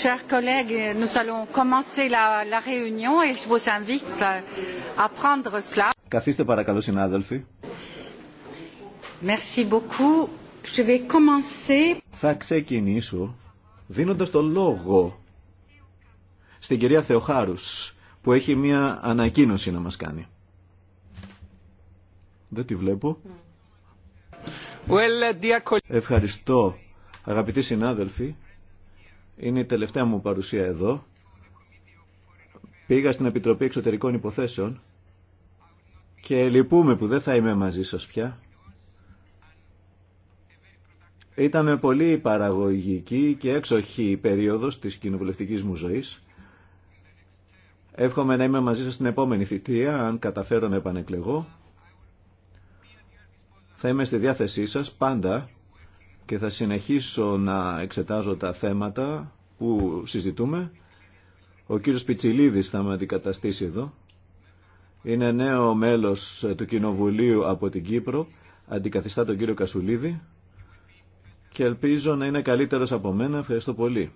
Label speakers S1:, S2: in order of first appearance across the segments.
S1: Chers collègues, nous allons commencer la, la réunion et je vous invite à prendre place. παρακαλώ Merci beaucoup. Je vais commencer.
S2: Θα ξεκινήσω δίνοντας το λόγο στην κυρία Θεοχάρους που έχει μια ανακοίνωση να μας κάνει. Δεν τη βλέπω. Well, dear... Ευχαριστώ αγαπητοί συνάδελφοι. Είναι η τελευταία μου παρουσία εδώ. Πήγα στην Επιτροπή Εξωτερικών Υποθέσεων και λυπούμε που δεν θα είμαι μαζί σας πια. Ήταν πολύ παραγωγική και έξοχη η περίοδος της κοινοβουλευτικής μου ζωής. Εύχομαι να είμαι μαζί σας την επόμενη θητεία, αν καταφέρω να επανεκλεγώ. Θα είμαι στη διάθεσή σας πάντα και θα συνεχίσω να εξετάζω τα θέματα που συζητούμε. Ο κύριος Πιτσιλίδης θα με αντικαταστήσει εδώ. Είναι νέο μέλος του Κοινοβουλίου από την Κύπρο, αντικαθιστά τον κύριο Κασουλίδη και ελπίζω να είναι καλύτερος από μένα. Ευχαριστώ πολύ.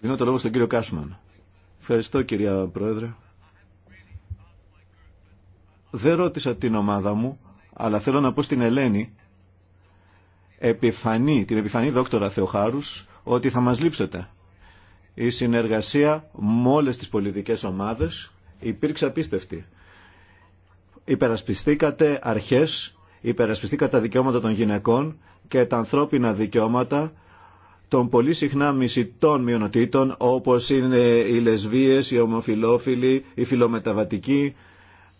S2: Δίνω το λόγο στον κύριο Κάσμαν. Ευχαριστώ κυρία Πρόεδρε. Δεν ρώτησα την ομάδα μου, αλλά θέλω να πω στην Ελένη, επιφανή, την επιφανή δόκτωρα Θεοχάρους, ότι θα μας λείψετε. Η συνεργασία με όλε τις πολιτικές ομάδες υπήρξε απίστευτη. Υπερασπιστήκατε αρχές, υπερασπιστήκατε τα δικαιώματα των γυναικών και τα ανθρώπινα δικαιώματα των πολύ συχνά μισητών μειονοτήτων όπως είναι οι λεσβίες, οι ομοφιλόφιλοι, οι φιλομεταβατικοί,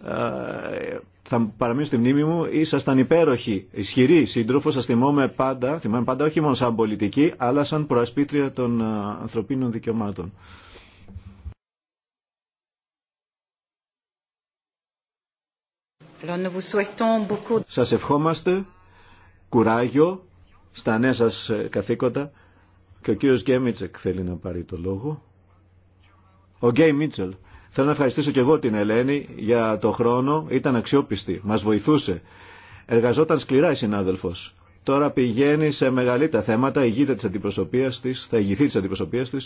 S2: ε, θα παραμείνω στη μνήμη μου, ήσασταν υπέροχοι, ισχυροί σύντροφο, σα θυμόμαι πάντα, θυμάμαι πάντα όχι μόνο σαν πολιτική, αλλά σαν προασπίτρια των ε, ανθρωπίνων δικαιωμάτων. Σα ευχόμαστε κουράγιο στα νέα σας ε, καθήκοντα και ο κύριος Γκέμιτσεκ θέλει να πάρει το λόγο. Ο Γκέι Μίτσελ. Θέλω να ευχαριστήσω και εγώ την Ελένη για το χρόνο. Ήταν αξιόπιστη. μα βοηθούσε. Εργαζόταν σκληρά η συνάδελφο. Τώρα πηγαίνει σε μεγαλύτερα θέματα, ηγείται τη αντιπροσωπεία τη, θα ηγηθεί τη αντιπροσωπεία τη.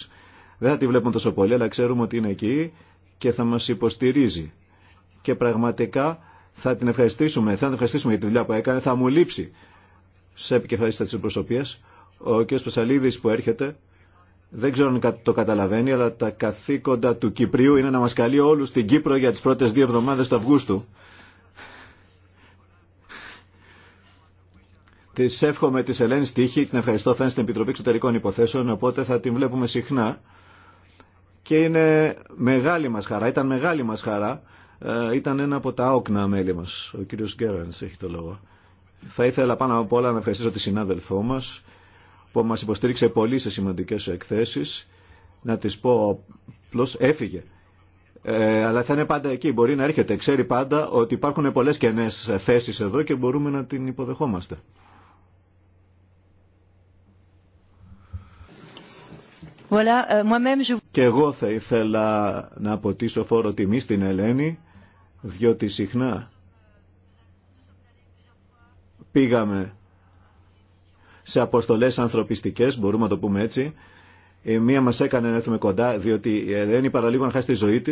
S2: Δεν θα τη βλέπουν τόσο πολύ, αλλά ξέρουμε ότι είναι εκεί και θα μα υποστηρίζει. Και πραγματικά θα την ευχαριστήσουμε, θα την ευχαριστήσουμε για τη δουλειά που έκανε, θα μου λείψει σε επικεφαλίστα τη αντιπροσωπεία. Ο κ. Πεσαλίδη που έρχεται δεν ξέρω αν το καταλαβαίνει, αλλά τα καθήκοντα του Κυπρίου είναι να μας καλεί όλους στην Κύπρο για τις πρώτες δύο εβδομάδες του Αυγούστου. Τη εύχομαι τη Ελένη Τύχη, την ευχαριστώ, θα είναι στην Επιτροπή Εξωτερικών Υποθέσεων, οπότε θα την βλέπουμε συχνά. Και είναι μεγάλη μας χαρά, ήταν μεγάλη μας χαρά, ε, ήταν ένα από τα όκνα μέλη μας. Ο κύριος Γκέρανς έχει το λόγο. Θα ήθελα πάνω από όλα να ευχαριστήσω τη συνάδελφό μας, που μας υποστήριξε πολύ σε σημαντικές εκθέσεις. Να τις πω απλώ έφυγε. Ε, αλλά θα είναι πάντα εκεί, μπορεί να έρχεται. Ξέρει πάντα ότι υπάρχουν πολλές καινές θέσεις εδώ και μπορούμε να την υποδεχόμαστε.
S1: Euh,
S2: και εγώ θα ήθελα να αποτίσω φόρο τιμή στην Ελένη, διότι συχνά πήγαμε σε αποστολέ ανθρωπιστικές, μπορούμε να το πούμε έτσι. Η ε, μία μας έκανε να έρθουμε κοντά, διότι η ε, Ελένη παραλίγο να χάσει τη ζωή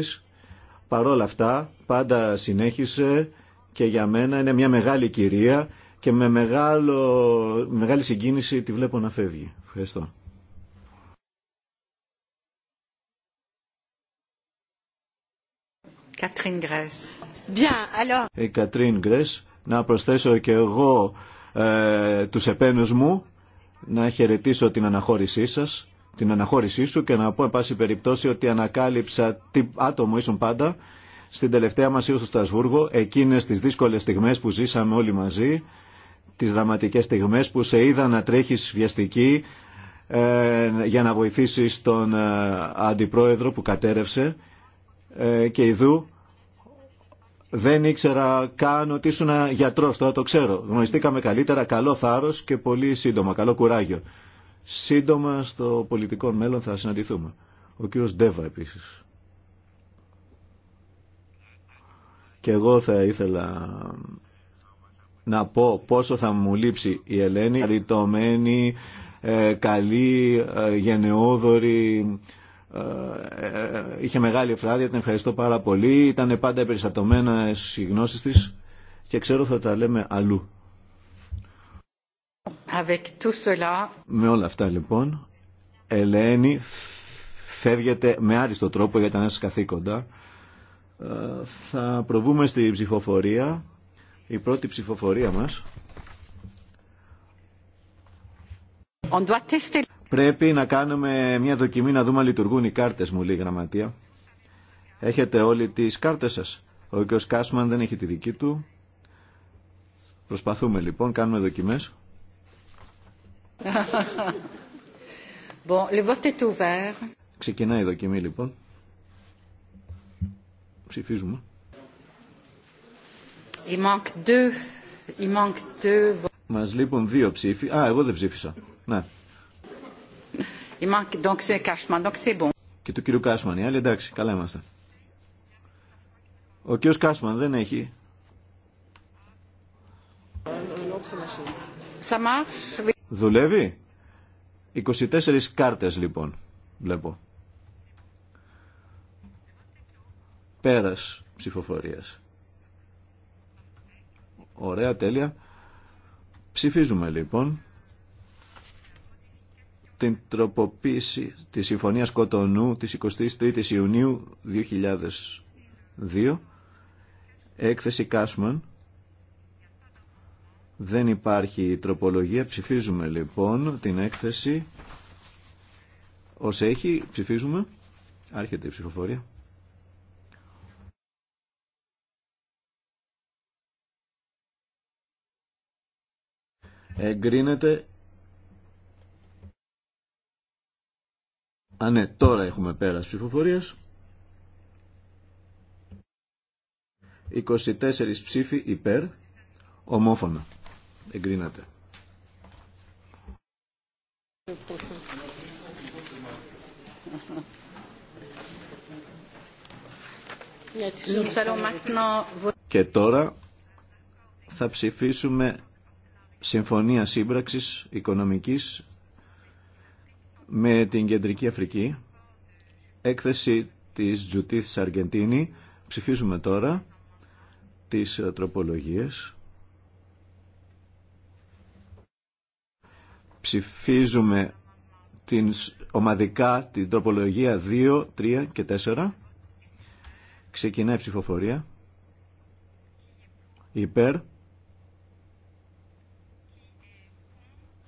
S2: Παρ' όλα αυτά, πάντα συνέχισε και για μένα είναι μια μεγάλη κυρία και με μεγάλο, μεγάλη συγκίνηση τη βλέπω να φεύγει. Ευχαριστώ.
S1: Κατρίν Γκρές. Bien, alors...
S2: Η Κατρίν Γκρές. Να προσθέσω και εγώ ε, τους επένους μου, να χαιρετήσω την αναχώρησή σας, την αναχώρησή σου και να πω εν πάση περιπτώσει ότι ανακάλυψα τι άτομο ήσουν πάντα στην τελευταία μας ήρθα στο Στασβούργο, εκείνες τις δύσκολες στιγμές που ζήσαμε όλοι μαζί, τις δραματικές στιγμές που σε είδα να τρέχεις βιαστική ε, για να βοηθήσεις τον ε, αντιπρόεδρο που κατέρευσε ε, και ειδού δεν ήξερα καν ότι ήσουν γιατρό τώρα το ξέρω. Γνωριστήκαμε καλύτερα, καλό θάρρο και πολύ σύντομα, καλό κουράγιο. Σύντομα στο πολιτικό μέλλον θα συναντηθούμε. Ο κύριος Ντέβα επίσης. Και εγώ θα ήθελα να πω πόσο θα μου λείψει η Ελένη, ρητωμένη, ε, καλή, ε, γενναιόδορη, ε, ε, ε, είχε μεγάλη ευφράδια, την ευχαριστώ πάρα πολύ. Ήταν πάντα περιστατωμένα οι γνώσει τη και ξέρω θα τα λέμε αλλού. Με όλα αυτά λοιπόν, Ελένη φεύγεται με άριστο τρόπο για τα νέα καθήκοντα. Θα προβούμε στη ψηφοφορία. Η πρώτη ψηφοφορία μας. On doit Πρέπει να κάνουμε μια δοκιμή να δούμε αν λειτουργούν οι κάρτε μου, λέει η γραμματεία. Έχετε όλοι τι κάρτε σα. Ο κ. Κάσμαν δεν έχει τη δική του. Προσπαθούμε λοιπόν, κάνουμε δοκιμέ.
S1: bon, le vote est ouvert.
S2: Ξεκινάει η δοκιμή λοιπόν. Ψηφίζουμε. Μα Μας λείπουν δύο ψήφοι. Α, εγώ δεν ψήφισα. Ναι. Και του κύριου Κάσμαν, οι άλλοι εντάξει, καλά είμαστε. Ο κύριος Κάσμαν δεν έχει. Δουλεύει. 24 κάρτες λοιπόν, βλέπω. Πέρας ψηφοφορίας. Ωραία, τέλεια. Ψηφίζουμε λοιπόν την τροποποίηση της Συμφωνίας Κοτονού της 23ης Ιουνίου 2002, έκθεση Κάσμαν, δεν υπάρχει τροπολογία, ψηφίζουμε λοιπόν την έκθεση ως έχει, ψηφίζουμε, άρχεται η ψηφοφορία. Εγκρίνεται Α, ναι, τώρα έχουμε πέρας ψηφοφορίας. 24 ψήφοι υπέρ, ομόφωνα. Εγκρίνατε. Και τώρα θα ψηφίσουμε συμφωνία σύμπραξης οικονομικής με την Κεντρική Αφρική. Έκθεση της Τζουτίθ Αργεντίνη. Ψηφίζουμε τώρα τις ε, τροπολογίες. Ψηφίζουμε την ομαδικά την τροπολογία 2, 3 και 4. Ξεκινάει η ψηφοφορία. Υπέρ.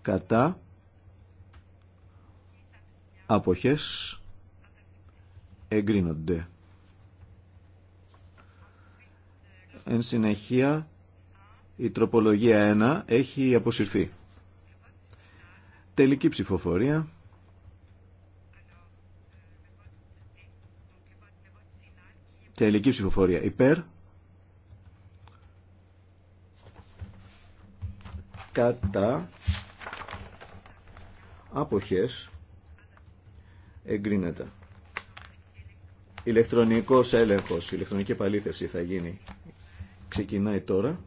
S2: Κατά αποχές εγκρίνονται. Εν συνεχεία η τροπολογία 1 έχει αποσυρθεί. Τελική ψηφοφορία. Τελική ψηφοφορία υπέρ. Κατά αποχές εγκρίνεται. Ηλεκτρονικός έλεγχος, ηλεκτρονική επαλήθευση θα γίνει. Ξεκινάει τώρα.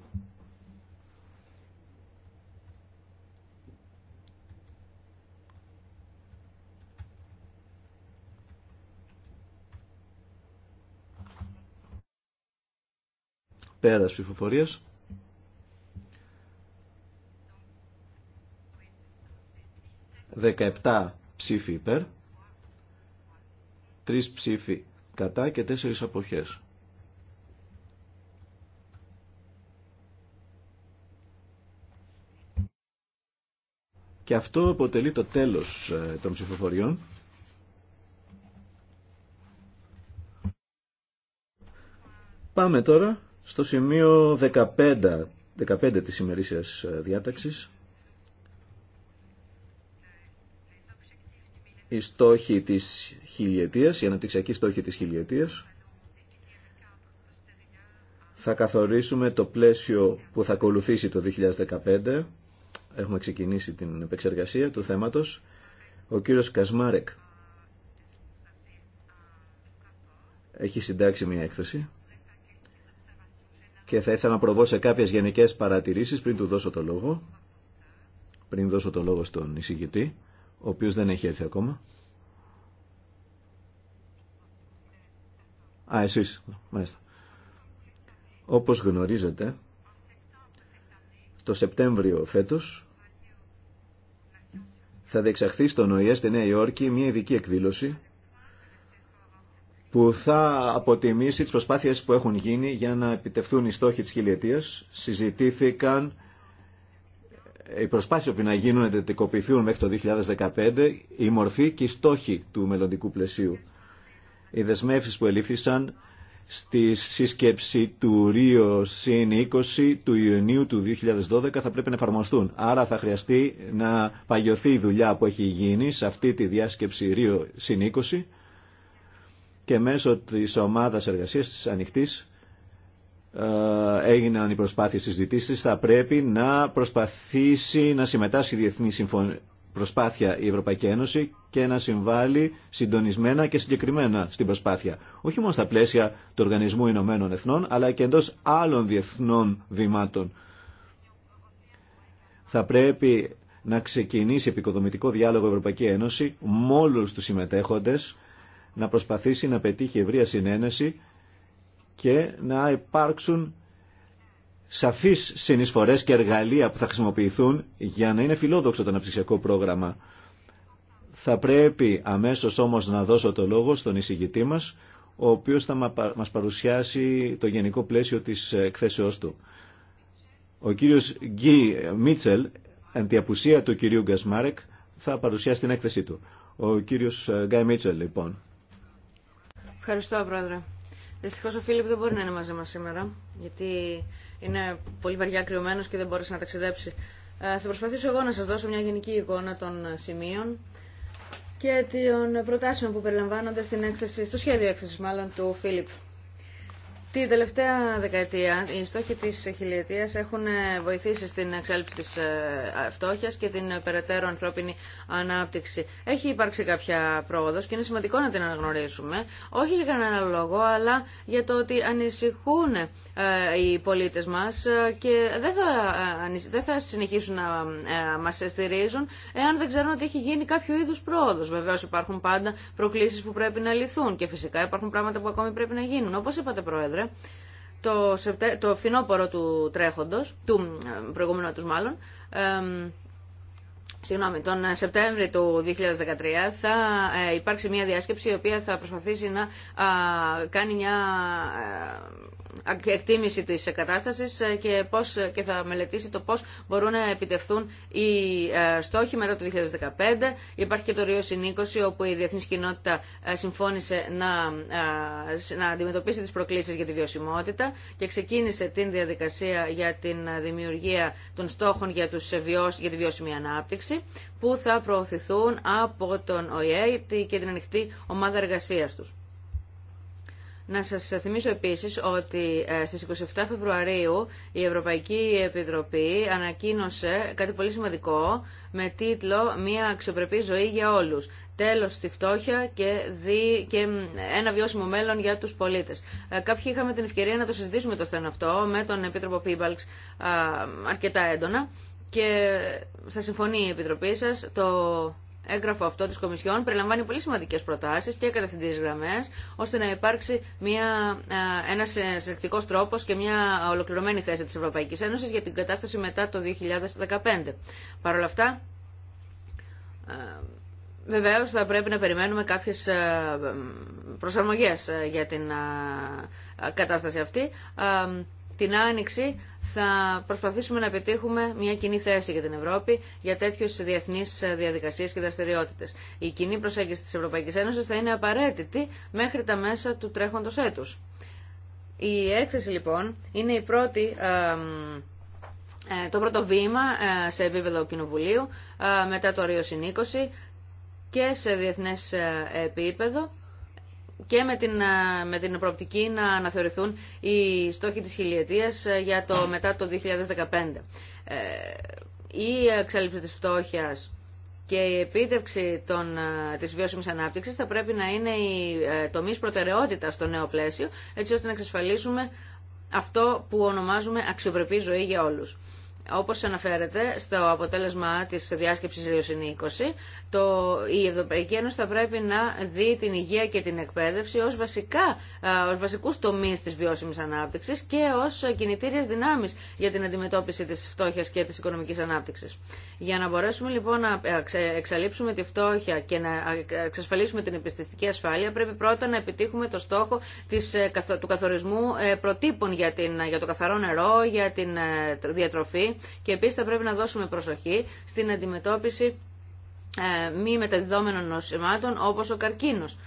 S2: Πέρας ψηφοφορίας. Δεκαεπτά ψήφοι υπέρ. Τρεις ψήφοι κατά και τέσσερις αποχές. Και αυτό αποτελεί το τέλος ε, των ψηφοφοριών. Πάμε τώρα στο σημείο 15, 15 της ημερήσιας ε, διάταξης. Η στόχοι της χιλιετίας, οι αναπτυξιακοί στόχοι της χιλιετίας. Θα καθορίσουμε το πλαίσιο που θα ακολουθήσει το 2015. Έχουμε ξεκινήσει την επεξεργασία του θέματος. Ο κύριος Κασμάρεκ έχει συντάξει μια έκθεση και θα ήθελα να προβώ σε κάποιες γενικές παρατηρήσεις πριν του δώσω το λόγο πριν δώσω το λόγο στον εισηγητή ο οποίος δεν έχει έρθει ακόμα. Α, εσείς, μάλιστα. Όπως γνωρίζετε, το Σεπτέμβριο φέτος θα διεξαχθεί στο ΟΗΕ στη Νέα Υόρκη μια ειδική εκδήλωση που θα αποτιμήσει τις προσπάθειες που έχουν γίνει για να επιτευχθούν οι στόχοι της χιλιετίας. Συζητήθηκαν οι προσπάθεια που να γίνουν να μέχρι το 2015, η μορφή και οι στόχοι του μελλοντικού πλαισίου. Οι δεσμεύσει που ελήφθησαν στη σύσκεψη του Ρίο ΣΥΝ του Ιουνίου του 2012 θα πρέπει να εφαρμοστούν. Άρα θα χρειαστεί να παγιωθεί η δουλειά που έχει γίνει σε αυτή τη διάσκεψη Ρίο ΣΥΝ και μέσω της ομάδας εργασίας της ανοιχτής ε, έγιναν οι προσπάθειες συζητήσεις, θα πρέπει να προσπαθήσει να συμμετάσχει η διεθνή προσπάθεια η Ευρωπαϊκή Ένωση και να συμβάλλει συντονισμένα και συγκεκριμένα στην προσπάθεια. Όχι μόνο στα πλαίσια του Οργανισμού Ηνωμένων Εθνών, αλλά και εντός άλλων διεθνών βημάτων. Θα πρέπει να ξεκινήσει επικοδομητικό διάλογο η Ευρωπαϊκή Ένωση με όλου τους συμμετέχοντες, να προσπαθήσει να πετύχει ευρεία συνένεση και να υπάρξουν σαφείς συνεισφορές και εργαλεία που θα χρησιμοποιηθούν για να είναι φιλόδοξο το αναπτυξιακό πρόγραμμα. Θα πρέπει αμέσως όμως να δώσω το λόγο στον εισηγητή μας, ο οποίος θα μας παρουσιάσει το γενικό πλαίσιο της εκθέσεώς του. Ο κύριος Γκί Μίτσελ, αντιαπουσία του κυρίου Γκασμάρεκ, θα παρουσιάσει την έκθεσή του. Ο κύριος Γκάι Μίτσελ, λοιπόν.
S3: Ευχαριστώ, Πρόεδρε. Δυστυχώ ο Φίλιπ δεν μπορεί να είναι μαζί μα σήμερα, γιατί είναι πολύ βαριά κρυωμένο και δεν μπόρεσε να ταξιδέψει. Ε, θα προσπαθήσω εγώ να σα δώσω μια γενική εικόνα των σημείων και των προτάσεων που περιλαμβάνονται στην έκθεση, στο σχέδιο έκθεση μάλλον του Φίλιπ. Την τελευταία δεκαετία οι στόχοι της χιλιετίας έχουν ε, βοηθήσει στην εξέλιξη της ε, φτώχειας και την περαιτέρω ανθρώπινη ανάπτυξη. Έχει υπάρξει κάποια πρόοδος και είναι σημαντικό να την αναγνωρίσουμε, όχι για κανένα λόγο, αλλά για το ότι ανησυχούν ε, οι πολίτες μας και δεν θα, συνεχίσουν να μας στηρίζουν εάν δεν ξέρουν ότι έχει γίνει κάποιο είδους πρόοδος. Βεβαίως υπάρχουν πάντα προκλήσεις που πρέπει να λυθούν και φυσικά υπάρχουν πράγματα που ακόμη πρέπει να γίνουν. Όπως είπατε Πρόεδρε, το, σεπτε... το φθινόπωρο του τρέχοντος, του ε, προηγούμενου του μάλλον, Συγγνώμη, τον Σεπτέμβρη του 2013 θα ε, υπάρξει μια διάσκεψη η οποία θα προσπαθήσει να κάνει μια εκτίμηση της κατάστασης ε, και, πώς, ε, και θα μελετήσει το πώς μπορούν να επιτευχθούν οι ε, στόχοι μετά το 2015. Υπάρχει και το Ρίο όπου η διεθνής κοινότητα συμφώνησε να, να αντιμετωπίσει τις προκλήσεις για τη βιωσιμότητα και ξεκίνησε την διαδικασία για την δημιουργία των στόχων για, τους βιώσ, για τη βιώσιμη ανάπτυξη που θα προωθηθούν από τον ΟΗΕ και την ανοιχτή ομάδα εργασίας τους. Να σας θυμίσω επίσης ότι ε, στις 27 Φεβρουαρίου η Ευρωπαϊκή Επιτροπή ανακοίνωσε κάτι πολύ σημαντικό με τίτλο «Μια αξιοπρεπή ζωή για όλους. Τέλος στη φτώχεια και, και ένα βιώσιμο μέλλον για τους πολίτες». Ε, κάποιοι είχαμε την ευκαιρία να το συζητήσουμε το θέμα αυτό με τον Επίτροπο Πίμπαλξ αρκετά έντονα και θα συμφωνεί η Επιτροπή σας το έγγραφο αυτό τη Κομισιόν περιλαμβάνει πολύ σημαντικέ προτάσεις και κατευθυντήριε γραμμέ, ώστε να υπάρξει ένα ένας τρόπο τρόπος και μια ολοκληρωμένη θέση της Ευρωπαϊκής Ένωσης για την κατάσταση μετά το 2015. Παρ' όλα αυτά, βεβαίω θα πρέπει να περιμένουμε κάποιες προσαρμογέ για την κατάσταση αυτή την Άνοιξη θα προσπαθήσουμε να πετύχουμε μια κοινή θέση για την Ευρώπη για τέτοιε διεθνεί ε, διαδικασίε και δραστηριότητε. Η κοινή προσέγγιση τη Ευρωπαϊκή Ένωση θα είναι απαραίτητη μέχρι τα μέσα του τρέχοντο έτου. Η έκθεση λοιπόν είναι η πρώτη. Ε, ε, το πρώτο βήμα σε επίπεδο Κοινοβουλίου μετά το Ρίο και σε διεθνές επίπεδο και με την, ε, με την προοπτική να αναθεωρηθούν οι στόχοι της χιλιετίας ε, για το μετά το 2015. Ε, η εξάλληψη της φτώχειας και η επίτευξη των, της βιώσιμης ανάπτυξης θα πρέπει να είναι η τομής προτεραιότητα στο νέο πλαίσιο, έτσι ώστε να εξασφαλίσουμε αυτό που ονομάζουμε αξιοπρεπή ζωή για όλους. Όπως αναφέρεται στο αποτέλεσμα της διάσκεψης Ριωσινή 20, το, η Ευρωπαϊκή Ένωση θα πρέπει να δει την υγεία και την εκπαίδευση ως, βασικά, ως βασικούς τομείς της βιώσιμης ανάπτυξης και ως κινητήριες δυνάμεις για την αντιμετώπιση της φτώχειας και της οικονομικής ανάπτυξης. Για να μπορέσουμε λοιπόν να εξαλείψουμε τη φτώχεια και να εξασφαλίσουμε την επιστηστική ασφάλεια, πρέπει πρώτα να επιτύχουμε το στόχο της, ε, του καθορισμού ε, προτύπων για, την, για το καθαρό νερό, για την ε, διατροφή, και επίσης θα πρέπει να δώσουμε προσοχή στην αντιμετώπιση ε, μη μεταδιδόμενων νοσημάτων όπως ο καρκίνος.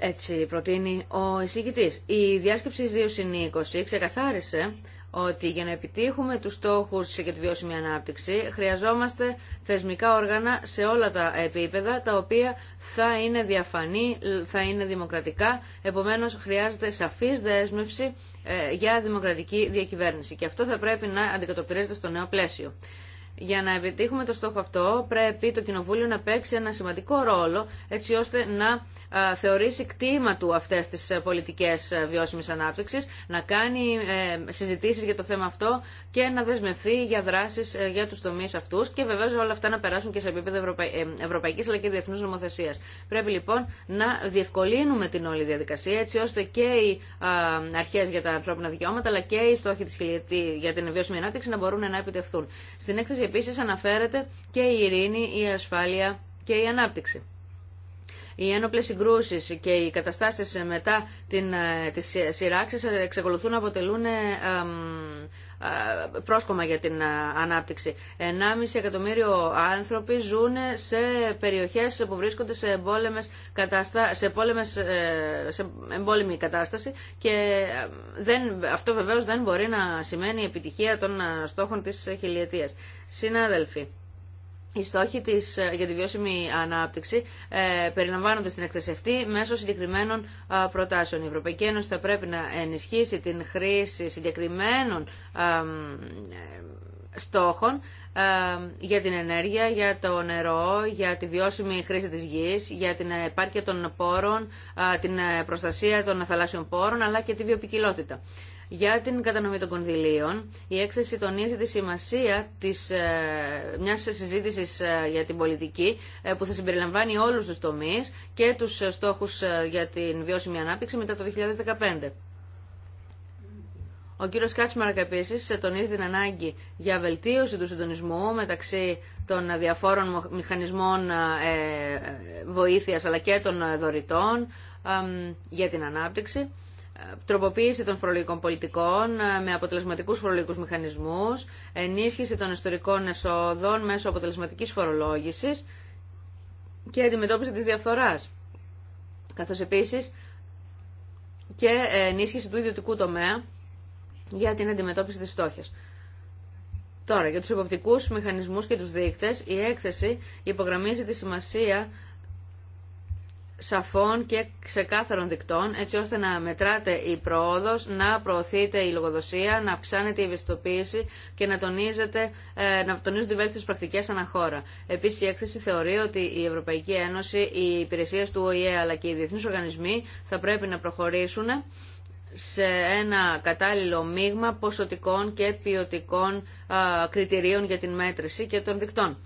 S3: Έτσι προτείνει ο εισηγητής. Η διάσκεψη 2 συν 20 ξεκαθάρισε ότι για να επιτύχουμε τους στόχους για τη βιώσιμη ανάπτυξη χρειαζόμαστε θεσμικά όργανα σε όλα τα επίπεδα τα οποία θα είναι διαφανή, θα είναι δημοκρατικά, επομένως χρειάζεται σαφής δέσμευση ε, για δημοκρατική διακυβέρνηση και αυτό θα πρέπει να αντικατοπτρίζεται στο νέο πλαίσιο. Για να επιτύχουμε το στόχο αυτό πρέπει το Κοινοβούλιο να παίξει ένα σημαντικό ρόλο έτσι ώστε να θεωρήσει κτήμα του αυτέ τι ε, πολιτικέ ε, βιώσιμη ανάπτυξη, να κάνει ε, συζητήσει για το θέμα αυτό και να δεσμευθεί για δράσεις για του τομεί αυτού και βεβαίω όλα αυτά να περάσουν και σε επίπεδο Ευρωπαϊκή ευρωπαϊκής αλλά και Διεθνού νομοθεσία. Πρέπει λοιπόν να διευκολύνουμε την όλη διαδικασία έτσι ώστε και οι αρχέ για τα ανθρώπινα δικαιώματα αλλά και οι στόχοι της για την βιώσιμη ανάπτυξη να μπορούν να επιτευχθούν. Στην έκθεση επίσης αναφέρεται και η ειρήνη, η ασφάλεια και η ανάπτυξη. Οι ένοπλες συγκρούσεις και οι καταστάσεις μετά την, ε, τις σειράξεις εξακολουθούν να αποτελούν ε, ε, πρόσκομα για την ε, ανάπτυξη. 1,5 εκατομμύριο άνθρωποι ζουν σε περιοχές που βρίσκονται σε, εμπόλεμες κατάστα... σε, εμπόλεμες... Ε, σε εμπόλεμη κατάσταση και δεν... αυτό βεβαίως δεν μπορεί να σημαίνει επιτυχία των στόχων της χιλιετίας. Συνάδελφοι, οι στόχοι της, ε, για τη βιώσιμη ανάπτυξη ε, περιλαμβάνονται στην έκθεση μέσω συγκεκριμένων προτάσεων. Η Ευρωπαϊκή Ένωση θα πρέπει να ενισχύσει την χρήση συγκεκριμένων ε, στόχων για την ενέργεια, για το νερό, για τη βιώσιμη χρήση της γης, για την ε, επάρκεια των πόρων, την προστασία των θαλάσσιων πόρων, αλλά και τη βιοπικιλότητα. Για την κατανομή των κονδυλίων, η έκθεση τονίζει τη σημασία της, ε, μιας συζήτησης ε, για την πολιτική ε, που θα συμπεριλαμβάνει όλους τους τομείς και τους στόχους για την βιώσιμη ανάπτυξη μετά το 2015. Ο κύριο Κάτσμαρκ επίση τονίζει την ανάγκη για βελτίωση του συντονισμού μεταξύ των διαφόρων μηχανισμών βοήθεια αλλά και των δωρητών για την ανάπτυξη τροποποίηση των φορολογικών πολιτικών ε, με αποτελεσματικούς φορολογικούς μηχανισμούς, ενίσχυση των ιστορικών εσόδων μέσω αποτελεσματικής φορολόγησης και αντιμετώπιση της διαφθοράς, καθώς επίσης και ενίσχυση του ιδιωτικού τομέα για την αντιμετώπιση της φτώχειας. Τώρα, για τους υποπτικούς μηχανισμούς και τους δείκτες, η έκθεση υπογραμμίζει τη σημασία σαφών και ξεκάθαρων δικτών, έτσι ώστε να μετράτε η πρόοδος, να προωθείτε η λογοδοσία, να αυξάνετε η ευαισθητοποίηση και να, τονίζετε, ε, να τονίζονται οι πρακτικές αναχώρα. Επίσης, η έκθεση θεωρεί ότι η Ευρωπαϊκή Ένωση, οι υπηρεσίες του ΟΗΕ αλλά και οι διεθνείς οργανισμοί θα πρέπει να προχωρήσουν σε ένα κατάλληλο μείγμα ποσοτικών και ποιοτικών κριτηρίων για την μέτρηση και των δικτών.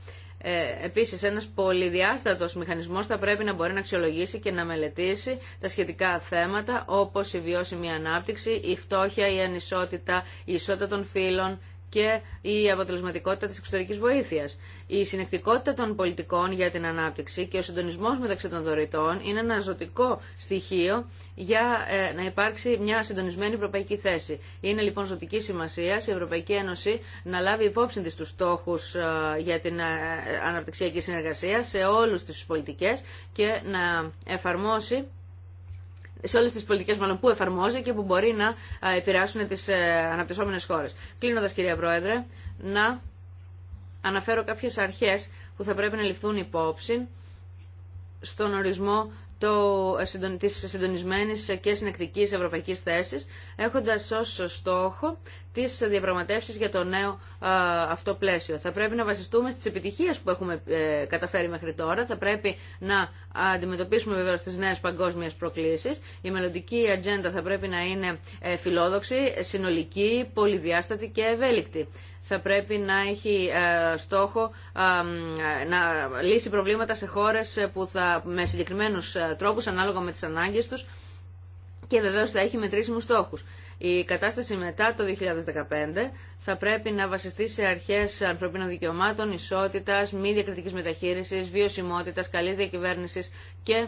S3: Ε, επίσης, ένας πολυδιάστατος μηχανισμός θα πρέπει να μπορεί να αξιολογήσει και να μελετήσει τα σχετικά θέματα, όπως η βιώσιμη ανάπτυξη, η φτώχεια, η ανισότητα, η ισότητα των φύλων και η αποτελεσματικότητα της εξωτερικής βοήθειας. Η συνεκτικότητα των πολιτικών για την ανάπτυξη και ο συντονισμός μεταξύ των δωρητών είναι ένα ζωτικό στοιχείο για ε, να υπάρξει μια συντονισμένη ευρωπαϊκή θέση. Είναι λοιπόν ζωτική σημασία η Ευρωπαϊκή Ένωση να λάβει υπόψη της τους στόχους ε, για την ε, αναπτυξιακή συνεργασία σε όλους τις πολιτικές και να εφαρμόσει σε όλε τι πολιτικές μάλλον που εφαρμόζει και που μπορεί να ε, επηρεάσουν τις ε, αναπτυσσόμενες χώρες. Κλείνοντα κυρία Πρόεδρε, να αναφέρω κάποιες αρχές που θα πρέπει να ληφθούν υπόψη στον ορισμό το της και συνεκτικής ευρωπαϊκής θέσης, έχοντας ως στόχο τις διαπραγματεύσεις για το νέο αυτό πλαίσιο. Θα πρέπει να βασιστούμε στις επιτυχίες που έχουμε ε, καταφέρει μέχρι τώρα, θα πρέπει να αντιμετωπίσουμε βεβαίως τις νέες παγκόσμιες προκλήσεις. Η μελλοντική ατζέντα θα πρέπει να είναι ε, φιλόδοξη, συνολική, πολυδιάστατη και ευέλικτη θα πρέπει να έχει ε, στόχο να λύσει προβλήματα σε χώρες που θα, με συγκεκριμένους ε, τρόπους ανάλογα με τις ανάγκες τους και βεβαίως θα έχει μετρήσιμους στόχους. Η κατάσταση μετά το 2015 θα πρέπει να βασιστεί σε αρχές ανθρωπίνων δικαιωμάτων, ισότητας, μη διακριτικής μεταχείρισης, βιωσιμότητας, καλής διακυβέρνησης και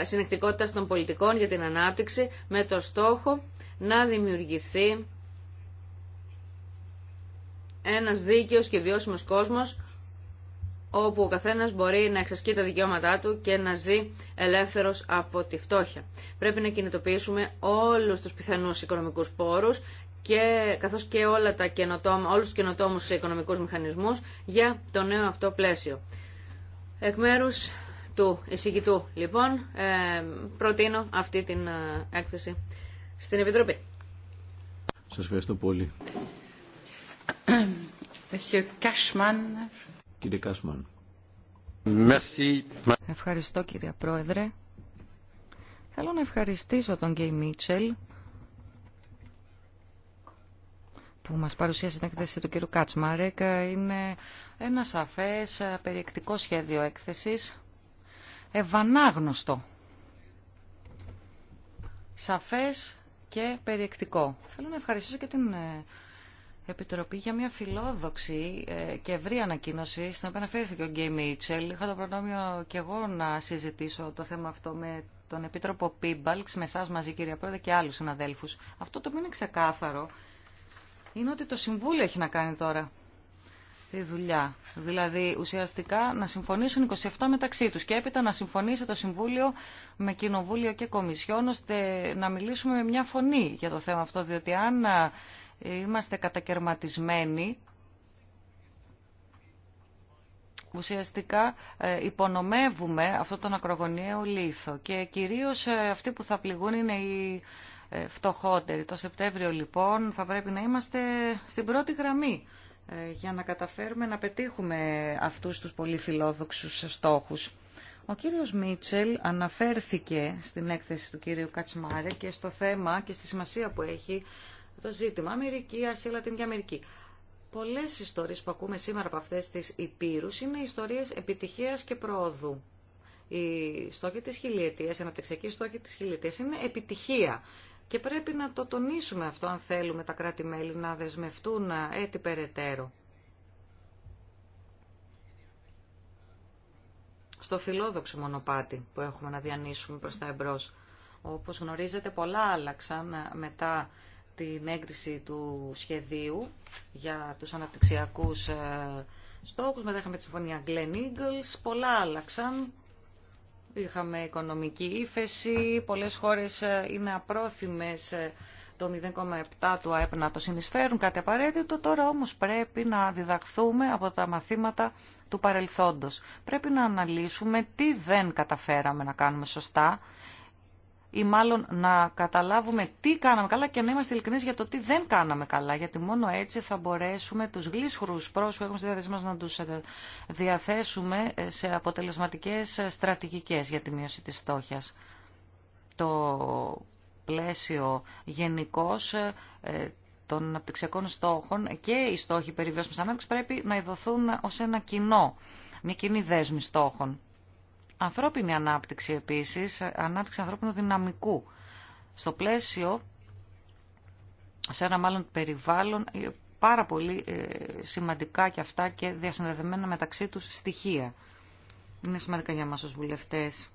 S3: ε, συνεκτικότητας των πολιτικών για την ανάπτυξη με το στόχο να δημιουργηθεί ένας δίκαιος και βιώσιμος κόσμος όπου ο καθένας μπορεί να εξασκεί τα δικαιώματά του και να ζει ελεύθερος από τη φτώχεια. Πρέπει να κινητοποιήσουμε όλους τους πιθανούς οικονομικούς πόρους και, καθώς και όλα τα καινοτόμα, όλους τους καινοτόμους οικονομικούς μηχανισμούς για το νέο αυτό πλαίσιο. Εκ μέρους του εισηγητού, λοιπόν, ε, προτείνω αυτή την ε, έκθεση στην Επιτροπή.
S2: Σας ευχαριστώ πολύ. Ευχαριστώ κύριε
S4: Πρόεδρε. Θέλω να ευχαριστήσω τον Γκέι Μίτσελ που μας παρουσίασε την έκθεση του κύριου Κάτσμαρεκ. Είναι ένα σαφές περιεκτικό σχέδιο έκθεσης, ευανάγνωστο, σαφές και περιεκτικό. Θέλω να ευχαριστήσω και την ε, Επιτροπή για μια φιλόδοξη ε, και ευρή ανακοίνωση στην οποία αναφέρθηκε ο Γκέι Μίτσελ. Είχα το προνόμιο και εγώ να συζητήσω το θέμα αυτό με τον Επίτροπο Πίμπαλξ, με εσά μαζί κυρία Πρόεδρε και άλλου συναδέλφου. Αυτό το οποίο είναι ξεκάθαρο είναι ότι το Συμβούλιο έχει να κάνει τώρα τη δουλειά. Δηλαδή ουσιαστικά να συμφωνήσουν 27 μεταξύ τους και έπειτα να συμφωνήσει το Συμβούλιο με Κοινοβούλιο και Κομισιόν ώστε να μιλήσουμε με μια φωνή για το θέμα αυτό διότι αν Είμαστε κατακαιρματισμένοι. Ουσιαστικά ε, υπονομεύουμε αυτό τον ακρογωνιαίο λίθο και κυρίως ε, αυτοί που θα πληγούν είναι οι ε, φτωχότεροι. Το Σεπτέμβριο λοιπόν θα πρέπει να είμαστε στην πρώτη γραμμή για να καταφέρουμε να πετύχουμε αυτούς τους πολύ φιλόδοξους στόχους. Ο κύριος Μίτσελ αναφέρθηκε στην έκθεση του κύριου Κατσμάρε και στο θέμα και στη σημασία που έχει το ζήτημα. Αμερική, Ασία, Λατινική Αμερική. Πολλές ιστορίες που ακούμε σήμερα από αυτές τις υπήρους είναι ιστορίες επιτυχίας και προόδου. η στόχοι της χιλιετίας, οι αναπτυξιακοί στόχοι της χιλιετίας είναι επιτυχία. Και πρέπει να το τονίσουμε αυτό αν θέλουμε τα κράτη-μέλη να δεσμευτούν έτσι περαιτέρω. Στο φιλόδοξο μονοπάτι που έχουμε να διανύσουμε προς τα εμπρός. Όπως γνωρίζετε πολλά άλλαξαν μετά την έγκριση του σχεδίου για τους αναπτυξιακούς ε, στόχους. Μετά είχαμε τη συμφωνία Glen Eagles. Πολλά άλλαξαν. Είχαμε οικονομική ύφεση. Πολλές χώρες ε, είναι απρόθυμες ε, το 0,7 του ΑΕΠ να το συνεισφέρουν, κάτι απαραίτητο. Τώρα όμως πρέπει να διδαχθούμε από τα μαθήματα του παρελθόντος. Πρέπει να αναλύσουμε τι δεν καταφέραμε να κάνουμε σωστά ή μάλλον να καταλάβουμε τι κάναμε καλά και να είμαστε ειλικρινεί για το τι δεν κάναμε καλά. Γιατί μόνο έτσι θα μπορέσουμε του γλίσχρου πρόσωπου που έχουμε στη διάθεσή μα να του ε, διαθέσουμε ε, σε αποτελεσματικέ ε, στρατηγικέ για τη μείωση τη φτώχεια. Το πλαίσιο γενικώ των αναπτυξιακών στόχων και οι στόχοι περιβιώσιμης ανάπτυξης πρέπει να ειδωθούν ως ένα κοινό, μια κοινή δέσμη στόχων. Ανθρώπινη ανάπτυξη επίσης, ανάπτυξη ανθρώπινου δυναμικού. Στο πλαίσιο, σε ένα μάλλον περιβάλλον, ε, πάρα πολύ ε, σημαντικά και αυτά και διασυνδεδεμένα μεταξύ τους στοιχεία. Είναι σημαντικά για μας ως βουλευτές.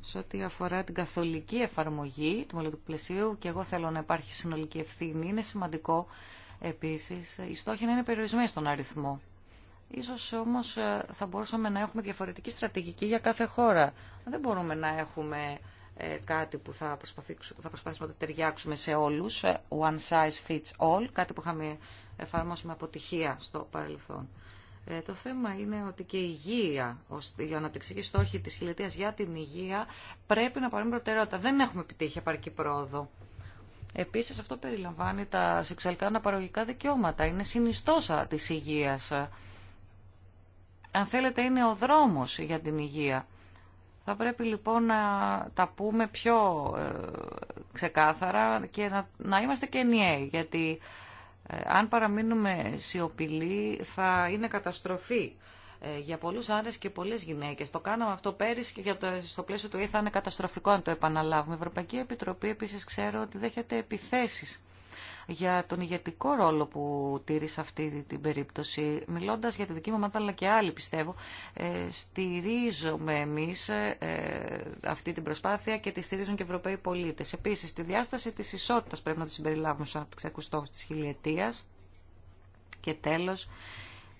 S4: Σε ό,τι αφορά την καθολική εφαρμογή του μελλοντικού πλαισίου και εγώ θέλω να υπάρχει συνολική ευθύνη, είναι σημαντικό επίσης η ε, στόχη να είναι περιορισμένη στον αριθμό. Ίσως όμως ε, θα μπορούσαμε να έχουμε διαφορετική στρατηγική για κάθε χώρα. Δεν μπορούμε να έχουμε ε, κάτι που θα, προσπαθήσουμε, να το ταιριάξουμε σε όλους, ε, one size fits all, κάτι που είχαμε εφαρμόσει με αποτυχία στο παρελθόν. το θέμα είναι ότι και η υγεία, η αναπτυξική στόχη της χιλιετίας για την υγεία πρέπει να παρέμει προτεραιότητα. Δεν έχουμε επιτύχει επαρκή πρόοδο. Επίσης αυτό περιλαμβάνει τα σεξουαλικά αναπαραγωγικά δικαιώματα. Είναι συνιστόσα της υγείας αν θέλετε, είναι ο δρόμος για την υγεία. Θα πρέπει λοιπόν να τα πούμε πιο ε, ξεκάθαρα και να, να είμαστε και ενιαίοι, γιατί ε, αν παραμείνουμε σιωπηλοί θα είναι καταστροφή ε, για πολλούς άνδρες και πολλές γυναίκες. Το κάναμε αυτό πέρυσι και για το, στο πλαίσιο του ΕΕ θα είναι καταστροφικό αν το επαναλάβουμε. Η Ευρωπαϊκή Επιτροπή επίσης ξέρω ότι δέχεται επιθέσεις για τον ηγετικό ρόλο που τήρησε αυτή την περίπτωση. Μιλώντας για τη δική μου ομάδα, αλλά και άλλοι πιστεύω, ε, στηρίζουμε εμείς ε, ε, αυτή την προσπάθεια και τη στηρίζουν και οι Ευρωπαίοι πολίτες. Επίσης, τη διάσταση της ισότητας πρέπει να τη συμπεριλάβουμε στους ανάπτυξες της χιλιετίας. Και τέλος,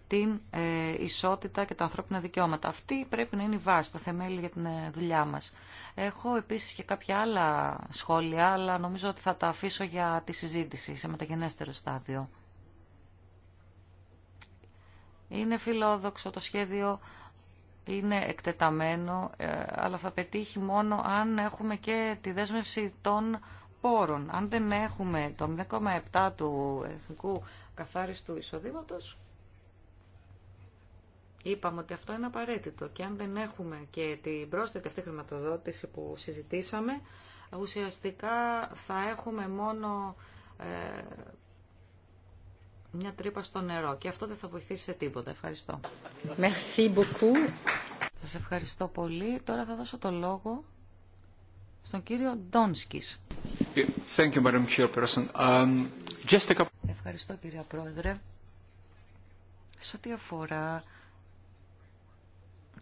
S4: την ε, ισότητα και τα ανθρώπινα δικαιώματα. Αυτή πρέπει να είναι η βάση, το θεμέλιο για την ε, δουλειά μας. Έχω επίσης και κάποια άλλα σχόλια, αλλά νομίζω ότι θα τα αφήσω για τη συζήτηση σε μεταγενέστερο στάδιο. Είναι φιλόδοξο το σχέδιο, είναι εκτεταμένο, ε, αλλά θα πετύχει μόνο αν έχουμε και τη δέσμευση των πόρων. Αν δεν έχουμε το 0,7 του εθνικού καθάριστου εισοδήματος, Είπαμε ότι αυτό είναι απαραίτητο και αν δεν έχουμε και την πρόσθετη αυτή χρηματοδότηση που συζητήσαμε, ουσιαστικά θα έχουμε μόνο ε, μια τρύπα στο νερό και αυτό δεν θα βοηθήσει σε τίποτα. Ευχαριστώ.
S1: Merci beaucoup.
S4: Σας ευχαριστώ πολύ. Τώρα θα δώσω το λόγο στον κύριο Ντόνσκης. Um, ευχαριστώ, κύριε Πρόεδρε. Σε ό,τι αφορά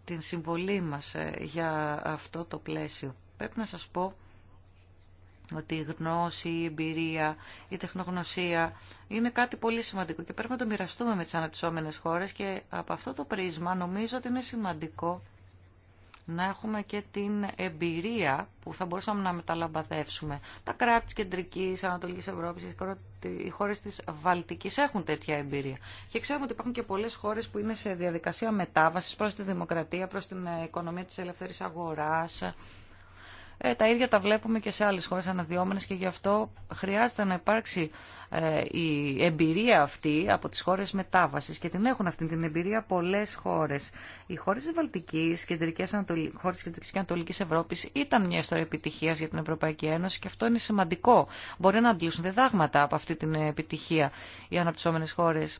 S4: την συμβολή μας ε, για αυτό το πλαίσιο. Πρέπει να σας πω ότι η γνώση, η εμπειρία, η τεχνογνωσία είναι κάτι πολύ σημαντικό και πρέπει να το μοιραστούμε με τις αναπτυσσόμενες χώρες και από αυτό το πρίσμα νομίζω ότι είναι σημαντικό να έχουμε και την εμπειρία που θα μπορούσαμε να μεταλαμπαδεύσουμε. Τα κράτη της Κεντρικής, Ανατολικής Ευρώπης, οι χώρες της Βαλτικής έχουν τέτοια εμπειρία. Και ξέρουμε ότι υπάρχουν και πολλές χώρες που είναι σε διαδικασία μετάβασης προς τη δημοκρατία, προς την ε, οικονομία της ελευθερής αγοράς, ε, τα ίδια τα βλέπουμε και σε άλλες χώρες αναδυόμενες και γι' αυτό χρειάζεται να υπάρξει ε, η εμπειρία αυτή από τις χώρες μετάβασης και την έχουν αυτή την εμπειρία πολλές χώρες. Οι χώρες της Βαλτικής, κεντρικές, Ανατολ... χώρες κεντρικής και Ανατολικής Ευρώπης ήταν μια ιστορία επιτυχία για την Ευρωπαϊκή Ένωση και αυτό είναι σημαντικό. Μπορεί να αντλήσουν διδάγματα από αυτή την επιτυχία οι αναπτυσσόμενες χώρες.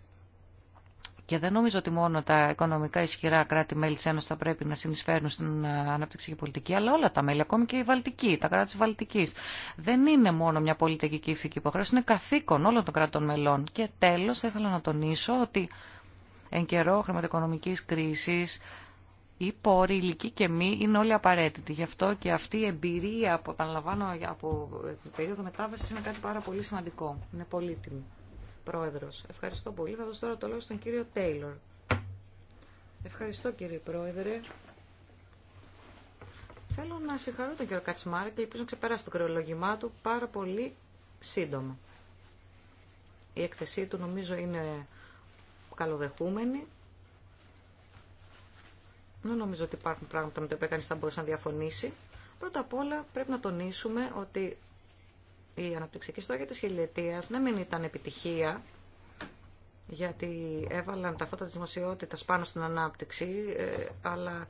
S4: Και δεν νομίζω ότι μόνο τα οικονομικά ισχυρά κράτη-μέλη τη Ένωση θα πρέπει να συνεισφέρουν στην ε, αναπτυξιακή πολιτική, αλλά όλα τα μέλη, ακόμη και η Βαλτική, τα κράτη τη Βαλτική. Δεν είναι μόνο μια πολιτική και ηθική υποχρέωση, είναι καθήκον όλων των κρατών μελών. Και τέλο, ήθελα να τονίσω ότι εν καιρό χρηματοοικονομική κρίση οι πόροι, ηλικοί και μη, είναι όλοι απαραίτητοι. Γι' αυτό και αυτή η εμπειρία που επαναλαμβάνω από ε, περίοδο μετάβαση είναι κάτι πάρα πολύ σημαντικό. Είναι πολύτιμη. Πρόεδρος. Ευχαριστώ πολύ. Θα δώσω τώρα το λόγο στον κύριο Τέιλορ. Ευχαριστώ κύριε Πρόεδρε. Θέλω να συγχαρώ τον κύριο Κατσιμάρη και ελπίζω να ξεπεράσει το κρεολόγημά του πάρα πολύ σύντομα. Η έκθεσή του νομίζω είναι καλοδεχούμενη. Δεν νομίζω ότι υπάρχουν πράγματα με τα οποία κανείς θα μπορούσε να διαφωνήσει. Πρώτα απ' όλα πρέπει να τονίσουμε ότι η αναπτυξιακή στόχη της χιλιετίας να μην ήταν επιτυχία, γιατί έβαλαν τα φώτα της δημοσιότητας πάνω στην ανάπτυξη, ε, αλλά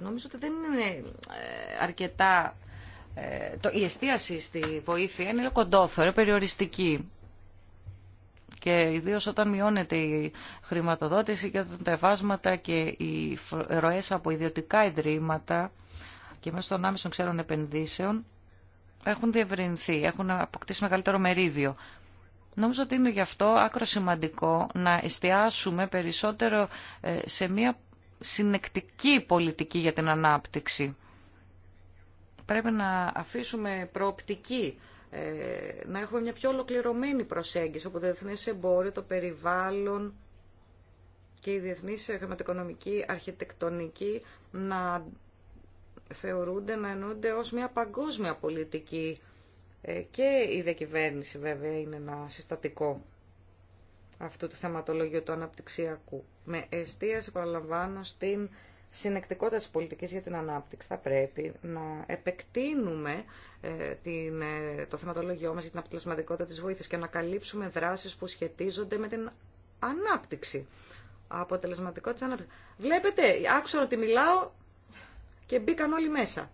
S4: νομίζω ότι δεν είναι ε, αρκετά... Ε, το, η εστίαση στη βοήθεια είναι λίγο περιοριστική. Και ιδίω όταν μειώνεται η χρηματοδότηση και τα εφάσματα και οι ροές από ιδιωτικά ιδρύματα και μέσα των άμεσων ξέρων επενδύσεων έχουν διευρυνθεί, έχουν αποκτήσει μεγαλύτερο μερίδιο. Νομίζω ότι είναι γι' αυτό άκρο σημαντικό να εστιάσουμε περισσότερο ε, σε μια συνεκτική πολιτική για την ανάπτυξη. Πρέπει να αφήσουμε προοπτική, ε, να έχουμε μια πιο ολοκληρωμένη προσέγγιση, όπου το διεθνές εμπόριο, το περιβάλλον και η διεθνής χρηματοοικονομική αρχιτεκτονική να θεωρούνται να εννοούνται ως μια παγκόσμια πολιτική ε, και η διακυβέρνηση βέβαια είναι ένα συστατικό αυτού του θεματολογίου του αναπτυξιακού. Με εστίαση, παραλαμβάνω, στην συνεκτικότητα της πολιτικής για την ανάπτυξη. Θα πρέπει να επεκτείνουμε ε, την, ε, το θεματολογιό μας για την αποτελεσματικότητα της βοήθειας και να καλύψουμε δράσεις που σχετίζονται με την ανάπτυξη. Αποτελεσματικότητα της ανάπτυξης. Βλέπετε, άκουσα ότι μιλάω, και μπήκαν όλοι μέσα.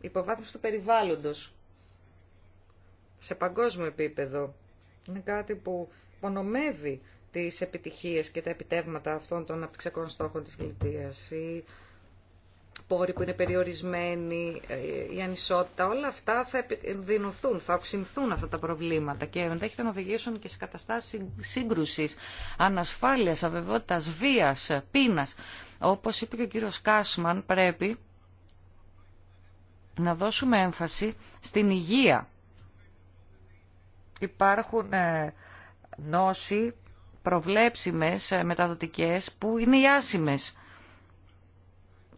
S4: Υποβάθμιση του περιβάλλοντος σε παγκόσμιο επίπεδο είναι κάτι που πονομεύει τις επιτυχίες και τα επιτεύγματα αυτών των απτυξιακών στόχων της Λιτίας πόροι που είναι περιορισμένοι, ε, η ανισότητα, όλα αυτά θα δινωθούν, θα οξυνθούν αυτά τα προβλήματα και ενδέχεται να οδηγήσουν και σε καταστάσεις σύγκρουσης, ανασφάλειας, αβεβαιότητας, βίας, πείνας. Όπως είπε και ο κύριος Κάσμαν, πρέπει να δώσουμε έμφαση στην υγεία. Υπάρχουν ε, νόσοι προβλέψιμες ε, μεταδοτικές που είναι οι άσημες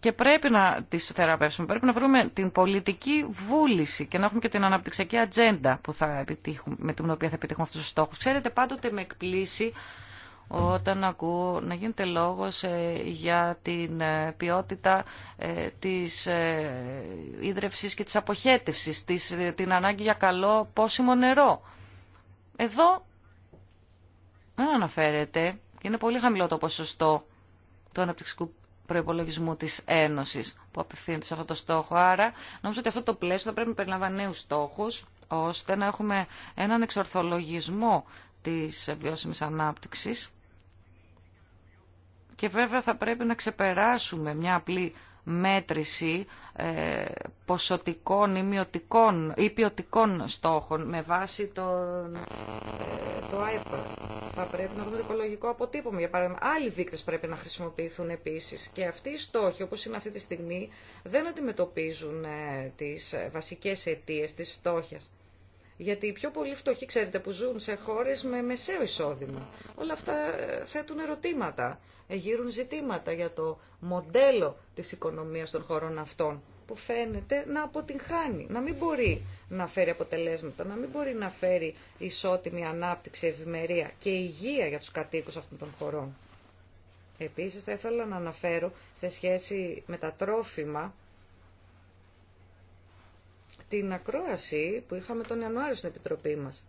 S4: και πρέπει να τις θεραπεύσουμε. Πρέπει να βρούμε την πολιτική βούληση και να έχουμε και την αναπτυξιακή ατζέντα που θα με την οποία θα επιτύχουμε αυτούς τους στόχους. Ξέρετε, πάντοτε με εκπλήσει όταν ακούω να γίνεται λόγος ε, για την ε, ποιότητα ε, της ίδρευσης και της αποχέτευσης, της, την ανάγκη για καλό πόσιμο νερό. Εδώ δεν αναφέρεται και είναι πολύ χαμηλό το ποσοστό του αναπτυξικού προπολογισμού τη Ένωση που απευθύνεται σε αυτό το στόχο. Άρα, νομίζω ότι αυτό το πλαίσιο θα πρέπει να περιλαμβάνει νέου στόχου, ώστε να έχουμε έναν εξορθολογισμό τη βιώσιμη ανάπτυξη. Και βέβαια θα πρέπει να ξεπεράσουμε μια απλή μέτρηση ε, ποσοτικών ή ή ποιοτικών στόχων με βάση το, ε, το θα πρέπει να δούμε το οικολογικό αποτύπωμα. Για παράδειγμα, άλλοι δείκτε πρέπει να χρησιμοποιηθούν επίση. Και αυτοί οι στόχοι, όπω είναι αυτή τη στιγμή, δεν αντιμετωπίζουν ε, τι βασικέ αιτίε τη φτώχεια. Γιατί οι πιο πολλοί φτωχοί, ξέρετε, που ζουν σε χώρε με μεσαίο εισόδημα, όλα αυτά ε, θέτουν ερωτήματα, ε, γύρουν ζητήματα για το μοντέλο τη οικονομία των χωρών αυτών που φαίνεται να αποτυγχάνει, να μην μπορεί να φέρει αποτελέσματα, να μην μπορεί να φέρει ισότιμη ανάπτυξη, ευημερία και υγεία για τους κατοίκους αυτών των χωρών. Επίσης θα ήθελα να αναφέρω σε σχέση με τα τρόφιμα την ακρόαση που είχαμε τον Ιανουάριο στην Επιτροπή μας.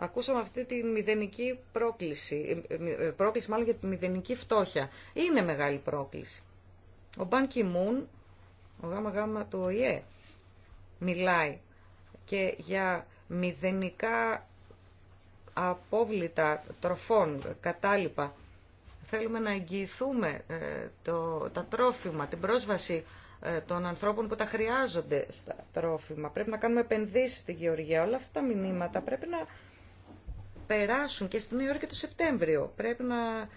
S4: Ακούσαμε αυτή τη μηδενική πρόκληση, ε, ε, πρόκληση μάλλον για τη μηδενική φτώχεια. Είναι μεγάλη πρόκληση. Ο Μπαν Κιμούν ο ΓΓ του ΟΗΕ μιλάει και για μηδενικά απόβλητα τροφών, κατάλοιπα. Θέλουμε να εγγυηθούμε ε, το, τα τρόφιμα, την πρόσβαση ε, των ανθρώπων που τα χρειάζονται στα τρόφιμα. Πρέπει να κάνουμε επενδύσεις στη Γεωργία. Όλα αυτά τα μηνύματα πρέπει να περάσουν και στη Νέα Υόρκη το Σεπτέμβριο. Πρέπει να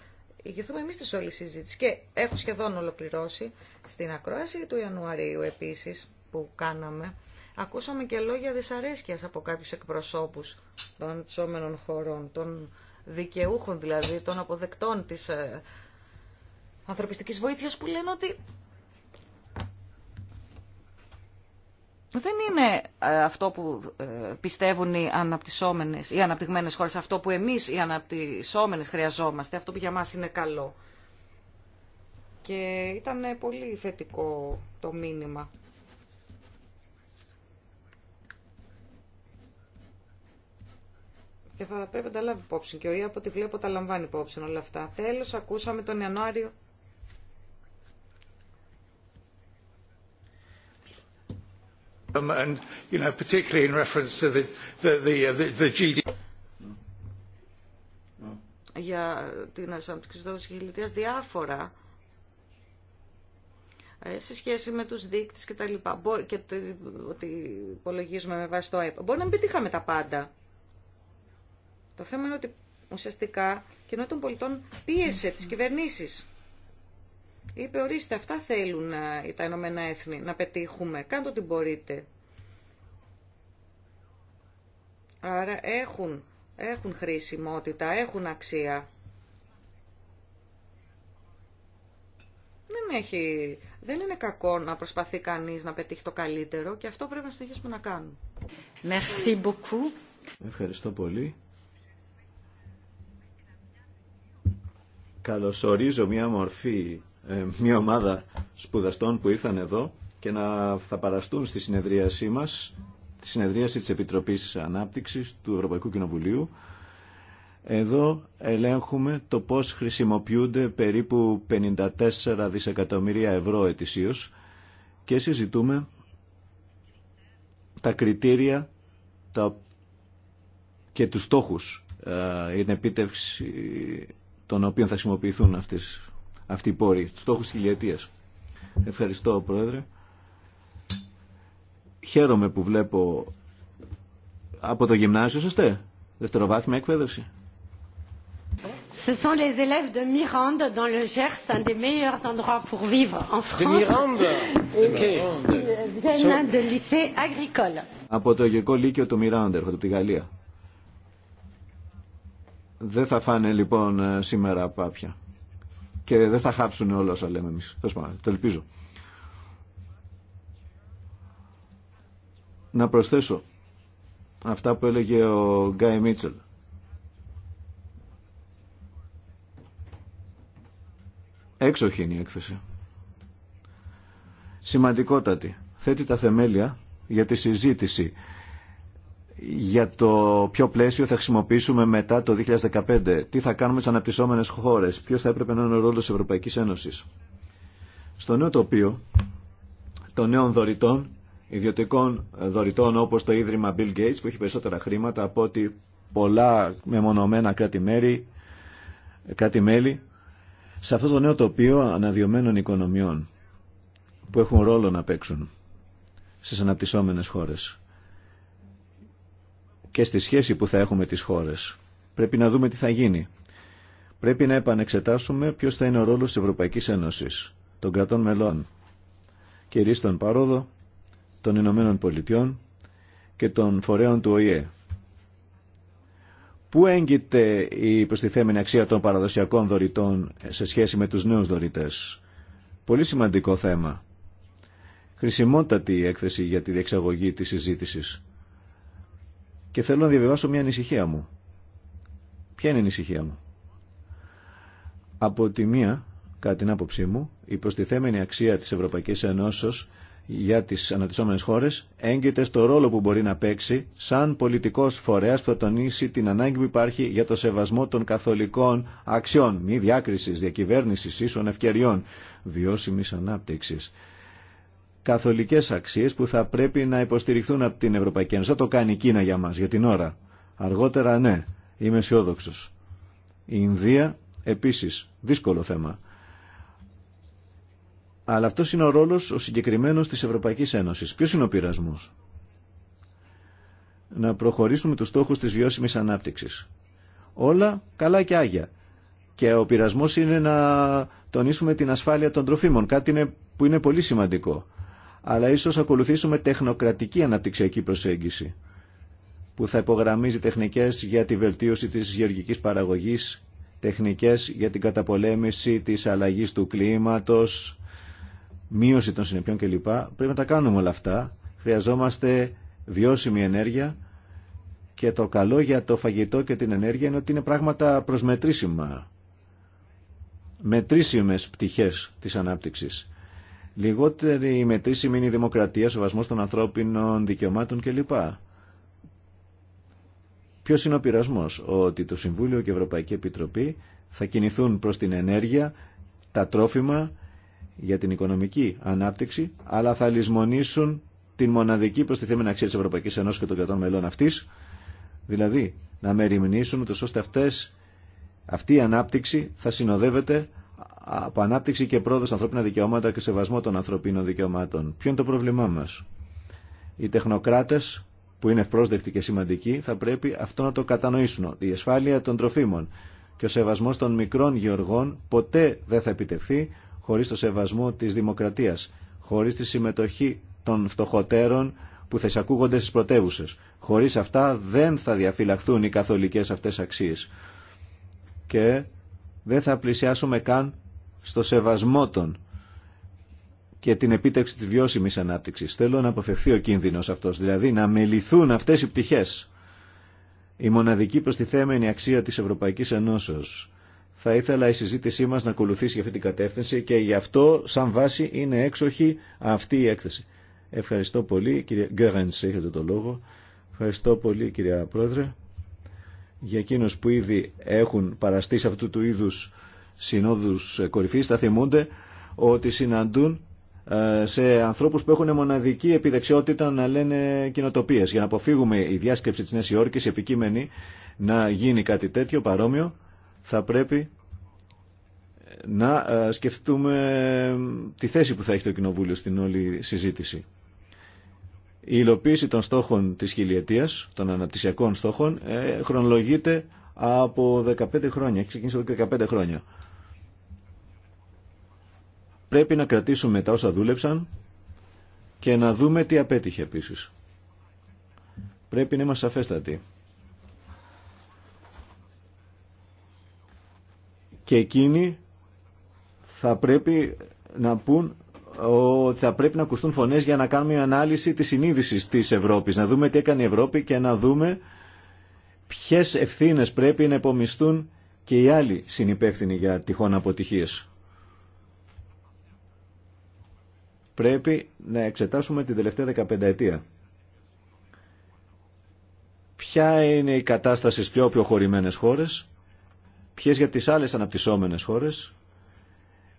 S4: ηγηθούμε εμεί τη όλη συζήτηση. Και έχω σχεδόν ολοκληρώσει στην ακρόαση του Ιανουαρίου επίσης που κάναμε. Ακούσαμε και λόγια δυσαρέσκεια από κάποιου εκπροσώπους των τσόμενων χωρών, των δικαιούχων δηλαδή, των αποδεκτών της ε, ανθρωπιστική βοήθειας που λένε ότι δεν είναι ε, αυτό που ε, πιστεύουν οι αναπτυσσόμενες, ή αναπτυγμένες χώρες, αυτό που εμείς οι αναπτυσσόμενες χρειαζόμαστε, αυτό που για μας είναι καλό. Και ήταν ε, πολύ θετικό το μήνυμα. Και θα πρέπει να τα λάβει υπόψη και ο ΙΑ από βλέπω τα λαμβάνει υπόψη όλα αυτά. Τέλος ακούσαμε τον Ιανουάριο
S3: Um, and you know particularly in reference to the the the, uh, the
S4: για την ανάπτυξη δόση χιλιτίας διάφορα ε, σε σχέση με τους δείκτες και τα λοιπά και ότι υπολογίζουμε με βάση το ΑΕΠ. Μπορεί να μην πετύχαμε τα πάντα. Το θέμα είναι ότι ουσιαστικά η κοινότητα των πολιτών πίεσε τις κυβερνήσεις είπε ορίστε αυτά θέλουν ε, τα Ηνωμένα Έθνη να πετύχουμε, κάντε ό,τι μπορείτε. Άρα έχουν, έχουν χρήσιμότητα, έχουν αξία. Δεν, δεν είναι κακό να προσπαθεί κανείς να πετύχει το καλύτερο και αυτό πρέπει να συνεχίσουμε να κάνουμε.
S2: Ευχαριστώ πολύ. Καλωσορίζω μια μορφή ε, μια ομάδα σπουδαστών που ήρθαν εδώ και να θα παραστούν στη συνεδρίασή μας, τη συνεδρίαση της Επιτροπής Ανάπτυξης του Ευρωπαϊκού Κοινοβουλίου. Εδώ ελέγχουμε το πώς χρησιμοποιούνται περίπου 54 δισεκατομμύρια ευρώ ετησίως και συζητούμε τα κριτήρια τα... και τους στόχους για ε, την επίτευξη των οποίων θα χρησιμοποιηθούν αυτές αυτή οι πόροι, τους στόχους χιλιετίας. Ευχαριστώ, Πρόεδρε. Χαίρομαι που βλέπω από το γυμνάσιο, είστε, δευτεροβάθμια εκπαίδευση.
S1: Ce sont les élèves de Mirande dans le Gers, un des meilleurs endroits pour vivre en France. De Mirande Ok. Viennent de lycée agricole.
S2: Από το γεωργικό Λύκειο του Μιράντε, έρχονται από τη Γαλλία. Δεν θα φάνε λοιπόν ε, σήμερα πάπια και δεν θα χάψουν όλα όσα λέμε εμείς. Το ελπίζω. Να προσθέσω αυτά που έλεγε ο Γκάι Μίτσελ. Έξοχη είναι η έκθεση. Σημαντικότατη. Θέτει τα θεμέλια για τη συζήτηση για το ποιο πλαίσιο θα χρησιμοποιήσουμε μετά το 2015. Τι θα κάνουμε στι αναπτυσσόμενες χώρες. Ποιο θα έπρεπε να είναι ο ρόλο τη Ευρωπαϊκή Ένωση. Στο νέο τοπίο των νέων δωρητών, ιδιωτικών δωρητών όπως το Ίδρυμα Bill Gates που έχει περισσότερα χρήματα από ότι πολλά μεμονωμένα κράτη-μέλη, κράτη-μέλη σε αυτό το νέο τοπίο αναδειωμένων οικονομιών που έχουν ρόλο να παίξουν στις αναπτυσσόμενες χώρες και στη σχέση που θα έχουμε τις χώρες. Πρέπει να δούμε τι θα γίνει. Πρέπει να επανεξετάσουμε ποιο θα είναι ο ρόλος της Ευρωπαϊκής Ένωσης, των κρατών μελών, κυρίως των παρόδο, των Ηνωμένων Πολιτειών και των φορέων του ΟΗΕ. Πού έγκυται η προστιθέμενη αξία των παραδοσιακών δωρητών σε σχέση με τους νέους δωρητές. Πολύ σημαντικό θέμα. Χρησιμότατη η έκθεση για τη διεξαγωγή της συζήτησης και θέλω να διαβιβάσω μια ανησυχία μου. Ποια είναι η ανησυχία μου. Από τη μία, κατά την άποψή μου, η προστιθέμενη αξία της Ευρωπαϊκής Ενώσεως για τις αναπτυσσόμενες χώρες έγκυται στο ρόλο που μπορεί να παίξει σαν πολιτικός φορέας που θα τονίσει την ανάγκη που υπάρχει για το σεβασμό των καθολικών αξιών, μη διάκρισης, διακυβέρνησης, ίσων ευκαιριών, βιώσιμης ανάπτυξης Καθολικέ αξίε που θα πρέπει να υποστηριχθούν από την Ευρωπαϊκή Ένωση. το κάνει η Κίνα για μα για την ώρα. Αργότερα ναι, είμαι αισιόδοξο. Η Ινδία επίση δύσκολο θέμα. Αλλά αυτό είναι ο ρόλο ο συγκεκριμένο τη Ευρωπαϊκή Ένωση. Ποιο είναι ο πειρασμό, Να προχωρήσουμε του στόχου τη βιώσιμη ανάπτυξη. Όλα καλά και άγια. Και ο πειρασμό είναι να τονίσουμε την ασφάλεια των τροφίμων, κάτι που είναι πολύ σημαντικό αλλά ίσως ακολουθήσουμε τεχνοκρατική αναπτυξιακή προσέγγιση που θα υπογραμμίζει τεχνικές για τη βελτίωση της γεωργικής παραγωγής, τεχνικές για την καταπολέμηση της αλλαγής του κλίματος, μείωση των συνεπιών κλπ. Πρέπει να τα κάνουμε όλα αυτά. Χρειαζόμαστε βιώσιμη ενέργεια και το καλό για το φαγητό και την ενέργεια είναι ότι είναι πράγματα προσμετρήσιμα μετρήσιμες πτυχές της ανάπτυξης λιγότερη μετρήσιμη είναι η δημοκρατία, σεβασμός των ανθρώπινων δικαιωμάτων κλπ. Ποιο είναι ο πειρασμό, ότι το Συμβούλιο και η Ευρωπαϊκή Επιτροπή θα κινηθούν προ την ενέργεια, τα τρόφιμα για την οικονομική ανάπτυξη, αλλά θα λησμονήσουν την μοναδική προστιθέμενη αξία τη Ευρωπαϊκή Ένωση και των κρατών μελών αυτή, δηλαδή να μεριμνήσουν ώστε αυτές, αυτή η ανάπτυξη θα συνοδεύεται από ανάπτυξη και πρόοδο ανθρώπινα δικαιώματα και σεβασμό των ανθρωπίνων δικαιωμάτων. Ποιο είναι το πρόβλημά μα. Οι τεχνοκράτε, που είναι ευπρόσδεκτοι και σημαντικοί, θα πρέπει αυτό να το κατανοήσουν. Η ασφάλεια των τροφίμων και ο σεβασμό των μικρών γεωργών ποτέ δεν θα επιτευχθεί χωρί το σεβασμό τη δημοκρατία, χωρί τη συμμετοχή των φτωχοτέρων που θα εισακούγονται στι πρωτεύουσε. Χωρί αυτά δεν θα διαφυλαχθούν οι καθολικέ αυτέ αξίε. Και δεν θα πλησιάσουμε καν στο σεβασμό των και την επίτευξη της βιώσιμης ανάπτυξης. Θέλω να αποφευθεί ο κίνδυνος αυτός, δηλαδή να μεληθούν αυτές οι πτυχές. Η μοναδική προστιθέμενη αξία της Ευρωπαϊκής Ενώσεως. Θα ήθελα η συζήτησή μας να ακολουθήσει αυτή την κατεύθυνση και γι' αυτό σαν βάση είναι έξοχη αυτή η έκθεση. Ευχαριστώ πολύ, κύριε Γκέραντς, έχετε το λόγο. Ευχαριστώ πολύ, κυρία Πρόεδρε, για εκείνους που ήδη έχουν παραστεί σε αυτού του είδους συνόδους ε, κορυφής θα θυμούνται ότι συναντούν ε, σε ανθρώπους που έχουν μοναδική επιδεξιότητα να λένε κοινοτοπίες. Για να αποφύγουμε η διάσκεψη της Νέας Υόρκης επικείμενη να γίνει κάτι τέτοιο παρόμοιο θα πρέπει να ε, σκεφτούμε τη θέση που θα έχει το Κοινοβούλιο στην όλη συζήτηση. Η υλοποίηση των στόχων της χιλιετίας, των αναπτυσιακών στόχων, χρονολογείται από 15 χρόνια. Έχει ξεκινήσει από 15 χρόνια. Πρέπει να κρατήσουμε τα όσα δούλεψαν και να δούμε τι απέτυχε επίσης. Πρέπει να είμαστε σαφέστατοι. Και εκείνοι θα πρέπει να πούν ότι θα πρέπει να ακουστούν φωνές για να κάνουμε ανάλυση της συνείδησης της Ευρώπης. Να δούμε τι έκανε η Ευρώπη και να δούμε ποιες ευθύνες πρέπει να υπομισθούν και οι άλλοι συνυπεύθυνοι για τυχόν αποτυχίες. πρέπει να εξετάσουμε την τελευταία 15 ετία. Ποια είναι η κατάσταση στις πιο χωρημένες χώρες, ποιες για τις άλλες αναπτυσσόμενες χώρες,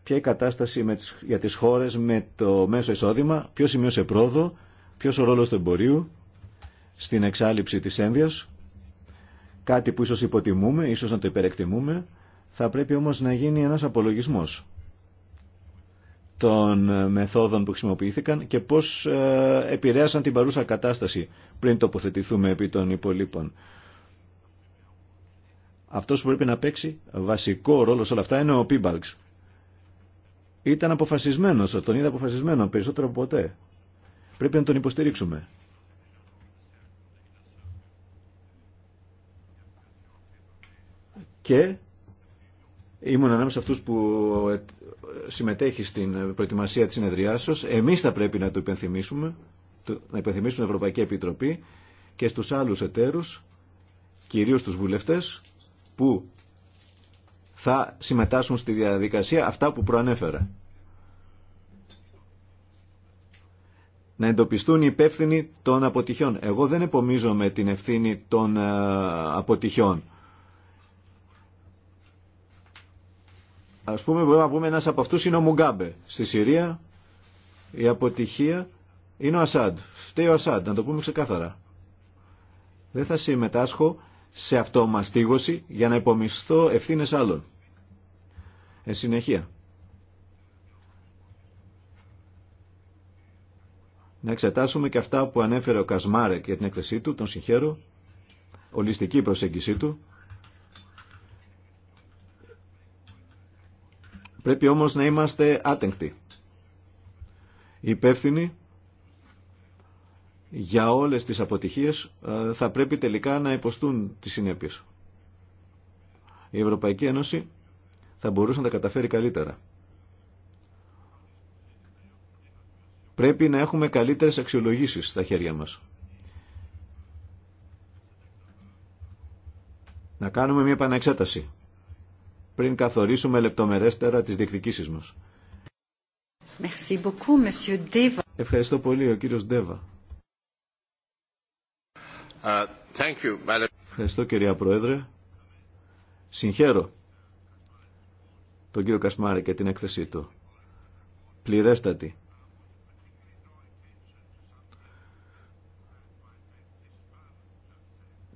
S2: ποια η κατάσταση με τις, για τις χώρες με το μέσο εισόδημα, ποιο σημείωσε πρόοδο, ποιο ο ρόλος του εμπορίου στην εξάλληψη της ένδυας, κάτι που ίσως υποτιμούμε, ίσως να το υπερεκτιμούμε, θα πρέπει όμως να γίνει ένας απολογισμός των ε, μεθόδων που χρησιμοποιήθηκαν και πώς ε, επηρέασαν την παρούσα κατάσταση πριν τοποθετηθούμε επί των υπολείπων. Αυτός που πρέπει να παίξει βασικό ρόλο σε όλα αυτά είναι ο Πίμπαλξ. Ήταν αποφασισμένος, τον είδα αποφασισμένο περισσότερο από ποτέ. Πρέπει να τον υποστηρίξουμε. Και Ήμουν ανάμεσα αυτούς που ε, συμμετέχει στην προετοιμασία της συνεδριάσεως. Εμείς θα πρέπει να το υπενθυμίσουμε, να υπενθυμίσουμε την Ευρωπαϊκή Επιτροπή και στους άλλους εταίρους, κυρίως τους βουλευτές, που θα συμμετάσχουν στη διαδικασία αυτά που προανέφερα. να εντοπιστούν οι υπεύθυνοι των αποτυχιών. Εγώ δεν επομίζομαι την ευθύνη των ε, αποτυχιών. Ας πούμε, μπορούμε να πούμε ένας από αυτούς είναι ο Μουγκάμπε. Στη Συρία η αποτυχία είναι ο Ασάντ. Φταίει ο Ασάντ, να το πούμε ξεκάθαρα. Δεν θα συμμετάσχω σε αυτομαστίγωση για να υπομισθώ ευθύνες άλλων. Εν συνεχεία. Να εξετάσουμε και αυτά που ανέφερε ο Κασμάρεκ για την έκθεσή του, τον συγχαίρω, ολιστική προσέγγιση του, Πρέπει όμως να είμαστε άτεγκτοι, υπεύθυνοι για όλες τις αποτυχίες ε, θα πρέπει τελικά να υποστούν τις συνέπειες. Η Ευρωπαϊκή Ένωση θα μπορούσε να τα καταφέρει καλύτερα. Πρέπει να έχουμε καλύτερες αξιολογήσεις στα χέρια μας. Να κάνουμε μια επαναεξέταση πριν καθορίσουμε λεπτομερέστερα τις διεκδικήσεις μας. Merci beaucoup, Monsieur Deva. Ευχαριστώ πολύ, ο κύριος Ντέβα. Uh, Ευχαριστώ, κυρία Πρόεδρε. Συγχαίρω τον κύριο Κασμάρη και την έκθεσή του. Πληρέστατη.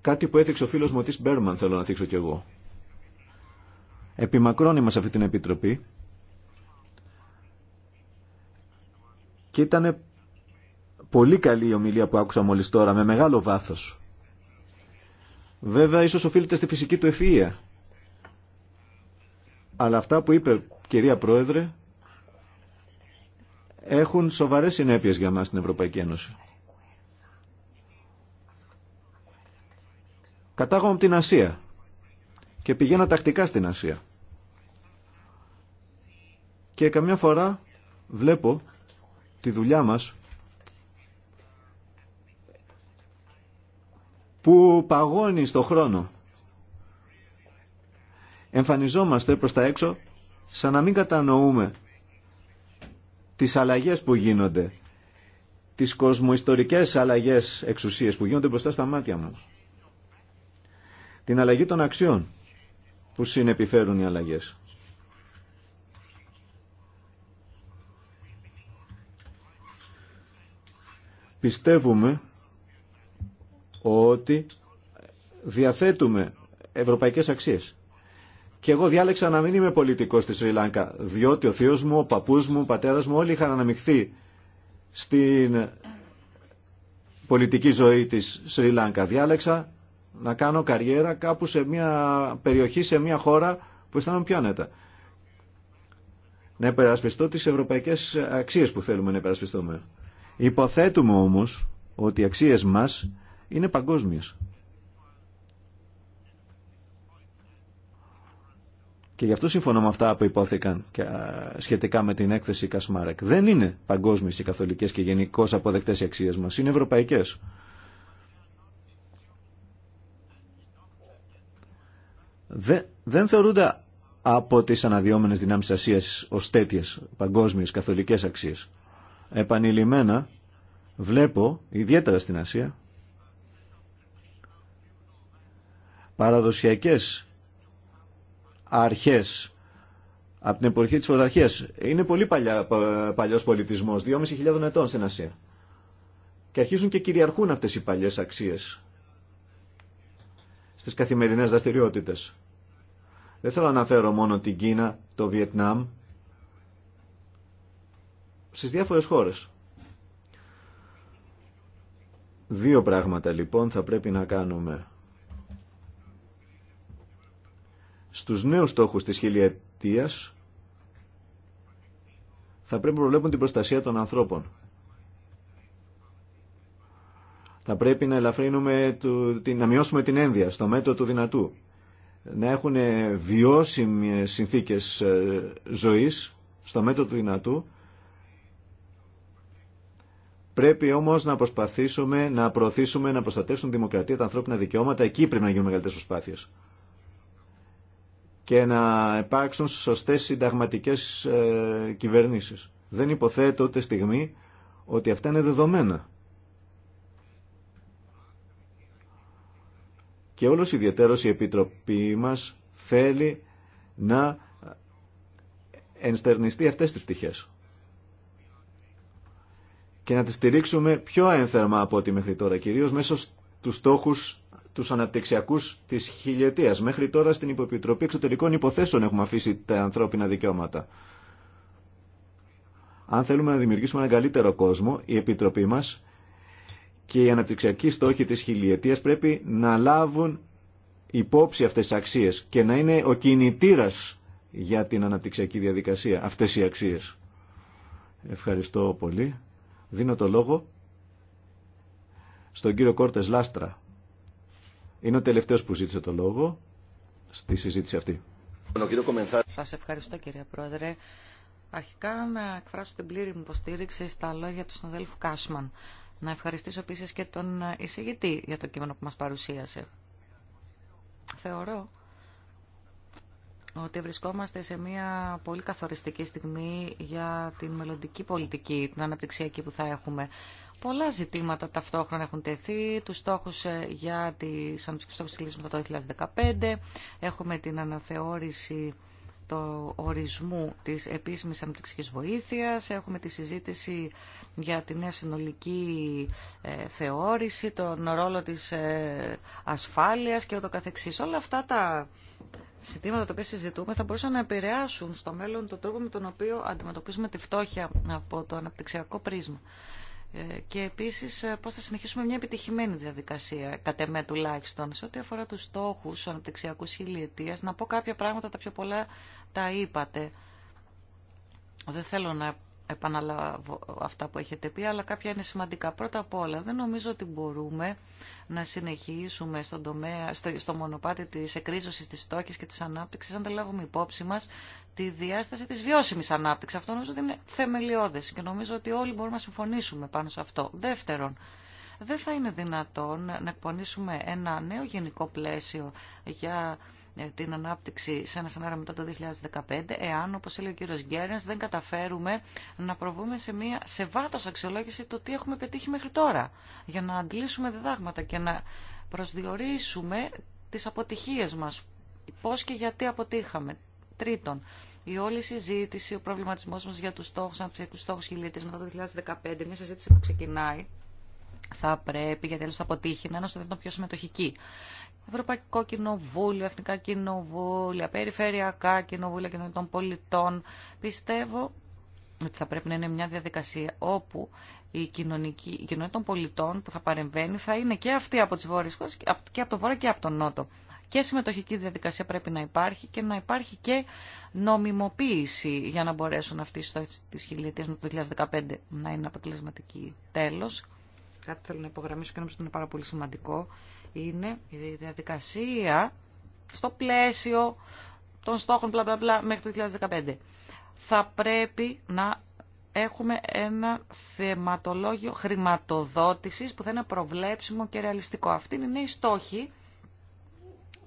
S2: Κάτι που έθιξε ο φίλος μου της Μπέρμαν θέλω να θίξω κι εγώ επιμακρώνει σε αυτή την Επιτροπή και ήταν πολύ καλή η ομιλία που άκουσα μόλις τώρα, με μεγάλο βάθος. Βέβαια, ίσως οφείλεται στη φυσική του ευφυΐα. Αλλά αυτά που είπε, κυρία Πρόεδρε, έχουν σοβαρές συνέπειες για μας στην Ευρωπαϊκή Ένωση. Κατάγομαι από την Ασία και πηγαίνω τακτικά στην Ασία και καμιά φορά βλέπω τη δουλειά μας που παγώνει στο χρόνο. Εμφανιζόμαστε προς τα έξω σαν να μην κατανοούμε τις αλλαγές που γίνονται, τις κοσμοϊστορικές αλλαγές εξουσίες που γίνονται μπροστά στα μάτια μας. Την αλλαγή των αξιών που συνεπιφέρουν οι αλλαγές. Πιστεύουμε ότι διαθέτουμε ευρωπαϊκές αξίες. Και εγώ διάλεξα να μην είμαι πολιτικός στη Σρι Λάνκα, διότι ο θείος μου, ο παππούς μου, ο πατέρας μου, όλοι είχαν αναμειχθεί στην πολιτική ζωή της Σρι Λάνκα. Διάλεξα να κάνω καριέρα κάπου σε μια περιοχή, σε μια χώρα που αισθάνομαι πιο άνετα. Να υπερασπιστώ τις ευρωπαϊκές αξίες που θέλουμε να υπερασπιστούμε. Υποθέτουμε όμως ότι οι αξίες μας είναι παγκόσμιες. Και γι' αυτό συμφωνώ με αυτά που υπόθηκαν σχετικά με την έκθεση Κασμάρεκ. Δεν είναι παγκόσμιε οι καθολικέ και γενικώ αποδεκτέ οι αξίε μα. Είναι ευρωπαϊκέ. δεν θεωρούνται από τι αναδυόμενε δυνάμει Ασία ω τέτοιε παγκόσμιε καθολικέ αξίε επανειλημμένα βλέπω, ιδιαίτερα στην Ασία, παραδοσιακές αρχές από την εποχή της φοδαρχίας. Είναι πολύ παλιά, παλιός πολιτισμός, 2.500 ετών στην Ασία. Και αρχίζουν και κυριαρχούν αυτές οι παλιές αξίες στις καθημερινές δραστηριότητες. Δεν θέλω να αναφέρω μόνο την Κίνα, το Βιετνάμ, στις διάφορες χώρες. Δύο πράγματα λοιπόν θα πρέπει να κάνουμε. Στους νέους στόχους της χιλιετίας θα πρέπει να προβλέπουν την προστασία των ανθρώπων. Θα πρέπει να ελαφρύνουμε, να μειώσουμε την ένδια στο μέτρο του δυνατού. Να έχουν βιώσιμες συνθήκες ε, ζωής στο μέτρο του δυνατού Πρέπει όμω να προσπαθήσουμε να προωθήσουμε, να προστατεύσουν τη δημοκρατία, τα ανθρώπινα δικαιώματα. Εκεί πρέπει να γίνουν μεγαλύτερε προσπάθειε. Και να υπάρξουν σωστέ συνταγματικέ ε, κυβερνήσει. Δεν υποθέτω ούτε στιγμή ότι αυτά είναι δεδομένα. Και όλος ιδιαίτερος η Επιτροπή μας θέλει να ενστερνιστεί αυτές τις πτυχές και να τη στηρίξουμε πιο ένθερμα από ό,τι μέχρι τώρα, κυρίως μέσω του στόχου, του αναπτυξιακού τη χιλιετία. Μέχρι τώρα στην Υποπιτροπή Εξωτερικών Υποθέσεων έχουμε αφήσει τα ανθρώπινα δικαιώματα. Αν θέλουμε να δημιουργήσουμε έναν καλύτερο κόσμο, η Επιτροπή μα και οι αναπτυξιακοί στόχοι τη χιλιετία πρέπει να λάβουν υπόψη αυτέ τι αξίε και να είναι ο κινητήρα για την αναπτυξιακή διαδικασία αυτέ οι αξίε. Ευχαριστώ πολύ. Δίνω το λόγο στον κύριο Κόρτες Λάστρα. Είναι ο τελευταίος που ζήτησε το λόγο στη συζήτηση αυτή.
S4: Σας ευχαριστώ κύριε Πρόεδρε. Αρχικά να εκφράσω την πλήρη μου υποστήριξη στα λόγια του συναδέλφου Κάσμαν. Να ευχαριστήσω επίσης και τον εισηγητή για το κείμενο που μας παρουσίασε. Θεωρώ ότι βρισκόμαστε σε μια πολύ καθοριστική στιγμή για την μελλοντική πολιτική, την αναπτυξιακή που θα έχουμε. Πολλά ζητήματα ταυτόχρονα έχουν τεθεί, τους στόχους ε, για τις αναπτυξιακές στόχους μετά το 2015, έχουμε την αναθεώρηση το ορισμού της επίσημης αναπτυξικής βοήθειας, έχουμε τη συζήτηση για τη νέα συνολική ε, θεώρηση, τον ρόλο της ε, ασφάλειας και ούτω καθεξής. Όλα αυτά τα συστήματα τα οποία συζητούμε θα μπορούσαν να επηρεάσουν στο μέλλον τον τρόπο με τον οποίο αντιμετωπίζουμε τη φτώχεια από το αναπτυξιακό πρίσμα. Ε, και επίσης ε, πώς θα συνεχίσουμε μια επιτυχημένη διαδικασία, κατ' εμέ τουλάχιστον, σε ό,τι αφορά τους στόχους του αναπτυξιακού χιλιετίας, να πω κάποια πράγματα, τα πιο πολλά τα είπατε. Δεν θέλω να επαναλάβω αυτά που έχετε πει, αλλά κάποια είναι σημαντικά. Πρώτα απ' όλα, δεν νομίζω ότι μπορούμε να συνεχίσουμε στον τομέα, στο, μονοπάτι της εκρίζωσης της στόχης και της ανάπτυξης, αν δεν λάβουμε υπόψη μας τη διάσταση της βιώσιμης ανάπτυξης. Αυτό νομίζω ότι είναι θεμελιώδες και νομίζω ότι όλοι μπορούμε να συμφωνήσουμε πάνω σε αυτό. Δεύτερον, δεν θα είναι δυνατόν να εκπονήσουμε ένα νέο γενικό πλαίσιο για την ανάπτυξη σε ένα σενάριο μετά το 2015, εάν, όπως έλεγε ο κύριος Γκέρνς, δεν καταφέρουμε να προβούμε σε μια σε αξιολόγηση το τι έχουμε πετύχει μέχρι τώρα, για να αντλήσουμε διδάγματα και να προσδιορίσουμε τις αποτυχίες μας, πώς και γιατί αποτύχαμε. Τρίτον, η όλη συζήτηση, ο προβληματισμός μας για τους στόχους, αναψυχικούς στόχους χιλιετής μετά το 2015, μια συζήτηση που ξεκινάει, θα πρέπει, γιατί τέλος θα αποτύχει, να είναι στο δυνατόν πιο συμμετοχική. Ευρωπαϊκό Κοινοβούλιο, Εθνικά Κοινοβούλια, Περιφερειακά Κοινοβούλια Κοινωνικών των Πολιτών. Πιστεύω ότι θα πρέπει να είναι μια διαδικασία όπου η, κοινωνική, η κοινωνία των πολιτών που θα παρεμβαίνει θα είναι και αυτή από τι βόρειε χώρε και από το βόρειο και από τον νότο. Και συμμετοχική διαδικασία πρέπει να υπάρχει και να υπάρχει και νομιμοποίηση για να μπορέσουν αυτοί οι στόχοι του 2015 να είναι αποτελεσματικοί τέλο. Κάτι θέλω να υπογραμμίσω και νομίζω ότι είναι πάρα πολύ σημαντικό. Είναι η διαδικασία στο πλαίσιο των στόχων bla, μέχρι το 2015. Θα πρέπει να έχουμε ένα θεματολόγιο χρηματοδότησης που θα είναι προβλέψιμο και ρεαλιστικό. Αυτή είναι η στόχη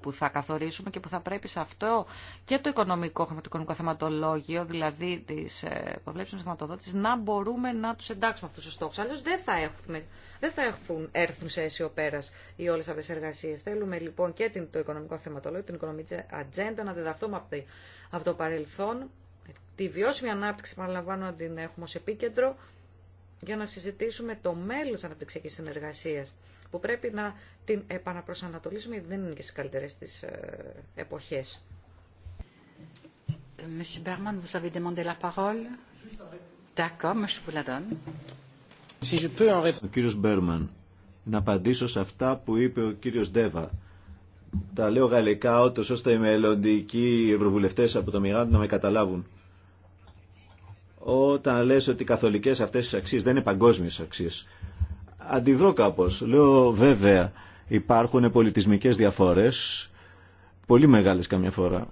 S4: που θα καθορίσουμε και που θα πρέπει σε αυτό και το οικονομικό θεματολόγιο, δηλαδή τι ε, προβλέψει τη χρηματοδότηση, να μπορούμε να του εντάξουμε αυτού του στόχου. Αλλιώ δεν θα, έχουμε, δεν θα έχουν, έρθουν σε αίσιο πέρα οι όλε αυτέ οι εργασίε. Θέλουμε λοιπόν και το οικονομικό θεματολόγιο, την οικονομική ατζέντα, να διδαχθούμε από το παρελθόν. Τη βιώσιμη ανάπτυξη, παραλαμβάνω, να την έχουμε ω επίκεντρο για να συζητήσουμε το μέλλον της αναπτυξιακής συνεργασίας που πρέπει να την επαναπροσανατολίσουμε γιατί δεν είναι και στις καλύτερες της
S1: εποχές.
S2: Ο κύριος Μπέρμαν, να απαντήσω σε αυτά που είπε ο κύριος Ντέβα. Τα λέω γαλλικά, ότως ώστε οι μελλοντικοί ευρωβουλευτές από το Μιγάντ να με καταλάβουν όταν λες ότι οι καθολικές αυτές τις αξίες δεν είναι παγκόσμιες αξίες. Αντιδρώ κάπως. Λέω βέβαια υπάρχουν πολιτισμικές διαφορές, πολύ μεγάλες καμιά φορά.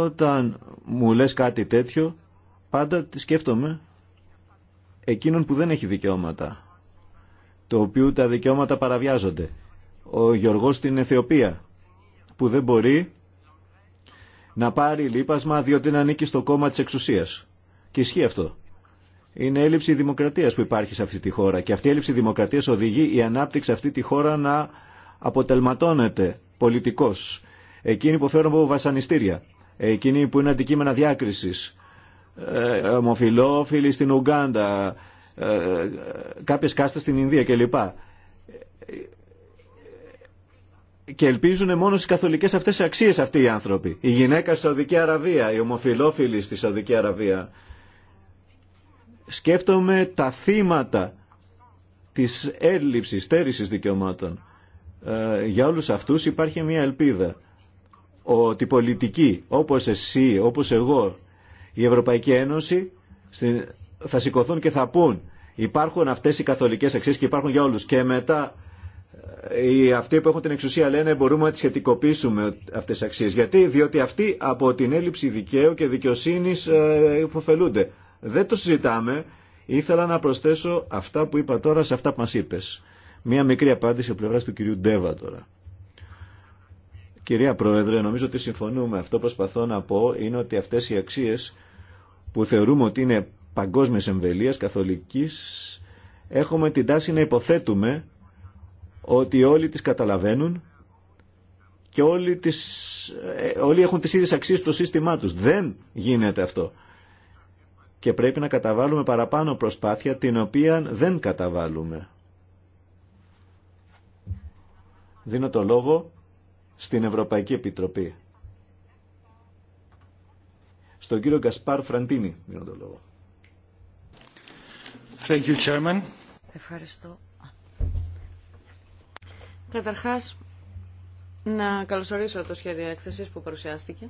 S2: Όταν μου λες κάτι τέτοιο, πάντα τη σκέφτομαι εκείνον που δεν έχει δικαιώματα, το οποίο τα δικαιώματα παραβιάζονται. Ο Γιωργός στην Αιθιοπία, που δεν μπορεί να πάρει λείπασμα διότι να ανήκει στο κόμμα της εξουσίας. Και ισχύει αυτό. Είναι έλλειψη δημοκρατία που υπάρχει σε αυτή τη χώρα. Και αυτή η έλλειψη δημοκρατία οδηγεί η ανάπτυξη αυτή τη χώρα να αποτελματώνεται πολιτικώ. Εκείνοι που φέρουν από βασανιστήρια. Εκείνοι που είναι αντικείμενα διάκριση. Ε, στην Ουγγάντα, Ε, Κάποιε κάστε στην Ινδία κλπ. Και ελπίζουν μόνο στι καθολικέ αυτέ αξίε αυτοί οι άνθρωποι. Η γυναίκα στη Σαουδική Αραβία. Οι ομοφιλόφιλη στη Σαουδική Αραβία. Σκέφτομαι τα θύματα της έλλειψης, στέρησης δικαιωμάτων. Ε, για όλους αυτούς υπάρχει μια ελπίδα ότι πολιτικοί όπως εσύ, όπως εγώ, η Ευρωπαϊκή Ένωση θα σηκωθούν και θα πούν υπάρχουν αυτές οι καθολικές αξίες και υπάρχουν για όλους και μετά ε, οι, αυτοί που έχουν την εξουσία λένε μπορούμε να τις σχετικοποιήσουμε αυτές τις αξίες. Γιατί, διότι αυτοί από την έλλειψη δικαίου και δικαιοσύνης ε, υποφελούνται. Δεν το συζητάμε. Ήθελα να προσθέσω αυτά που είπα τώρα σε αυτά που μας είπες. Μία μικρή απάντηση από πλευρά του κυρίου Ντέβα τώρα. Κυρία Πρόεδρε, νομίζω ότι συμφωνούμε. Αυτό προσπαθώ να πω είναι ότι αυτές οι αξίες που θεωρούμε ότι είναι παγκόσμιες εμβελία καθολική, έχουμε την τάση να υποθέτουμε ότι όλοι τις καταλαβαίνουν και όλοι, τις, ε, ε, όλοι έχουν τις ίδιες αξίες στο σύστημά τους. Δεν γίνεται αυτό και πρέπει να καταβάλουμε παραπάνω προσπάθεια την οποία δεν καταβάλουμε. Δίνω το λόγο στην Ευρωπαϊκή Επιτροπή. Στον κύριο Γκασπάρ Φραντίνη δίνω το λόγο. Thank you,
S3: Ευχαριστώ. Καταρχάς, να καλωσορίσω το σχέδιο έκθεσης που παρουσιάστηκε.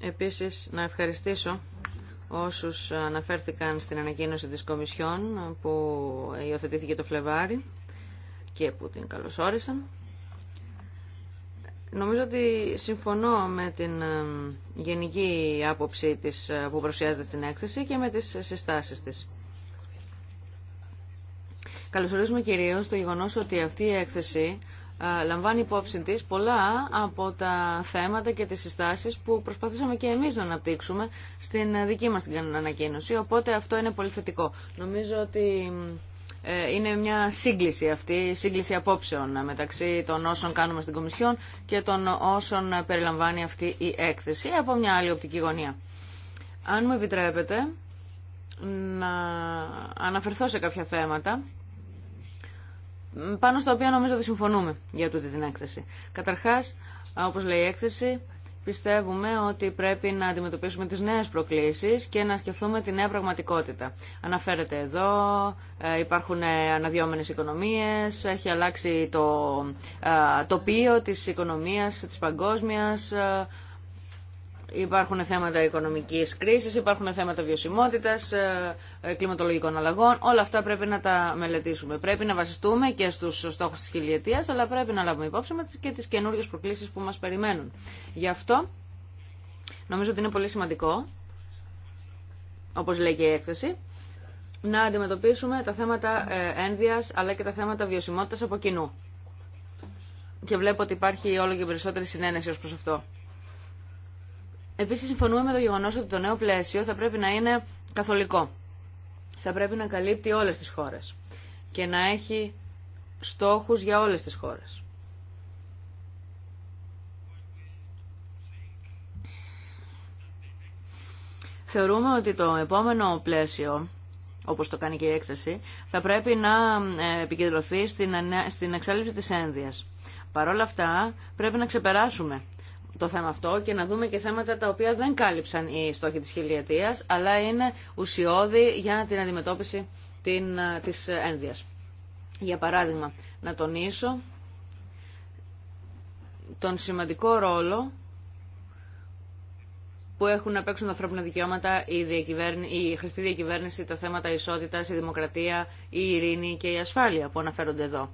S3: Επίσης, να ευχαριστήσω όσους αναφέρθηκαν στην ανακοίνωση της Κομισιόν που υιοθετήθηκε το Φλεβάρι και που την καλωσόρισαν. Νομίζω ότι συμφωνώ με την γενική άποψη της, ε, που παρουσιάζεται στην έκθεση και με τις συστάσεις της. Καλωσορίζουμε κυρίως το γεγονός ότι αυτή η έκθεση λαμβάνει υπόψη της πολλά από τα θέματα και τις συστάσεις που προσπαθήσαμε και εμείς να αναπτύξουμε στην ε, δική μας την ανακοίνωση, οπότε αυτό είναι πολύ θετικό. Νομίζω ότι ε, είναι μια σύγκληση αυτή, σύγκληση απόψεων μεταξύ των όσων κάνουμε στην Κομισιόν και των όσων περιλαμβάνει αυτή η έκθεση από μια άλλη οπτική γωνία. Αν μου επιτρέπετε να αναφερθώ σε κάποια θέματα πάνω στα οποία νομίζω ότι συμφωνούμε για τούτη την έκθεση. Καταρχάς, όπως λέει η έκθεση, πιστεύουμε ότι πρέπει να αντιμετωπίσουμε τις νέες προκλήσεις και να σκεφτούμε τη νέα πραγματικότητα. Αναφέρεται εδώ, ε, υπάρχουν ε, αναδυόμενες οικονομίες, έχει αλλάξει το ε, τοπίο της οικονομίας της παγκόσμιας, Υπάρχουν θέματα οικονομικής κρίσης, υπάρχουν θέματα βιωσιμότητας, ε, ε, κλιματολογικών αλλαγών. Όλα αυτά πρέπει να τα μελετήσουμε. Πρέπει να βασιστούμε και στους στόχους της χιλιετίας, αλλά πρέπει να λάβουμε υπόψη μας και τις καινούριε προκλήσεις που μας περιμένουν. Γι' αυτό νομίζω ότι είναι πολύ σημαντικό, όπως λέει και η έκθεση, να αντιμετωπίσουμε τα θέματα ε, ένδυας αλλά και τα θέματα βιωσιμότητας από κοινού. Και βλέπω ότι υπάρχει όλο και περισσότερη συνένεση ως προς αυτό. Επίσης συμφωνούμε με το γεγονός ότι το νέο πλαίσιο θα πρέπει να είναι καθολικό. Θα πρέπει να καλύπτει όλες τις χώρες και να έχει στόχους για όλες τις χώρες. Θεωρούμε ότι το επόμενο πλαίσιο, όπως το κάνει και η έκθεση, θα πρέπει να ε, επικεντρωθεί ε, στην εξάλληψη της ένδυας. Παρ' όλα αυτά πρέπει να ξεπεράσουμε το θέμα αυτό και να δούμε και θέματα τα οποία δεν κάλυψαν οι στόχοι της χιλιετίας, αλλά είναι ουσιώδη για την αντιμετώπιση την, ε, της ένδυας. Για παράδειγμα, να τονίσω τον σημαντικό ρόλο που έχουν να παίξουν τα ανθρώπινα δικαιώματα, η, η χρηστή διακυβέρνηση, τα θέματα ισότητας, η δημοκρατία, η ειρήνη και η ασφάλεια που αναφέρονται εδώ.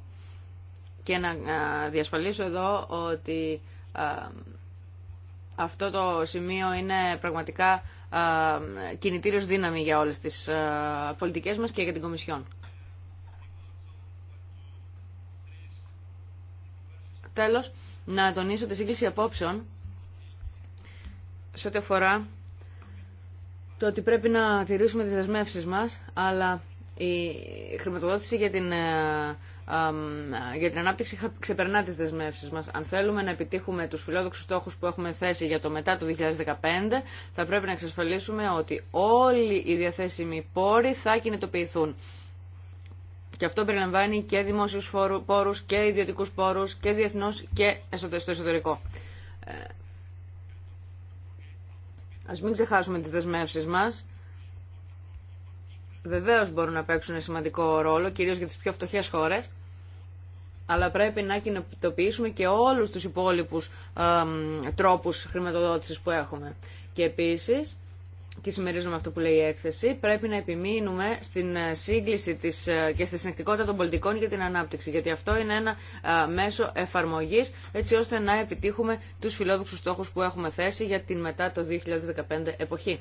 S3: Και να ε, διασφαλίσω εδώ ότι ε, αυτό το σημείο είναι πραγματικά κινητήριος δύναμη για όλες τις πολιτικές μας και για την Κομισιόν. Τέλος, να τονίσω τη σύγκληση απόψεων σε ό,τι αφορά το ότι πρέπει να τηρήσουμε τις δεσμεύσεις μας, αλλά η χρηματοδότηση για την για την ανάπτυξη ξεπερνά τι δεσμεύσει μας. Αν θέλουμε να επιτύχουμε τους φιλόδοξους στόχους που έχουμε θέσει για το μετά το 2015, θα πρέπει να εξασφαλίσουμε ότι όλοι οι διαθέσιμοι πόροι θα κινητοποιηθούν. Και αυτό περιλαμβάνει και δημόσιους πόρους και ιδιωτικούς πόρους και διεθνώ και στο εσωτερικό. Ε, ας μην ξεχάσουμε τις δεσμεύσεις μας βεβαίως μπορούν να παίξουν σημαντικό ρόλο, κυρίως για τις πιο φτωχές χώρες, αλλά πρέπει να κοινοποιήσουμε και όλους τους υπόλοιπους τρόπου τρόπους χρηματοδότησης που έχουμε. Και επίσης, και συμμερίζομαι αυτό που λέει η έκθεση, πρέπει να επιμείνουμε στην ε, σύγκληση της, ε, και στη συνεκτικότητα των πολιτικών για την ανάπτυξη, γιατί αυτό είναι ένα ε, μέσο εφαρμογής, έτσι ώστε να επιτύχουμε τους φιλόδοξους στόχους που έχουμε θέσει για την μετά το 2015 εποχή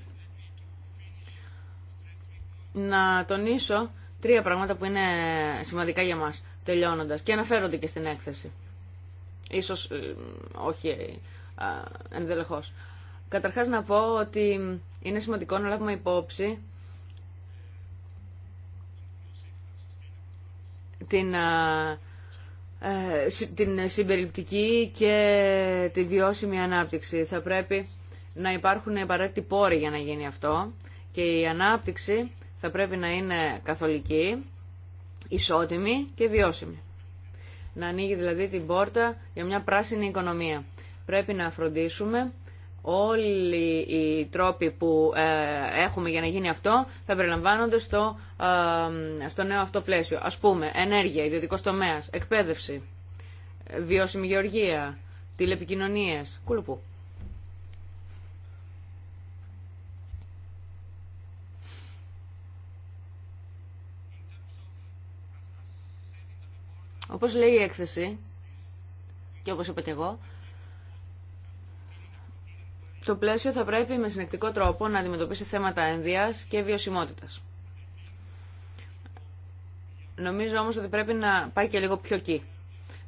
S3: να τονίσω τρία πράγματα που είναι σημαντικά για μας τελειώνοντας και αναφέρονται και στην έκθεση. Ίσως ε, όχι ε, ενδελεχώς. Καταρχάς να πω ότι είναι σημαντικό να λάβουμε υπόψη την, ε, την συμπεριληπτική και τη βιώσιμη ανάπτυξη. Θα πρέπει να υπάρχουν απαραίτητοι πόροι για να γίνει αυτό και η ανάπτυξη θα πρέπει να είναι καθολική, ισότιμη και βιώσιμη. Να ανοίγει δηλαδή την πόρτα για μια πράσινη οικονομία. Πρέπει να φροντίσουμε όλοι οι τρόποι που ε, έχουμε για να γίνει αυτό θα περιλαμβάνονται στο, ε, στο νέο αυτό πλαίσιο. Ας πούμε, ενέργεια, ιδιωτικός τομέας, εκπαίδευση, βιώσιμη γεωργία, τηλεπικοινωνίες, κουλουπού. Όπως λέει η έκθεση, και όπως είπα και εγώ, το πλαίσιο θα πρέπει με συνεκτικό τρόπο να αντιμετωπίσει θέματα ενδίας και βιωσιμότητας. Νομίζω όμως ότι πρέπει να πάει και λίγο πιο εκεί.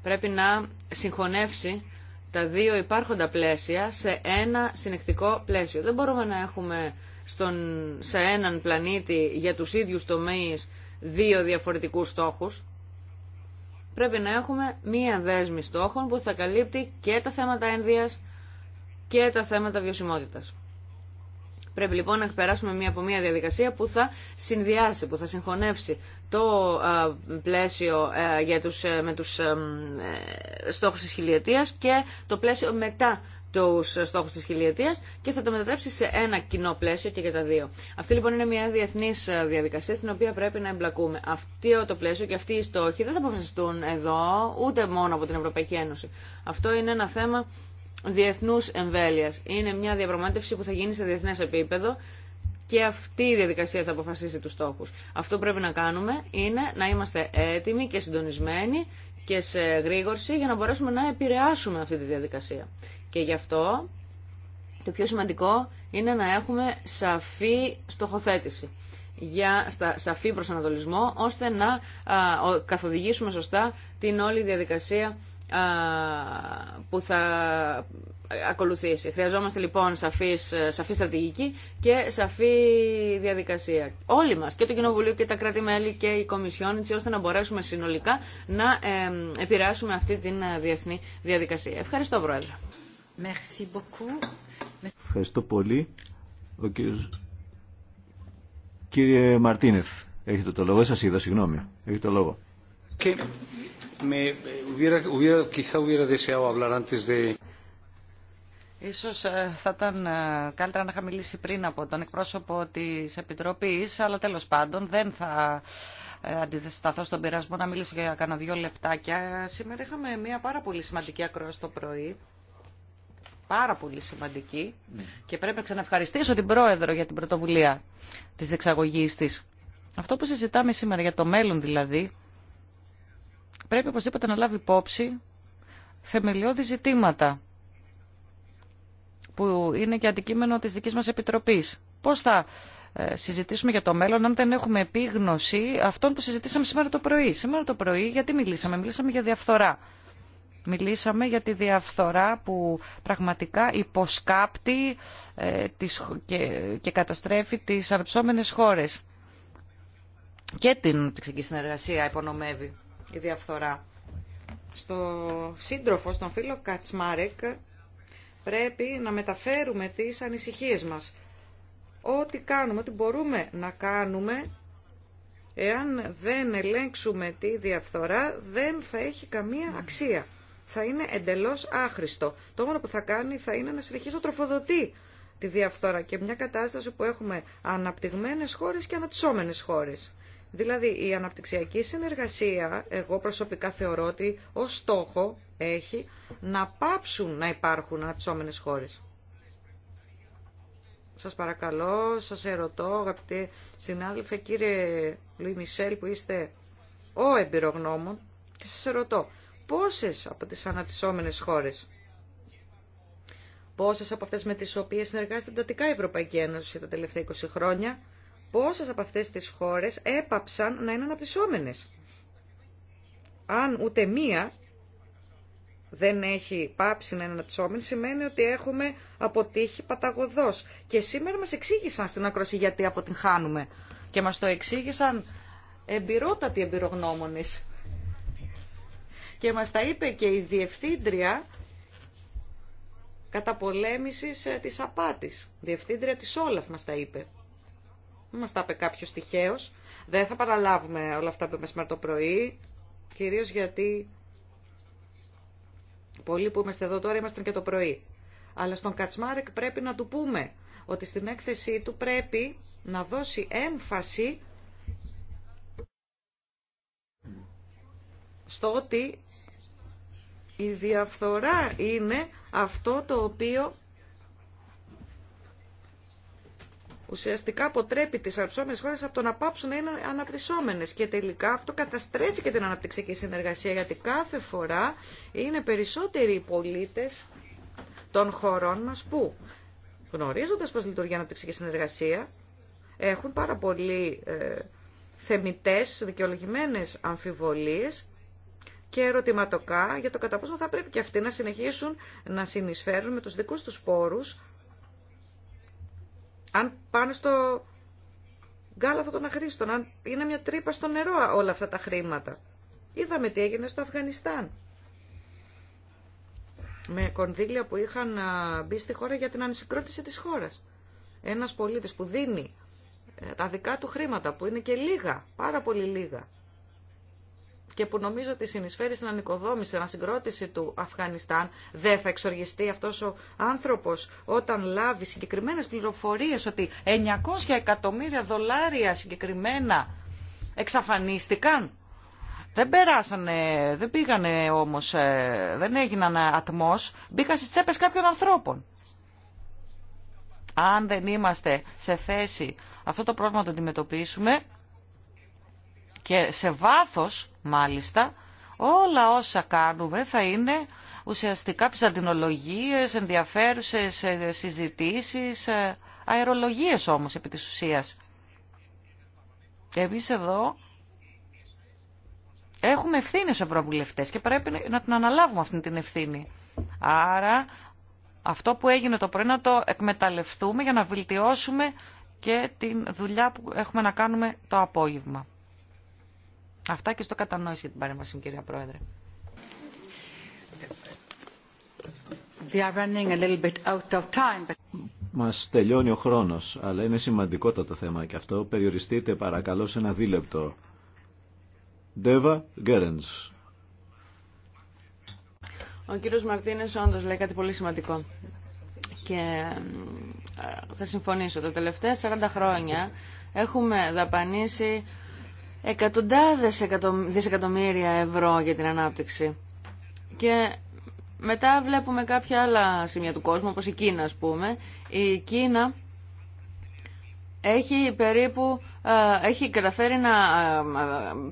S3: Πρέπει να συγχωνεύσει τα δύο υπάρχοντα πλαίσια σε ένα συνεκτικό πλαίσιο. Δεν μπορούμε να έχουμε στον, σε έναν πλανήτη για τους ίδιους τομείς δύο διαφορετικούς στόχους πρέπει να έχουμε μία δέσμη στόχων που θα καλύπτει και τα θέματα ένδυας και τα θέματα βιωσιμότητας. Πρέπει λοιπόν να περάσουμε μία από μία διαδικασία που θα συνδυάσει, που θα συγχωνεύσει το πλαίσιο ε, για τους, ε, με τους ε, στόχους της χιλιετίας και το πλαίσιο μετά του στόχου τη χιλιετία και θα τα μετατρέψει σε ένα κοινό πλαίσιο και για τα δύο. Αυτή λοιπόν είναι μια διεθνή ε, διαδικασία στην οποία πρέπει να εμπλακούμε. Αυτό ε, το πλαίσιο και αυτοί οι στόχοι δεν θα αποφασιστούν εδώ ούτε μόνο από την Ευρωπαϊκή Ένωση. Αυτό είναι ένα θέμα διεθνού εμβέλεια. Είναι μια διαπραγμάτευση που θα γίνει σε διεθνέ επίπεδο και αυτή η διαδικασία θα αποφασίσει τους στόχους. Αυτό που πρέπει να κάνουμε είναι να είμαστε έτοιμοι και συντονισμένοι και σε γρήγορση για να μπορέσουμε να επηρεάσουμε αυτή τη διαδικασία. Και γι' αυτό το πιο σημαντικό είναι να έχουμε σαφή στοχοθέτηση για στα, σαφή προσανατολισμό ώστε να καθοδηγήσουμε σωστά την όλη διαδικασία που θα ακολουθήσει. Χρειαζόμαστε λοιπόν σαφής, ε, σαφή στρατηγική και σαφή διαδικασία. Όλοι μας, και το Κοινοβουλίο και τα κράτη-μέλη και η Κομισιόν, έτσι ώστε να μπορέσουμε συνολικά να ε, επηρεάσουμε αυτή την ε, διεθνή διαδικασία. Ευχαριστώ, Πρόεδρε. Merci beaucoup.
S2: Ευχαριστώ πολύ. Ο κύριος... Κύριε Μαρτίνεθ, έχετε το λόγο. Σας είδα, συγγνώμη. Έχετε το λόγο. Και... Me, hubiera, hubiera, quizá hubiera deseado hablar antes de...
S4: Ίσως ε, θα ήταν ε, καλύτερα να είχα μιλήσει πριν από τον εκπρόσωπο της Επιτροπής, αλλά τέλος πάντων δεν θα ε, αντισταθώ στον πειρασμό να μιλήσω για κανένα δύο λεπτάκια. Σήμερα είχαμε μια πάρα πολύ σημαντική ακρόαση το πρωί. Πάρα πολύ σημαντική. Ναι. Και πρέπει να ξαναευχαριστήσω την Πρόεδρο για την πρωτοβουλία της εξαγωγής της. Αυτό που συζητάμε σήμερα για το μέλλον δηλαδή, πρέπει οπωσδήποτε να λάβει υπόψη θεμελιώδη ζητήματα που είναι και αντικείμενο της δικής μας Επιτροπής. Πώς θα ε, συζητήσουμε για το μέλλον αν δεν έχουμε επίγνωση αυτών που συζητήσαμε σήμερα το πρωί. Σήμερα το πρωί γιατί μιλήσαμε. Μιλήσαμε για διαφθορά. Μιλήσαμε για τη διαφθορά που πραγματικά υποσκάπτει ε, και καταστρέφει τις αρψόμενες χώρες. Και την ψυχική συνεργασία υπονομεύει η διαφθορά. Στο σύντροφο, στον φίλο Κατσμάρεκ, πρέπει να μεταφέρουμε τις ανησυχίες μας. Ό,τι κάνουμε, ό,τι μπορούμε να κάνουμε, εάν δεν ελέγξουμε τη διαφθορά, δεν θα έχει καμία ναι. αξία. Θα είναι εντελώς άχρηστο. Το μόνο που θα κάνει θα είναι να συνεχίσει να τροφοδοτεί τη διαφθορά και μια κατάσταση που έχουμε αναπτυγμένες χώρες και αναπτυσσόμενες χώρες. Δηλαδή η αναπτυξιακή συνεργασία, εγώ προσωπικά θεωρώ ότι ως στόχο έχει να πάψουν να υπάρχουν αναπτυσσόμενες χώρες. Σας παρακαλώ, σας ερωτώ, αγαπητέ συνάδελφε, κύριε Λουί που είστε ο εμπειρογνώμων και σας ερωτώ πόσες από τις αναπτυσσόμενες χώρες πόσες από αυτές με τις οποίες συνεργάζεται εντατικά η Ευρωπαϊκή Ένωση τα τελευταία 20 χρόνια πόσες από αυτές τις χώρες έπαψαν να είναι αναπτυσσόμενες. Αν ούτε μία δεν έχει πάψει να είναι αναπτυσσόμενη, σημαίνει ότι έχουμε αποτύχει παταγωδός. Και σήμερα μας εξήγησαν στην ακρόση γιατί αποτυγχάνουμε. Και μας το εξήγησαν εμπειρότατοι εμπειρογνώμονες. Και μας τα είπε και η Διευθύντρια Καταπολέμησης ε, της Απάτης. Διευθύντρια της Όλαφ μας τα είπε μας τα είπε κάποιος τυχαίος. Δεν θα παραλάβουμε όλα αυτά που είπαμε το πρωί, κυρίως γιατί πολλοί που είμαστε εδώ τώρα είμαστε και το πρωί. Αλλά στον Κατσμάρεκ πρέπει να του πούμε ότι στην έκθεσή του πρέπει να δώσει έμφαση στο ότι η διαφθορά είναι αυτό το οποίο ουσιαστικά αποτρέπει τις αναπτυσσόμενες χώρες από το να πάψουν να είναι αναπτυσσόμενες και τελικά αυτό καταστρέφει και την αναπτυξιακή συνεργασία γιατί κάθε φορά είναι περισσότεροι οι πολίτες των χωρών μας που γνωρίζοντας πώς λειτουργεί η αναπτυξιακή συνεργασία έχουν πάρα πολύ ε, θεμητές, δικαιολογημένες αμφιβολίες και ερωτηματοκά για το κατά πόσο θα πρέπει και αυτοί να συνεχίσουν να συνεισφέρουν με τους δικούς τους πόρους αν πάνω στο γκάλαθο των αχρήστων, αν είναι μια τρύπα στο νερό όλα αυτά τα χρήματα. Είδαμε τι έγινε στο Αφγανιστάν. Με κονδύλια που είχαν μπει στη χώρα για την ανισυγκρότηση της χώρας. Ένας πολίτης που δίνει ε, τα δικά του χρήματα, που είναι και λίγα, πάρα πολύ λίγα, και που νομίζω ότι συνεισφέρει στην ανοικοδόμηση, ανασυγκρότηση του Αφγανιστάν, δεν θα εξοργιστεί αυτός ο άνθρωπος όταν λάβει συγκεκριμένες πληροφορίε ότι 900 εκατομμύρια δολάρια συγκεκριμένα εξαφανίστηκαν. Δεν περάσανε, δεν πήγανε όμως, ε, δεν έγιναν ατμός, μπήκαν στις τσέπες κάποιων ανθρώπων. Αν δεν είμαστε σε θέση αυτό το πρόβλημα να το αντιμετωπίσουμε, και σε βάθος μάλιστα όλα όσα κάνουμε θα είναι ουσιαστικά ψαντινολογίες, ενδιαφέρουσες ε, συζητήσεις, ε, αερολογίες όμως επί της ουσίας. Εμείς εδώ έχουμε ευθύνη ως ευρωβουλευτές και πρέπει να την αναλάβουμε αυτή την ευθύνη. Άρα αυτό που έγινε το πρωί να το εκμεταλλευτούμε για να βελτιώσουμε και την δουλειά που έχουμε να κάνουμε το απόγευμα. Αυτά και στο κατανόηση για την παρέμβαση κυρία Πρόεδρε.
S1: Μα
S2: Μας τελειώνει ο χρόνος, αλλά είναι σημαντικό το θέμα και αυτό. Περιοριστείτε παρακαλώ σε ένα δίλεπτο. Ντέβα Γκέρενς.
S3: Ο κύριος Μαρτίνες όντως λέει κάτι πολύ σημαντικό. Και ε, θα συμφωνήσω. Τα τελευταία 40 χρόνια έχουμε δαπανίσει εκατοντάδες δισεκατομμύρια ευρώ για την ανάπτυξη. Και μετά βλέπουμε κάποια άλλα σημεία του κόσμου, όπως η Κίνα, ας πούμε. Η Κίνα έχει περίπου έχει καταφέρει να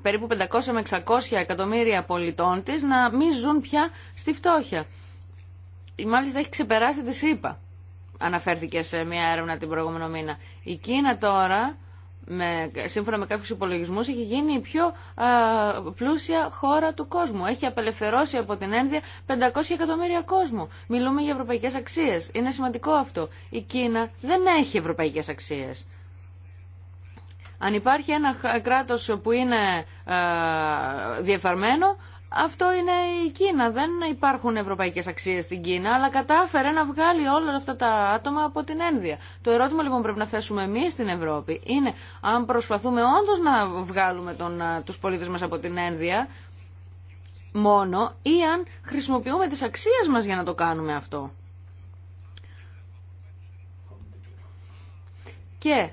S3: περίπου 500 με 600 εκατομμύρια πολιτών της να μην ζουν πια στη φτώχεια. Μάλιστα έχει ξεπεράσει τη ΣΥΠΑ. Αναφέρθηκε σε μια έρευνα την προηγούμενο μήνα. Η Κίνα τώρα με, σύμφωνα με κάποιους υπολογισμούς, έχει γίνει η πιο α, πλούσια χώρα του κόσμου. Έχει απελευθερώσει από την ένδια 500 εκατομμύρια κόσμου. Μιλούμε για ευρωπαϊκές αξίες. Είναι σημαντικό αυτό. Η Κίνα δεν έχει ευρωπαϊκές αξίες. Αν υπάρχει ένα κράτος που είναι α, διεφαρμένο, αυτό είναι η Κίνα. Δεν υπάρχουν ευρωπαϊκέ αξίε στην Κίνα, αλλά κατάφερε να βγάλει όλα αυτά τα άτομα από την ένδια. Το ερώτημα λοιπόν πρέπει να θέσουμε εμεί στην Ευρώπη είναι αν προσπαθούμε όντω να βγάλουμε του πολίτε μα από την ένδια μόνο ή αν χρησιμοποιούμε τις αξίες μας για να το κάνουμε αυτό. Και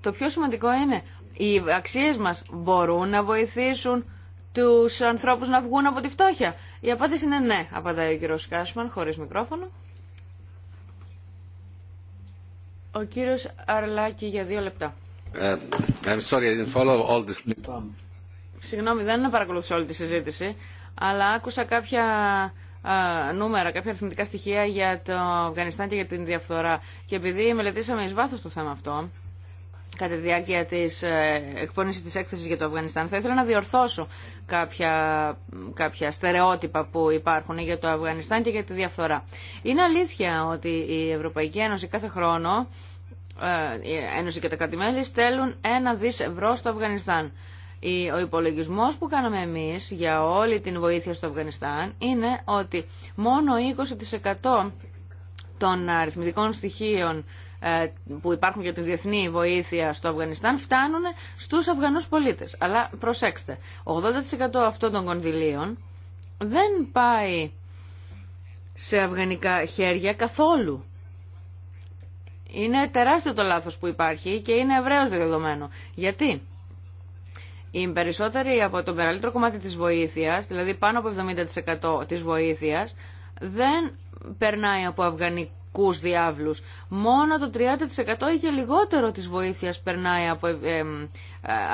S3: το πιο σημαντικό είναι οι αξίες μας μπορούν να βοηθήσουν του ανθρώπου να βγουν από τη φτώχεια. Η απάντηση είναι ναι, απαντάει ο κύριο Κάσμαν χωρί μικρόφωνο. Ο κύριο Αρλάκη για δύο λεπτά.
S2: Ε, I'm sorry, I didn't follow all this. Λοιπόν.
S3: συγγνώμη, δεν παρακολουθήσω όλη τη συζήτηση, αλλά άκουσα κάποια νούμερα, κάποια αριθμητικά στοιχεία για το Αφγανιστάν και για την διαφθορά. Και επειδή μελετήσαμε εις βάθος το θέμα αυτό, κατά τη διάρκεια της ε, εκπόνησης της έκθεσης για το Αφγανιστάν, θα ήθελα να διορθώσω κάποια, κάποια στερεότυπα που υπάρχουν για το Αφγανιστάν και για τη διαφθορά. Είναι αλήθεια ότι η Ευρωπαϊκή Ένωση κάθε χρόνο, ε, η Ένωση και τα κράτη-μέλη στέλνουν ένα δις ευρώ στο Αφγανιστάν. Ο υπολογισμό που κάναμε εμείς για όλη την βοήθεια στο Αφγανιστάν είναι ότι μόνο 20% των αριθμητικών στοιχείων ε, που υπάρχουν για τη διεθνή βοήθεια στο Αφγανιστάν φτάνουν στους Αφγανούς πολίτες. Αλλά προσέξτε, 80% αυτών των κονδυλίων δεν πάει σε αφγανικά χέρια καθόλου. Είναι τεράστιο το λάθος που υπάρχει και είναι ευρέως δεδομένο. Γιατί? Οι περισσότεροι από το μεγαλύτερο κομμάτι της βοήθειας, δηλαδή πάνω από 70% της βοήθειας, δεν περνάει από αφγανικά διάβλους. Μόνο το 30% ή και λιγότερο της βοήθειας περνάει από, ε, ε,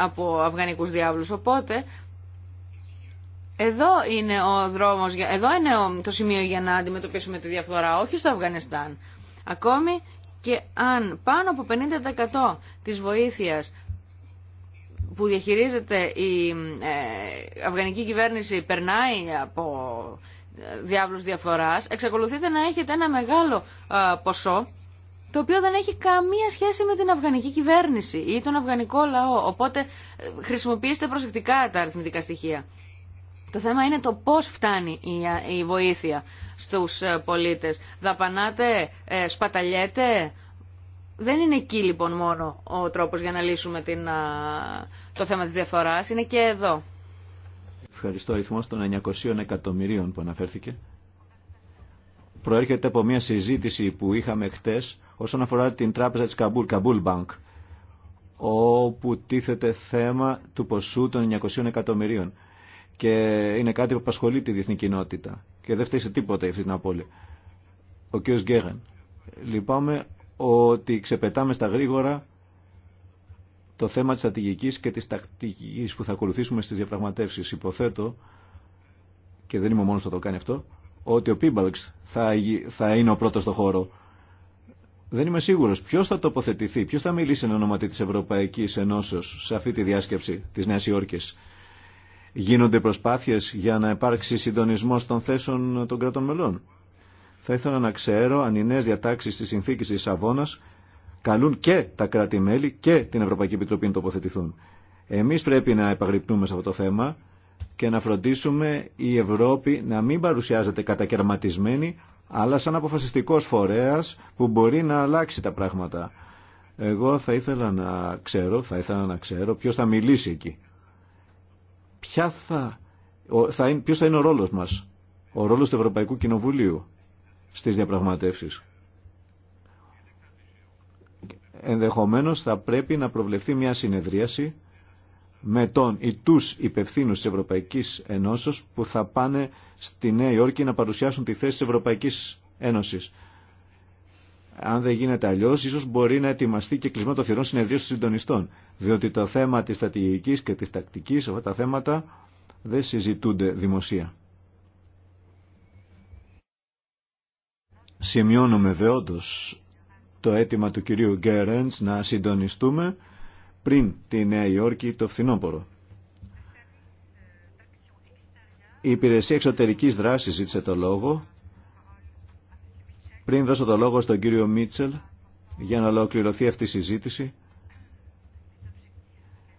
S3: από διάβλους. Οπότε εδώ είναι, ο δρόμος, εδώ είναι το σημείο για να αντιμετωπίσουμε τη διαφθορά, όχι στο Αφγανιστάν. Ακόμη και αν πάνω από 50% της βοήθειας που διαχειρίζεται η ε, αφγανική κυβέρνηση περνάει από διάβλους διαφοράς, εξακολουθείτε να έχετε ένα μεγάλο ποσό το οποίο δεν έχει καμία σχέση με την αφγανική κυβέρνηση ή τον αφγανικό λαό. Οπότε ε, χρησιμοποιήστε προσεκτικά τα αριθμητικά στοιχεία. Το θέμα είναι το πώς φτάνει η τον αυγανικο λαο οποτε χρησιμοποιηστε προσεκτικα τα αριθμητικα στοιχεια το θεμα ειναι το πως φτανει η βοηθεια στους ε, πολίτες. Δαπανάτε, ε, σπαταλιέτε Δεν είναι εκεί λοιπόν μόνο ο τρόπος για να λύσουμε το θέμα της διαφοράς. Είναι και εδώ.
S2: Ευχαριστώ. Ο αριθμός των 900 εκατομμυρίων που αναφέρθηκε προέρχεται από μια συζήτηση που είχαμε χτες όσον αφορά την τράπεζα της Καμπούλ, Καμπούλ Μπάνκ, όπου τίθεται θέμα του ποσού των 900 εκατομμυρίων. Και είναι κάτι που απασχολεί τη διεθνή κοινότητα. Και δεν φταίει σε τίποτα αυτή την απώλεια. Ο κ. Γκέγαν. Λυπάμαι ότι ξεπετάμε στα γρήγορα το θέμα της στρατηγικής και της τακτικής που θα ακολουθήσουμε στις διαπραγματεύσεις. Υποθέτω, και δεν είμαι μόνος που θα το κάνει αυτό, ότι ο Πίμπαλξ θα, θα είναι ο πρώτος στο χώρο. Δεν είμαι σίγουρος ποιος θα τοποθετηθεί, ποιος θα μιλήσει εν ονόματι της Ευρωπαϊκής Ενώσεως σε αυτή τη διάσκεψη της Νέας Υόρκης. Γίνονται προσπάθειες για να υπάρξει συντονισμός των θέσεων των κρατών μελών. Θα ήθελα να ξέρω αν οι νέες διατάξεις της συνθήκη της Σαβώνας καλούν και τα κράτη-μέλη και την Ευρωπαϊκή Επιτροπή να τοποθετηθούν. Εμείς πρέπει να επαγρυπνούμε σε αυτό το θέμα και να φροντίσουμε η Ευρώπη να μην παρουσιάζεται κατακαιρματισμένη, αλλά σαν αποφασιστικός φορέας που μπορεί να αλλάξει τα πράγματα. Εγώ θα ήθελα να ξέρω, θα ήθελα να ξέρω ποιος θα μιλήσει εκεί. Ποια θα, ποιος θα είναι ο ρόλος μας, ο ρόλος του Ευρωπαϊκού Κοινοβουλίου στις διαπραγματεύσεις ενδεχομένως θα πρέπει να προβλεφθεί μια συνεδρίαση με τον ή τους υπευθύνους της Ευρωπαϊκής Ενώσεως που θα πάνε στη Νέα Υόρκη να παρουσιάσουν τη θέση της Ευρωπαϊκής Ένωσης. Αν δεν γίνεται αλλιώ, ίσω μπορεί να ετοιμαστεί και κλεισμό των θηρών συνεδρίων των συντονιστών. Διότι το θέμα τη στρατηγική και τη τακτική, αυτά τα θέματα, δεν συζητούνται δημοσία. Σημειώνουμε δεόντως το αίτημα του κυρίου Γκέρεντς να συντονιστούμε πριν τη Νέα Υόρκη το φθινόπωρο. Η Υπηρεσία Εξωτερικής Δράσης ζήτησε το λόγο. Πριν δώσω το λόγο στον κύριο Μίτσελ για να ολοκληρωθεί αυτή η συζήτηση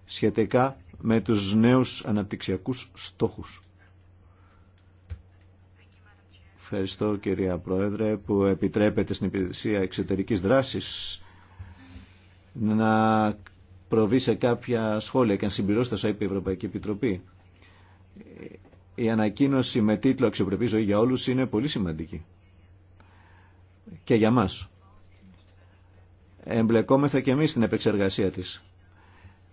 S2: σχετικά με τους νέους αναπτυξιακούς στόχους. Ευχαριστώ κυρία Πρόεδρε που επιτρέπετε στην υπηρεσία εξωτερικής δράσης να προβεί σε κάποια σχόλια και να συμπληρώσει τα όσα Ευρωπαϊκή Επιτροπή. Η ανακοίνωση με τίτλο «Αξιοπρεπή ζωή για όλους» είναι πολύ σημαντική. Και για μας. Εμπλεκόμεθα και εμείς στην επεξεργασία της.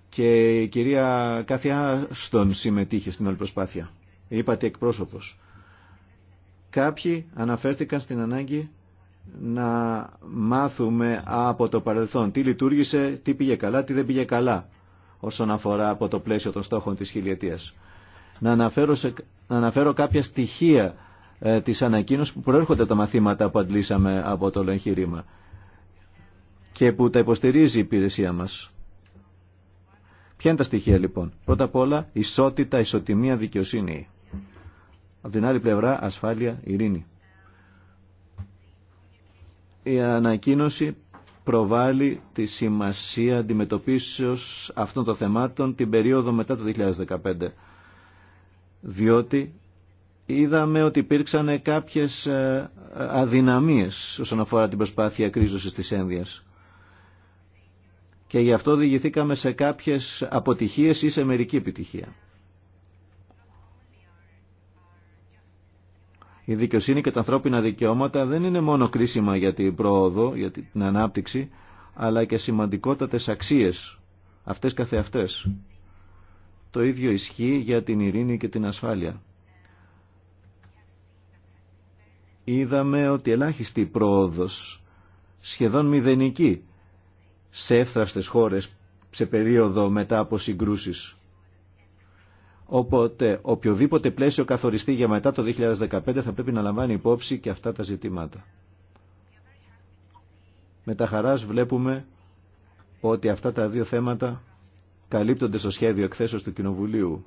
S2: Και η κυρία Κάθια Στον συμμετείχε στην όλη προσπάθεια. Είπατε εκπρόσωπος. Κάποιοι αναφέρθηκαν στην ανάγκη να μάθουμε από το παρελθόν τι λειτουργήσε, τι πήγε καλά, τι δεν πήγε καλά όσον αφορά από το πλαίσιο των στόχων της χιλιετίας. Να αναφέρω, κάποια στοιχεία ε, της ανακοίνωσης που προέρχονται από τα μαθήματα που αντλήσαμε από το εγχείρημα και που τα υποστηρίζει η υπηρεσία μας. Ποια είναι τα στοιχεία λοιπόν. Πρώτα απ' όλα ισότητα, ισοτιμία, δικαιοσύνη. Από την άλλη πλευρά ασφάλεια, ειρήνη. Η ανακοίνωση προβάλλει τη σημασία αντιμετωπίσεως αυτών των θεμάτων την περίοδο μετά το 2015. Διότι είδαμε ότι υπήρξαν κάποιες ε, αδυναμίες όσον αφορά την προσπάθεια κρίζωσης της ένδυας. Και γι' αυτό διηγηθήκαμε σε κάποιες αποτυχίες ή σε μερική επιτυχία. Η δικαιοσύνη και τα ανθρώπινα δικαιώματα δεν είναι μόνο κρίσιμα για την πρόοδο, για την ανάπτυξη, αλλά και σημαντικότατες αξίες, αυτές καθεαυτές. Το ίδιο ισχύει για την ειρήνη και την ασφάλεια. Είδαμε ότι ελάχιστη πρόοδος, σχεδόν μηδενική, σε εύθραυστες χώρες σε περίοδο μετά από συγκρούσεις. Οπότε οποιοδήποτε πλαίσιο καθοριστεί για μετά το 2015 θα πρέπει να λαμβάνει υπόψη και αυτά τα ζητήματα. Με τα χαράς βλέπουμε ότι αυτά τα δύο θέματα καλύπτονται στο σχέδιο εκθέσεως του Κοινοβουλίου.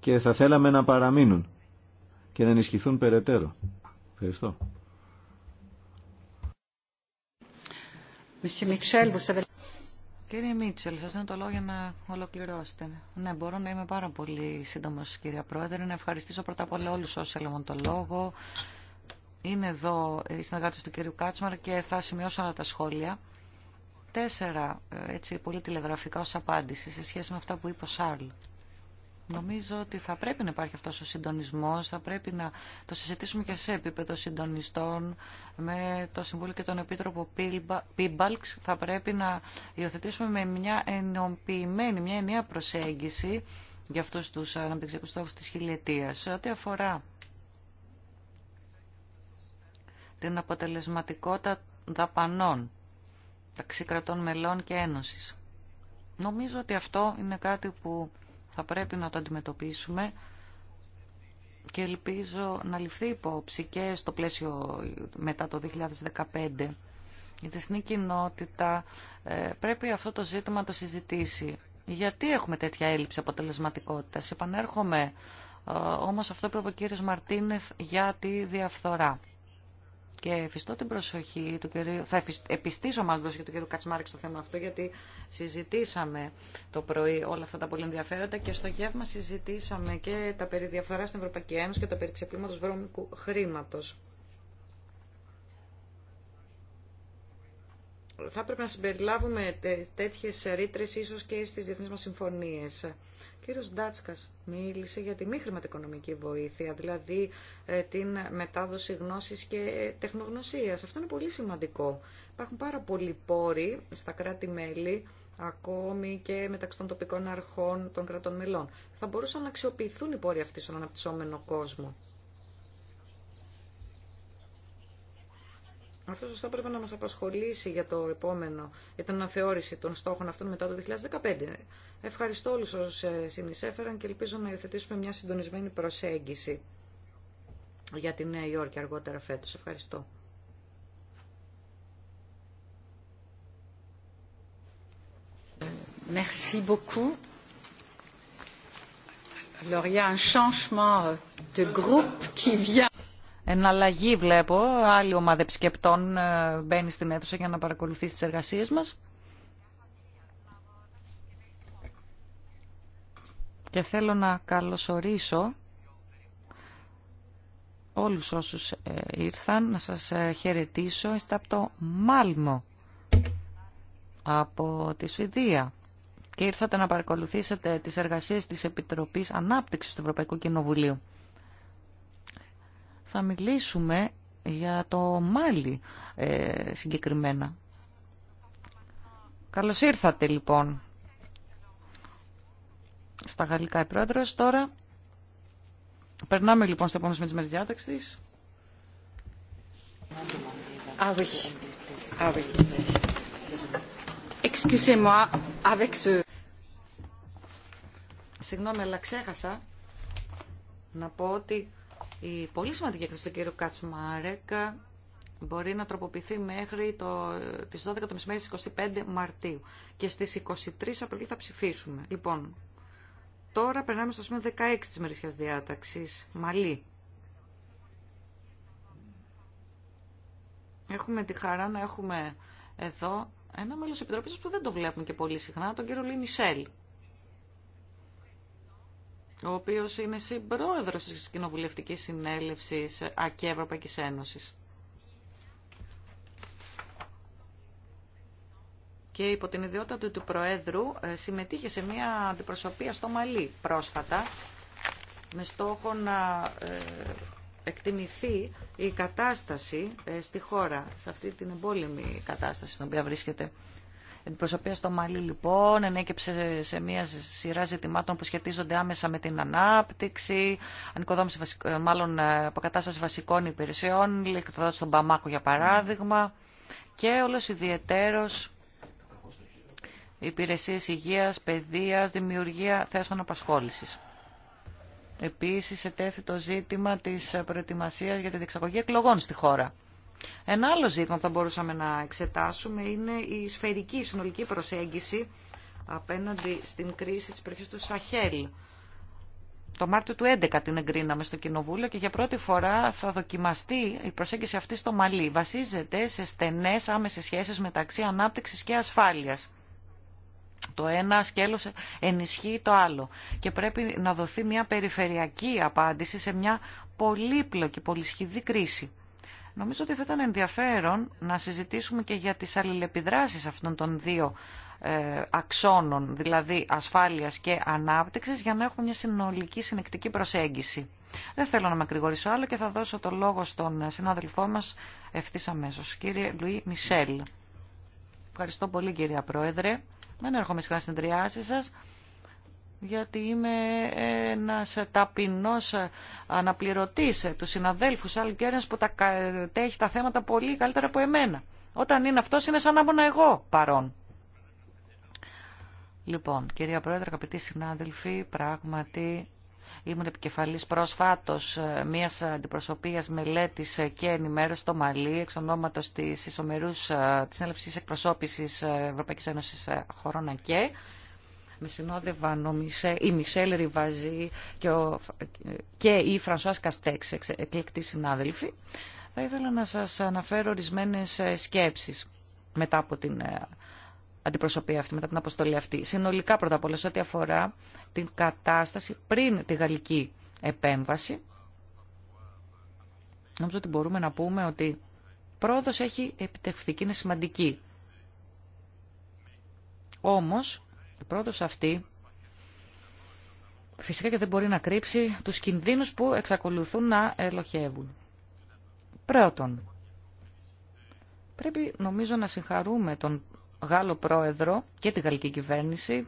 S2: Και θα θέλαμε να παραμείνουν και να ενισχυθούν περαιτέρω. Ευχαριστώ.
S4: Κύριε Μίτσελ, σας δίνω το λόγο για να ολοκληρώσετε. Ναι, μπορώ να είμαι πάρα πολύ σύντομος, κυρία Πρόεδρε. Να ευχαριστήσω πρώτα απ' όλα όλους όσους έλαβαν το λόγο. Είναι εδώ η συνεργάτη του κύριου Κάτσμαρ και θα σημειώσω όλα τα σχόλια. Τέσσερα, ε, έτσι, πολύ τηλεγραφικά ως απάντηση σε σχέση με αυτά που είπε ο Σάρλ. Νομίζω ότι θα πρέπει να υπάρχει αυτός ο συντονισμός, θα πρέπει να το συζητήσουμε και σε επίπεδο συντονιστών με το Συμβούλιο και τον Επίτροπο Πίμπαλξ. Θα πρέπει να υιοθετήσουμε με μια ενοποιημένη, μια ενιαία προσέγγιση για αυτούς τους αναπτυξιακούς στόχους της χιλιετίας. Σε ό,τι αφορά την αποτελεσματικότητα δαπανών ταξίκρατων μελών και ένωσης. Νομίζω ότι αυτό είναι κάτι που θα πρέπει να το αντιμετωπίσουμε και ελπίζω να ληφθεί υπόψη και στο πλαίσιο μετά το 2015. Η διεθνή κοινότητα ε, πρέπει αυτό το ζήτημα να το συζητήσει. Γιατί έχουμε τέτοια έλλειψη αποτελεσματικότητας. Επανέρχομαι ε, όμως αυτό που είπε ο κύριος Μαρτίνεθ για τη διαφθορά και εφιστώ την προσοχή του κυρίου, θα επιστήσω μάλλον την προσοχή του κυρίου Κατσμάρη στο θέμα αυτό, γιατί συζητήσαμε το πρωί όλα αυτά τα πολύ ενδιαφέροντα και στο γεύμα συζητήσαμε και τα περί διαφθορά στην Ευρωπαϊκή Ένωση και τα περί ξεπλήματος βρώμικου χρήματος. θα έπρεπε να συμπεριλάβουμε τέτοιε ρήτρε ίσω και στι διεθνεί μα συμφωνίε. Ο κύριος Ντάτσκας μίλησε για τη μη χρηματοοικονομική βοήθεια, δηλαδή ε, την μετάδοση γνώσης και τεχνογνωσίας. Αυτό είναι πολύ σημαντικό. Υπάρχουν πάρα πολλοί πόροι στα κράτη-μέλη, ακόμη και μεταξύ των τοπικών αρχών των κρατών μελών. Θα μπορούσαν να αξιοποιηθούν οι πόροι αυτοί στον αναπτυσσόμενο κόσμο. Αυτό σωστά πρέπει να μας απασχολήσει για το επόμενο, για την αναθεώρηση των στόχων αυτών μετά το 2015. Ευχαριστώ όλους όσους ε, συνεισέφεραν και ελπίζω να υιοθετήσουμε μια συντονισμένη προσέγγιση για τη Νέα Υόρκη αργότερα φέτος. Ευχαριστώ.
S1: Merci beaucoup. Alors, il y a un changement
S4: Εναλλαγή βλέπω, άλλη ομάδα επισκεπτών ε, μπαίνει στην αίθουσα για να παρακολουθεί τις εργασίες μας. Και θέλω να καλωσορίσω όλους όσους ε, ήρθαν, να σας ε, χαιρετήσω. Είστε από το Μάλμο, από τη Σουηδία. Και ήρθατε να παρακολουθήσετε τις εργασίες της Επιτροπής Ανάπτυξης του Ευρωπαϊκού Κοινοβουλίου θα μιλήσουμε για το Μάλι ε, συγκεκριμένα. Καλώς ήρθατε λοιπόν στα γαλλικά η Τώρα περνάμε λοιπόν στο επόμενο
S1: σημείο της μέρης διάταξης. Ah ah
S4: Συγγνώμη, αλλά ξέχασα να πω ότι η πολύ σημαντική έκθεση του κύριου Κατσμαρέκα μπορεί να τροποποιηθεί μέχρι το, τις 12 το μεσημέρι 25 Μαρτίου και στις 23 Απριλίου θα ψηφίσουμε. Λοιπόν, τώρα περνάμε στο σημείο 16 της μερισιάς διάταξης, Μαλή. Έχουμε τη χαρά να έχουμε εδώ ένα μέλος επιτροπής που δεν το βλέπουμε και πολύ συχνά, τον κύριο Λίνι ο οποίος είναι συμπρόεδρος της Κοινοβουλευτικής Συνέλευσης ΑΚΕ Ευρωπαϊκής Και υπό την ιδιότητα του, του Προέδρου ε, συμμετείχε σε μια αντιπροσωπεία στο Μαλί πρόσφατα με στόχο να ε, εκτιμηθεί η κατάσταση ε, στη χώρα, σε αυτή την εμπόλεμη κατάσταση στην οποία βρίσκεται. Αντιπροσωπεία στο Μαλί λοιπόν ενέκυψε σε μια σειρά ζητημάτων που σχετίζονται άμεσα με την ανάπτυξη, ανοικοδόμηση ε, μάλλον ε, αποκατάσταση βασικών υπηρεσιών, ηλεκτροδότηση στον Παμάκο για παράδειγμα και όλο ιδιαίτερο υπηρεσίες υγείας, παιδεία, δημιουργία θέσεων απασχόληση. Επίσης, ετέθη το ζήτημα τη προετοιμασία για τη διεξαγωγή εκλογών στη χώρα. Ένα άλλο ζήτημα που θα μπορούσαμε να εξετάσουμε είναι η σφαιρική συνολική προσέγγιση απέναντι στην κρίση της περιοχής του Σαχέλ. Το Μάρτιο του 2011 την εγκρίναμε στο Κοινοβούλιο και για πρώτη φορά θα δοκιμαστεί η προσέγγιση αυτή στο Μαλί. Βασίζεται σε στενές άμεσες σχέσεις μεταξύ ανάπτυξης και ασφάλειας. Το ένα σκέλος ενισχύει το άλλο και πρέπει να δοθεί μια περιφερειακή απάντηση σε μια πολύπλοκη, πολυσχηδή κρίση. Νομίζω ότι θα ήταν ενδιαφέρον να συζητήσουμε και για τις αλληλεπιδράσεις αυτών των δύο ε, αξώνων, δηλαδή ασφάλειας και ανάπτυξης, για να έχουμε μια συνολική συνεκτική προσέγγιση. Δεν θέλω να με ακρηγορήσω άλλο και θα δώσω το λόγο στον συνάδελφό μας ευθύ αμέσω. Κύριε Λουί Μισελ. Ευχαριστώ πολύ κυρία Πρόεδρε. Δεν έρχομαι συχνά στην τριάση σας γιατί είμαι ένας ταπεινός αναπληρωτής του συναδέλφου Αλγκέρνας που τα έχει τα θέματα πολύ καλύτερα από εμένα. Όταν είναι αυτός είναι σαν να ήμουν εγώ παρόν. Λοιπόν, κυρία Πρόεδρε, αγαπητοί συνάδελφοι, πράγματι ήμουν επικεφαλής πρόσφατος ε, μιας αντιπροσωπείας μελέτης και ενημέρωση στο Μαλί εξ ονόματος της Ισομερούς ε, της Συνέλευσης Εκπροσώπησης ε, Ευρωπαϊκής Ένωσης Χωρών ΑΚΕ με συνόδευαν ο η Μισελ Ριβαζή και, ο, και η Φρανσουάς Καστέξ, εκλεκτοί συνάδελφοι. Θα ήθελα να σας αναφέρω ορισμένες ε, σκέψεις μετά από την ε, αντιπροσωπεία αυτή, μετά την αποστολή αυτή. Συνολικά πρώτα απ' όλα σε ό,τι αφορά την κατάσταση πριν τη γαλλική επέμβαση. Νομίζω ότι μπορούμε να πούμε ότι πρόοδος έχει επιτευχθεί και είναι σημαντική. Όμως, η αυτή φυσικά και δεν μπορεί να κρύψει τους κινδύνους που εξακολουθούν να ελοχεύουν. Πρώτον, πρέπει νομίζω να συγχαρούμε τον Γάλλο Πρόεδρο και τη Γαλλική Κυβέρνηση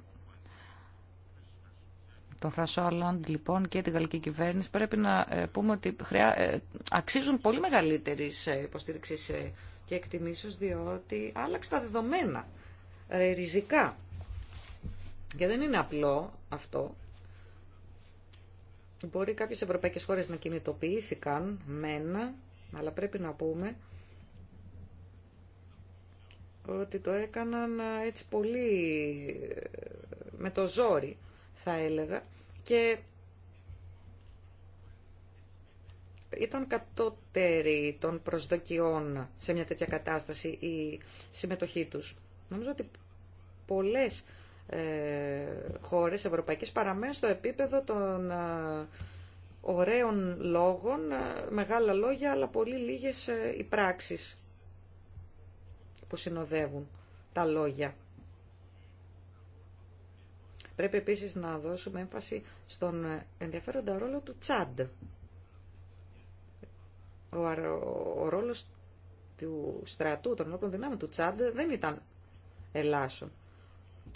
S4: τον Φρασό Αλόντ λοιπόν και τη γαλλική κυβέρνηση πρέπει να ε, πούμε ότι ε, αξίζουν πολύ μεγαλύτερη ε, υποστήριξη και εκτιμήσεις, διότι άλλαξε τα δεδομένα ριζικά και δεν είναι απλό αυτό. Μπορεί κάποιες ευρωπαϊκές χώρες να κινητοποιήθηκαν, μένα, αλλά πρέπει να πούμε ότι το έκαναν ε, έτσι πολύ ε, με το ζόρι, θα έλεγα, και ήταν κατώτερη των προσδοκιών σε μια τέτοια κατάσταση η συμμετοχή τους. Νομίζω ότι πολλές ε, χώρες ευρωπαϊκές παραμένουν στο επίπεδο των ε, ωραίων λόγων, ε, μεγάλα λόγια, αλλά πολύ λίγες οι πράξεις που συνοδεύουν τα λόγια. Πρέπει επίσης να δώσουμε έμφαση στον ενδιαφέροντα ρόλο του Τσάντ. Ο, ο ρόλος του στρατού, των ενόπλων δυνάμεων του Τσάντ δεν ήταν ελάσσον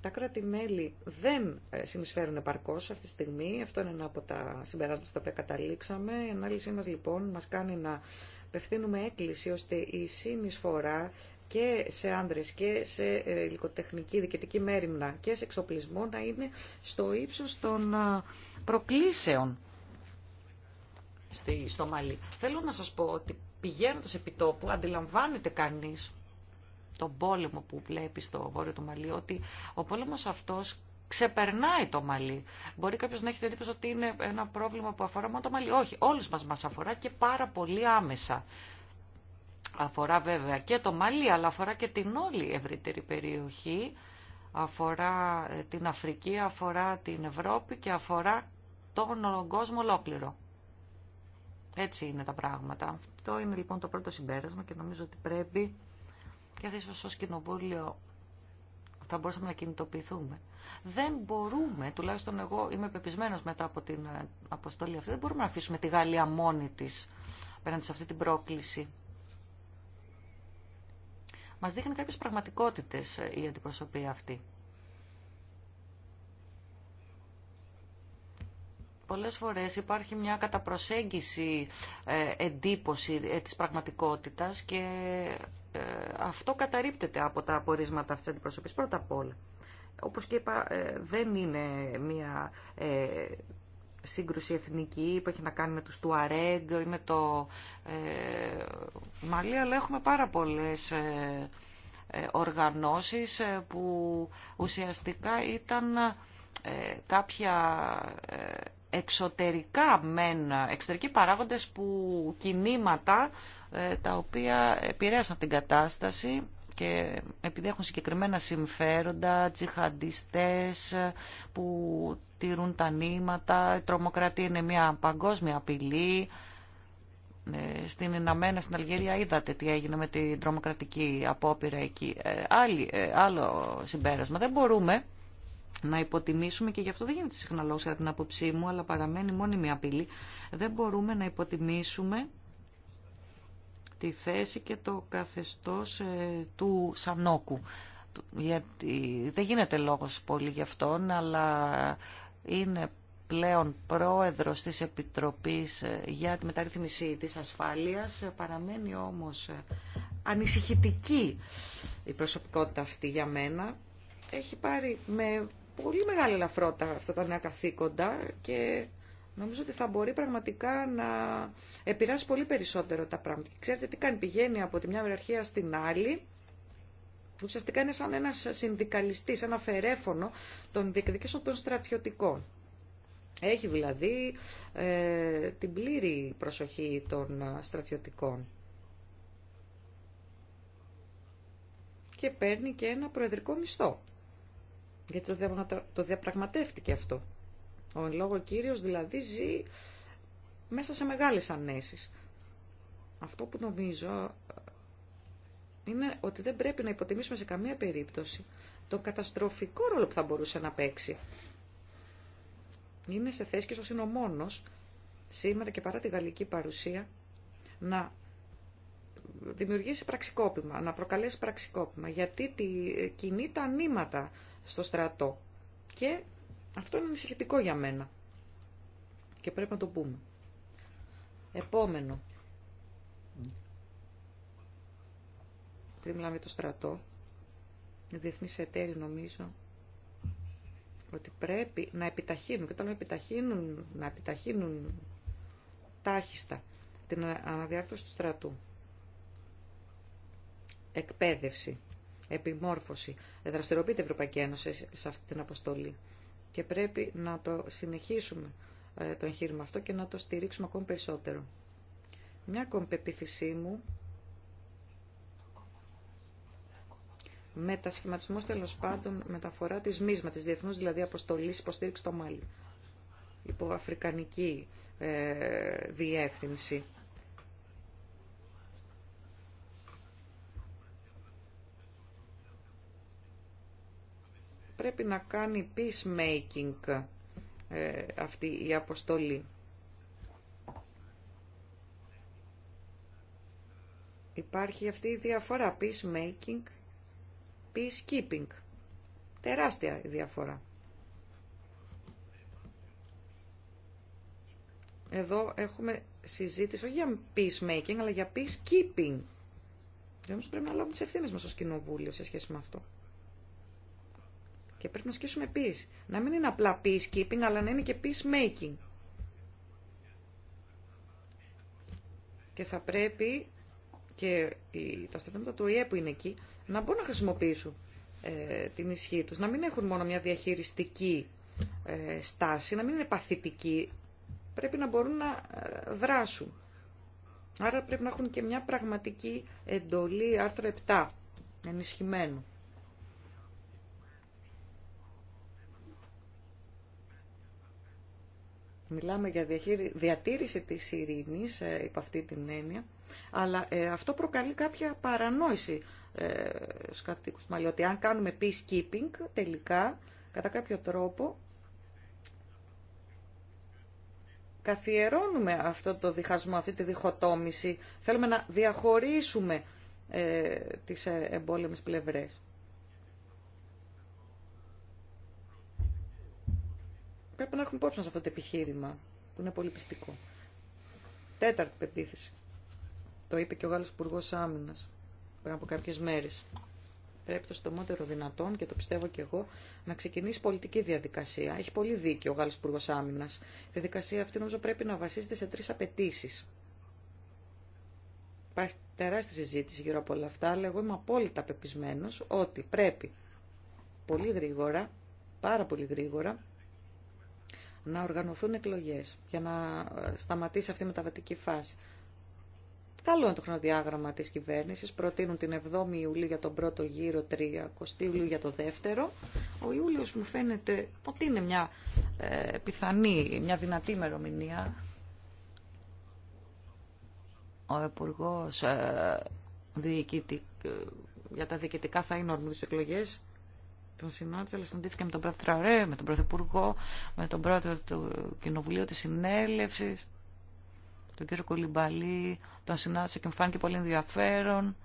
S4: τα κράτη-μέλη δεν ε, συνεισφέρουν επαρκώ αυτή τη στιγμή. Αυτό είναι ένα από τα συμπεράσματα στα οποία καταλήξαμε. Η ανάλυση μα λοιπόν μα κάνει να απευθύνουμε έκκληση ώστε η συνεισφορά και σε άνδρες και σε ε, υλικοτεχνική διοικητική μέρημνα και σε εξοπλισμό να είναι στο ύψος των ε, προκλήσεων στο Μαλί. Θέλω να σας πω ότι πηγαίνοντας επί τόπου αντιλαμβάνεται κανείς τον πόλεμο που βλέπει στο βόρειο του Μαλί ότι ο πόλεμο αυτός ξεπερνάει το Μαλί. Μπορεί κάποιο να έχει την εντύπωση ότι είναι ένα πρόβλημα που αφορά μόνο το μαλλί. Όχι, όλου μα μας αφορά και πάρα πολύ άμεσα. Αφορά βέβαια και το μαλλί, αλλά αφορά και την όλη ευρύτερη περιοχή. Αφορά ε, την Αφρική, αφορά την Ευρώπη και αφορά τον κόσμο ολόκληρο. Έτσι είναι τα πράγματα. Αυτό είναι λοιπόν το πρώτο συμπέρασμα και νομίζω ότι πρέπει και ίσως ως κοινοβούλιο θα μπορούσαμε να κινητοποιηθούμε. Δεν μπορούμε, τουλάχιστον εγώ είμαι πεπισμένο μετά από την ε, αποστολή αυτή, δεν μπορούμε να αφήσουμε τη Γαλλία μόνη τη πέραν σε αυτή την πρόκληση. Μας δείχνει κάποιε πραγματικότητες ε, η αντιπροσωπεία αυτή. Πολλές φορές υπάρχει μια καταπροσέγγιση ε, εντύπωση της πραγματικότητας και ε, αυτό καταρρύπτεται από τα απορίσματα αυτής της αντιπροσωπής. Πρώτα απ' όλα, όπως και είπα, ε, δεν είναι μια ε, σύγκρουση εθνική που έχει να κάνει με τους του ή με το ε, αλλά έχουμε πάρα πολλές οργανώσεις που ουσιαστικά ήταν κάποια εξωτερικά μεν, εξωτερικοί παράγοντες που κινήματα ε, τα οποία επηρέασαν την κατάσταση και επειδή έχουν συγκεκριμένα συμφέροντα, τσιχαντιστές ε, που τηρούν τα νήματα, η τρομοκρατία είναι μια παγκόσμια απειλή. Ε, στην Ιναμένα, στην Αλγερία είδατε τι έγινε με την τρομοκρατική απόπειρα εκεί. Άλλη, άλλο συμπέρασμα. Δεν μπορούμε να υποτιμήσουμε και γι' αυτό δεν γίνεται συχνά λόγος κατά την άποψή μου, αλλά παραμένει μια απειλή. Δεν μπορούμε να υποτιμήσουμε τη θέση και το καθεστώς ε, του Σανόκου. Γιατί δεν γίνεται λόγος πολύ γι' αυτόν, αλλά είναι πλέον πρόεδρος της Επιτροπής ε, για τη μεταρρύθμιση της ασφάλειας. Παραμένει όμως ε, ανησυχητική η προσωπικότητα αυτή για μένα. Έχει πάρει με πολύ μεγάλη ελαφρότητα αυτά τα νέα καθήκοντα και νομίζω ότι θα μπορεί πραγματικά να επηρεάσει πολύ περισσότερο τα πράγματα. ξέρετε τι κάνει, πηγαίνει από τη μια ιεραρχία στην άλλη, ουσιαστικά είναι σαν ένας συνδικαλιστής, ένα φερέφωνο των διεκδικήσεων των στρατιωτικών. Έχει δηλαδή ε, την πλήρη προσοχή των ε, στρατιωτικών. Και παίρνει και ένα προεδρικό μισθό γιατί το διαπραγματεύτηκε αυτό. Ο λόγο κύριος δηλαδή ζει μέσα σε μεγάλες ανέσεις. Αυτό που νομίζω ε, είναι ότι δεν πρέπει να υποτιμήσουμε σε καμία περίπτωση τον καταστροφικό ρόλο που θα μπορούσε να παίξει. Είναι σε θέση και ίσως είναι ο μόνος σήμερα και παρά τη γαλλική παρουσία να δημιουργήσει πραξικόπημα, να προκαλέσει πραξικόπημα, γιατί τη, κινεί τα νήματα στο στρατό. Και αυτό είναι ανησυχητικό για μένα. Και πρέπει να το πούμε. Επόμενο. Πριν μιλάμε για το στρατό, Η διεθνή εταίροι νομίζω ότι πρέπει να επιταχύνουν και όταν επιταχύνουν, να επιταχύνουν τάχιστα την αναδιάρθρωση του στρατού. Εκπαίδευση επιμόρφωση. Δραστηριοποιείται η Ευρωπαϊκή Ένωση σε αυτή την αποστολή. Και πρέπει να το συνεχίσουμε ε, το εγχείρημα αυτό και να το στηρίξουμε ακόμη περισσότερο. Μια ακόμη πεποίθησή μου μετασχηματισμό τέλο πάντων μεταφορά τη μίσμα τη διεθνού δηλαδή αποστολή υποστήριξη στο Μάλι. Υπό αφρικανική ε, διεύθυνση. πρέπει να κάνει peacemaking ε, αυτή η αποστολή. Υπάρχει αυτή η διαφορά peacemaking, peacekeeping. Τεράστια η διαφορά. Εδώ έχουμε συζήτηση όχι για peacemaking αλλά για peacekeeping. keeping όμως πρέπει να λάβουμε τις ευθύνες μας ως κοινοβούλιο σε σχέση με αυτό. Και πρέπει να ασκήσουμε peace. Να μην είναι απλά peacekeeping, αλλά να είναι και peacemaking. Και θα πρέπει και τα στρατεύματα του ΟΗΕ που είναι εκεί να μπορούν να χρησιμοποιήσουν ε, την ισχύ τους. Να μην έχουν μόνο μια διαχειριστική ε, στάση, να μην είναι παθητική. Πρέπει να μπορούν να ε, δράσουν. Άρα πρέπει να έχουν και μια πραγματική εντολή άρθρο 7 ενισχυμένου. Μιλάμε για διατήρηση της ειρήνης ε, υπ' αυτή την έννοια, αλλά ε, αυτό προκαλεί κάποια παρανόηση ε, στους κατοίκους. ότι αν κάνουμε peacekeeping τελικά, κατά κάποιο τρόπο, καθιερώνουμε αυτό το διχασμό, αυτή τη διχοτόμηση. Θέλουμε να διαχωρίσουμε ε, τις ε, εμπόλεμες πλευρές. Πρέπει να έχουμε υπόψη μας αυτό το επιχείρημα, που είναι πολύ πιστικό. Τέταρτη πεποίθηση. Το είπε και ο Γάλλος Υπουργό Άμυνα πριν από κάποιε μέρε. Πρέπει το στομότερο δυνατόν, και το πιστεύω και εγώ, να ξεκινήσει πολιτική διαδικασία. Έχει πολύ δίκιο ο Γάλλος Υπουργό Άμυνα. Η διαδικασία αυτή νομίζω πρέπει να βασίζεται σε τρει απαιτήσει. Υπάρχει τεράστια συζήτηση γύρω από όλα αυτά, αλλά εγώ είμαι απόλυτα πεπισμένο ότι πρέπει πολύ γρήγορα, πάρα πολύ γρήγορα, να οργανωθούν εκλογές για να ε, σταματήσει αυτή η μεταβατική φάση. Καλό είναι το χρονοδιάγραμμα της κυβέρνησης. Προτείνουν την 7η Ιουλίου για τον πρώτο γύρο, 30 Ιουλίου για το δεύτερο. Ο Ιούλιος μου φαίνεται ότι είναι μια ε, πιθανή, μια δυνατή ημερομηνία. Ο υπουργό ε, ε, για τα διοικητικά θα είναι τη εκλογές τον συνάντησα, αλλά συναντήθηκε με τον πρόεδρο τραρέ, με τον πρωθυπουργό, με τον πρόεδρο του Κοινοβουλίου τη Συνέλευσης, τον κύριο Κολυμπαλή, τον συνάντησα και μου φάνηκε πολύ ενδιαφέρον.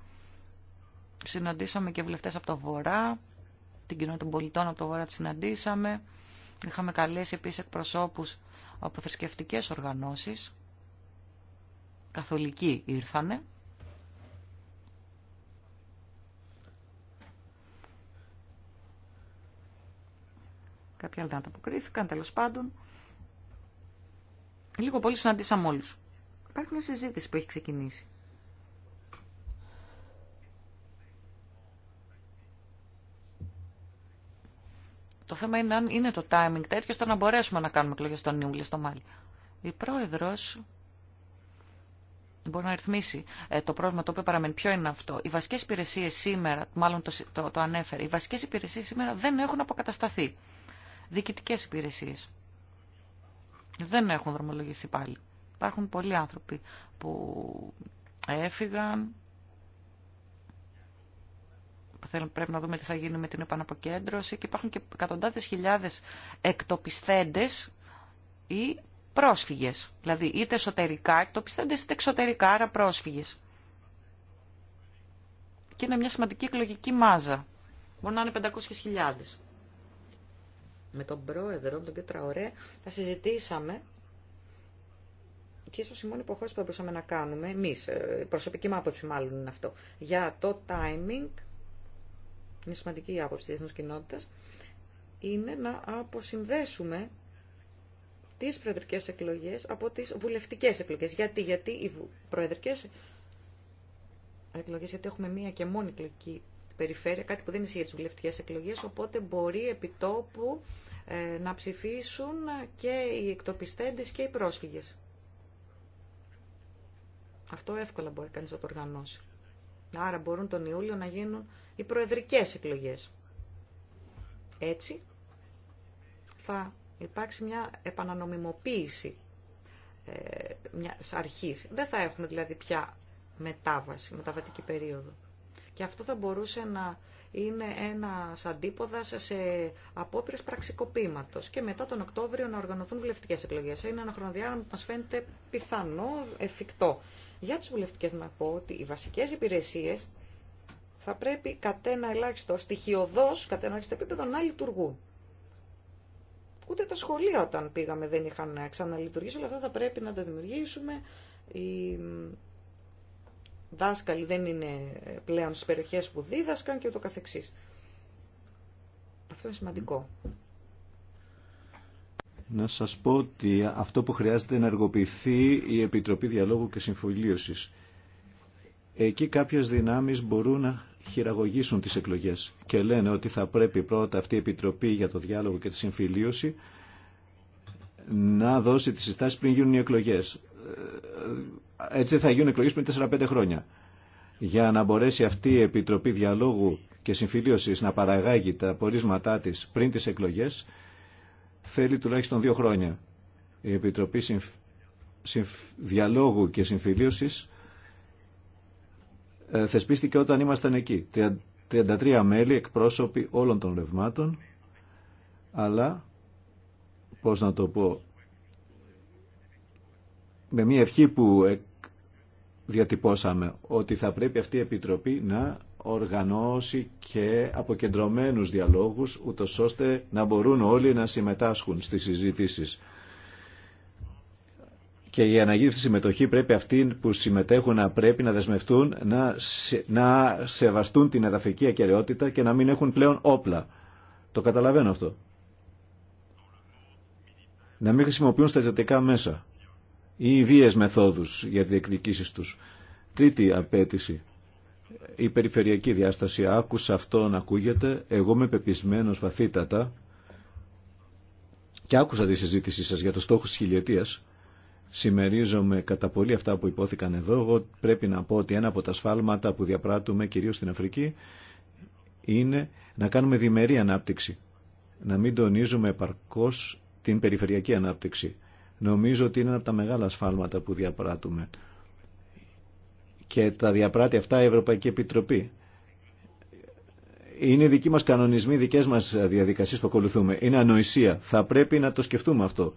S4: Συναντήσαμε και βουλευτέ από το Βορρά, την κοινότητα των πολιτών από το Βορρά τη συναντήσαμε. Είχαμε καλέσει επίση. εκπροσώπου από θρησκευτικέ οργανώσεις, καθολικοί ήρθανε, Κάποια άλλα δεν αποκρίθηκαν, τέλο πάντων. Λίγο πολύ συναντήσαμε όλου. Υπάρχει μια συζήτηση που έχει ξεκινήσει. Το θέμα είναι αν είναι το timing τέτοιο ώστε να μπορέσουμε να κάνουμε εκλογέ στον Ιούλιο, στο Μάλι. Η πρόεδρο μπορεί να ρυθμίσει ε, το πρόβλημα το οποίο παραμένει. Ποιο είναι αυτό. Οι βασικέ υπηρεσίε σήμερα, μάλλον το, το ανέφερε, οι βασικέ υπηρεσίε σήμερα δεν έχουν αποκατασταθεί διοικητικές υπηρεσίες. Δεν έχουν δρομολογηθεί πάλι. Υπάρχουν πολλοί άνθρωποι που έφυγαν, πρέπει να δούμε τι θα γίνει με την επαναποκέντρωση και υπάρχουν και εκατοντάδες χιλιάδες εκτοπιστέντες ή πρόσφυγες. Δηλαδή είτε εσωτερικά εκτοπιστέντες είτε εξωτερικά, άρα πρόσφυγες. Και είναι μια σημαντική εκλογική μάζα. Μπορεί να είναι 500.000 με τον πρόεδρο, με τον κ. Ωρέ, θα συζητήσαμε και ίσως η μόνη υποχώρηση που θα μπορούσαμε να κάνουμε εμείς, ε, η προσωπική μου άποψη μάλλον είναι αυτό, για το timing, είναι σημαντική η άποψη της διεθνούς κοινότητας, είναι να αποσυνδέσουμε τις προεδρικές εκλογές από τις βουλευτικές εκλογές. Γιατί, γιατί οι προεδρικές εκλογές, γιατί έχουμε μία και μόνη εκλογική περιφέρεια, κάτι που δεν ισχύει για τις βουλευτικέ εκλογές, οπότε μπορεί επί επιτόπου ε, να ψηφίσουν και οι εκτοπιστέντες και οι πρόσφυγες. Αυτό εύκολα μπορεί κανείς να το οργανώσει. Άρα μπορούν τον Ιούλιο να γίνουν οι προεδρικές εκλογές. Έτσι θα υπάρξει μια επανανομιμοποίηση ε, μια αρχής. Δεν θα έχουμε δηλαδή πια μετάβαση, μεταβατική περίοδο. Και αυτό θα μπορούσε να είναι ένα αντίποδα σε απόπειρε πραξικοπήματο. Και μετά τον Οκτώβριο να οργανωθούν βουλευτικέ εκλογέ. Είναι ένα χρονοδιάγραμμα που μα φαίνεται πιθανό, εφικτό. Για τι βουλευτικέ να πω ότι οι βασικέ υπηρεσίε θα πρέπει κατ' ένα ελάχιστο, στοιχειοδό, κατ' ένα ελάχιστο επίπεδο να λειτουργούν. Ούτε τα σχολεία όταν πήγαμε δεν είχαν ξαναλειτουργήσει, Αλλά αυτά θα πρέπει να τα δημιουργήσουμε. Οι δάσκαλοι δεν είναι πλέον στις περιοχές που δίδασκαν και ούτω καθεξής. Αυτό είναι σημαντικό.
S2: Να σας πω ότι αυτό που χρειάζεται να εργοποιηθεί η Επιτροπή Διαλόγου και Συμφιλίωσης. Εκεί κάποιες δυνάμεις μπορούν να χειραγωγήσουν τις εκλογές και λένε ότι θα πρέπει πρώτα αυτή η Επιτροπή για το Διάλογο και τη Συμφιλίωση να δώσει τις συστάσεις πριν γίνουν οι εκλογές. Ε, έτσι θα γίνουν εκλογέ πριν 4-5 χρόνια. Για να μπορέσει αυτή η Επιτροπή Διαλόγου και Συμφιλίωσης να παραγάγει τα πορίσματά της πριν τι εκλογέ, θέλει τουλάχιστον δύο χρόνια. Η Επιτροπή Συμφ... Διαλόγου και Συμφιλίωσης ε, θεσπίστηκε όταν ήμασταν εκεί. 33 μέλη, εκπρόσωποι όλων των ρευμάτων, αλλά, πώς να το πω, με μια ευχή που διατυπώσαμε ότι θα πρέπει αυτή η Επιτροπή να οργανώσει και αποκεντρωμένους διαλόγους ούτως ώστε να μπορούν όλοι να συμμετάσχουν στις συζητήσεις. Και η γίνει στη συμμετοχή πρέπει αυτοί που συμμετέχουν να πρέπει να δεσμευτούν να, να σεβαστούν την εδαφική ακεραιότητα και να μην έχουν πλέον όπλα. Το καταλαβαίνω αυτό. Να μην χρησιμοποιούν στρατιωτικά μέσα ή βίες μεθόδους για διεκδικήσεις τους. Τρίτη απέτηση, η περιφερειακή διάσταση. Άκουσα αυτό να ακούγεται, εγώ είμαι πεπισμένος βαθύτατα και άκουσα τη συζήτησή σας για το στόχο της χιλιετίας. Σημερίζομαι κατά πολύ αυτά που υπόθηκαν εδώ. Εγώ πρέπει να πω ότι ένα από τα σφάλματα που διαπράττουμε κυρίως στην Αφρική είναι να κάνουμε διμερή ανάπτυξη. Να μην τονίζουμε επαρκώς την περιφερειακή ανάπτυξη. Νομίζω ότι είναι ένα από τα μεγάλα σφάλματα που διαπράττουμε. Και τα διαπράττει αυτά η Ευρωπαϊκή Επιτροπή. Είναι δική δικοί μας κανονισμοί, δικές μας διαδικασίες που ακολουθούμε. Είναι ανοησία. Θα πρέπει να το σκεφτούμε αυτό.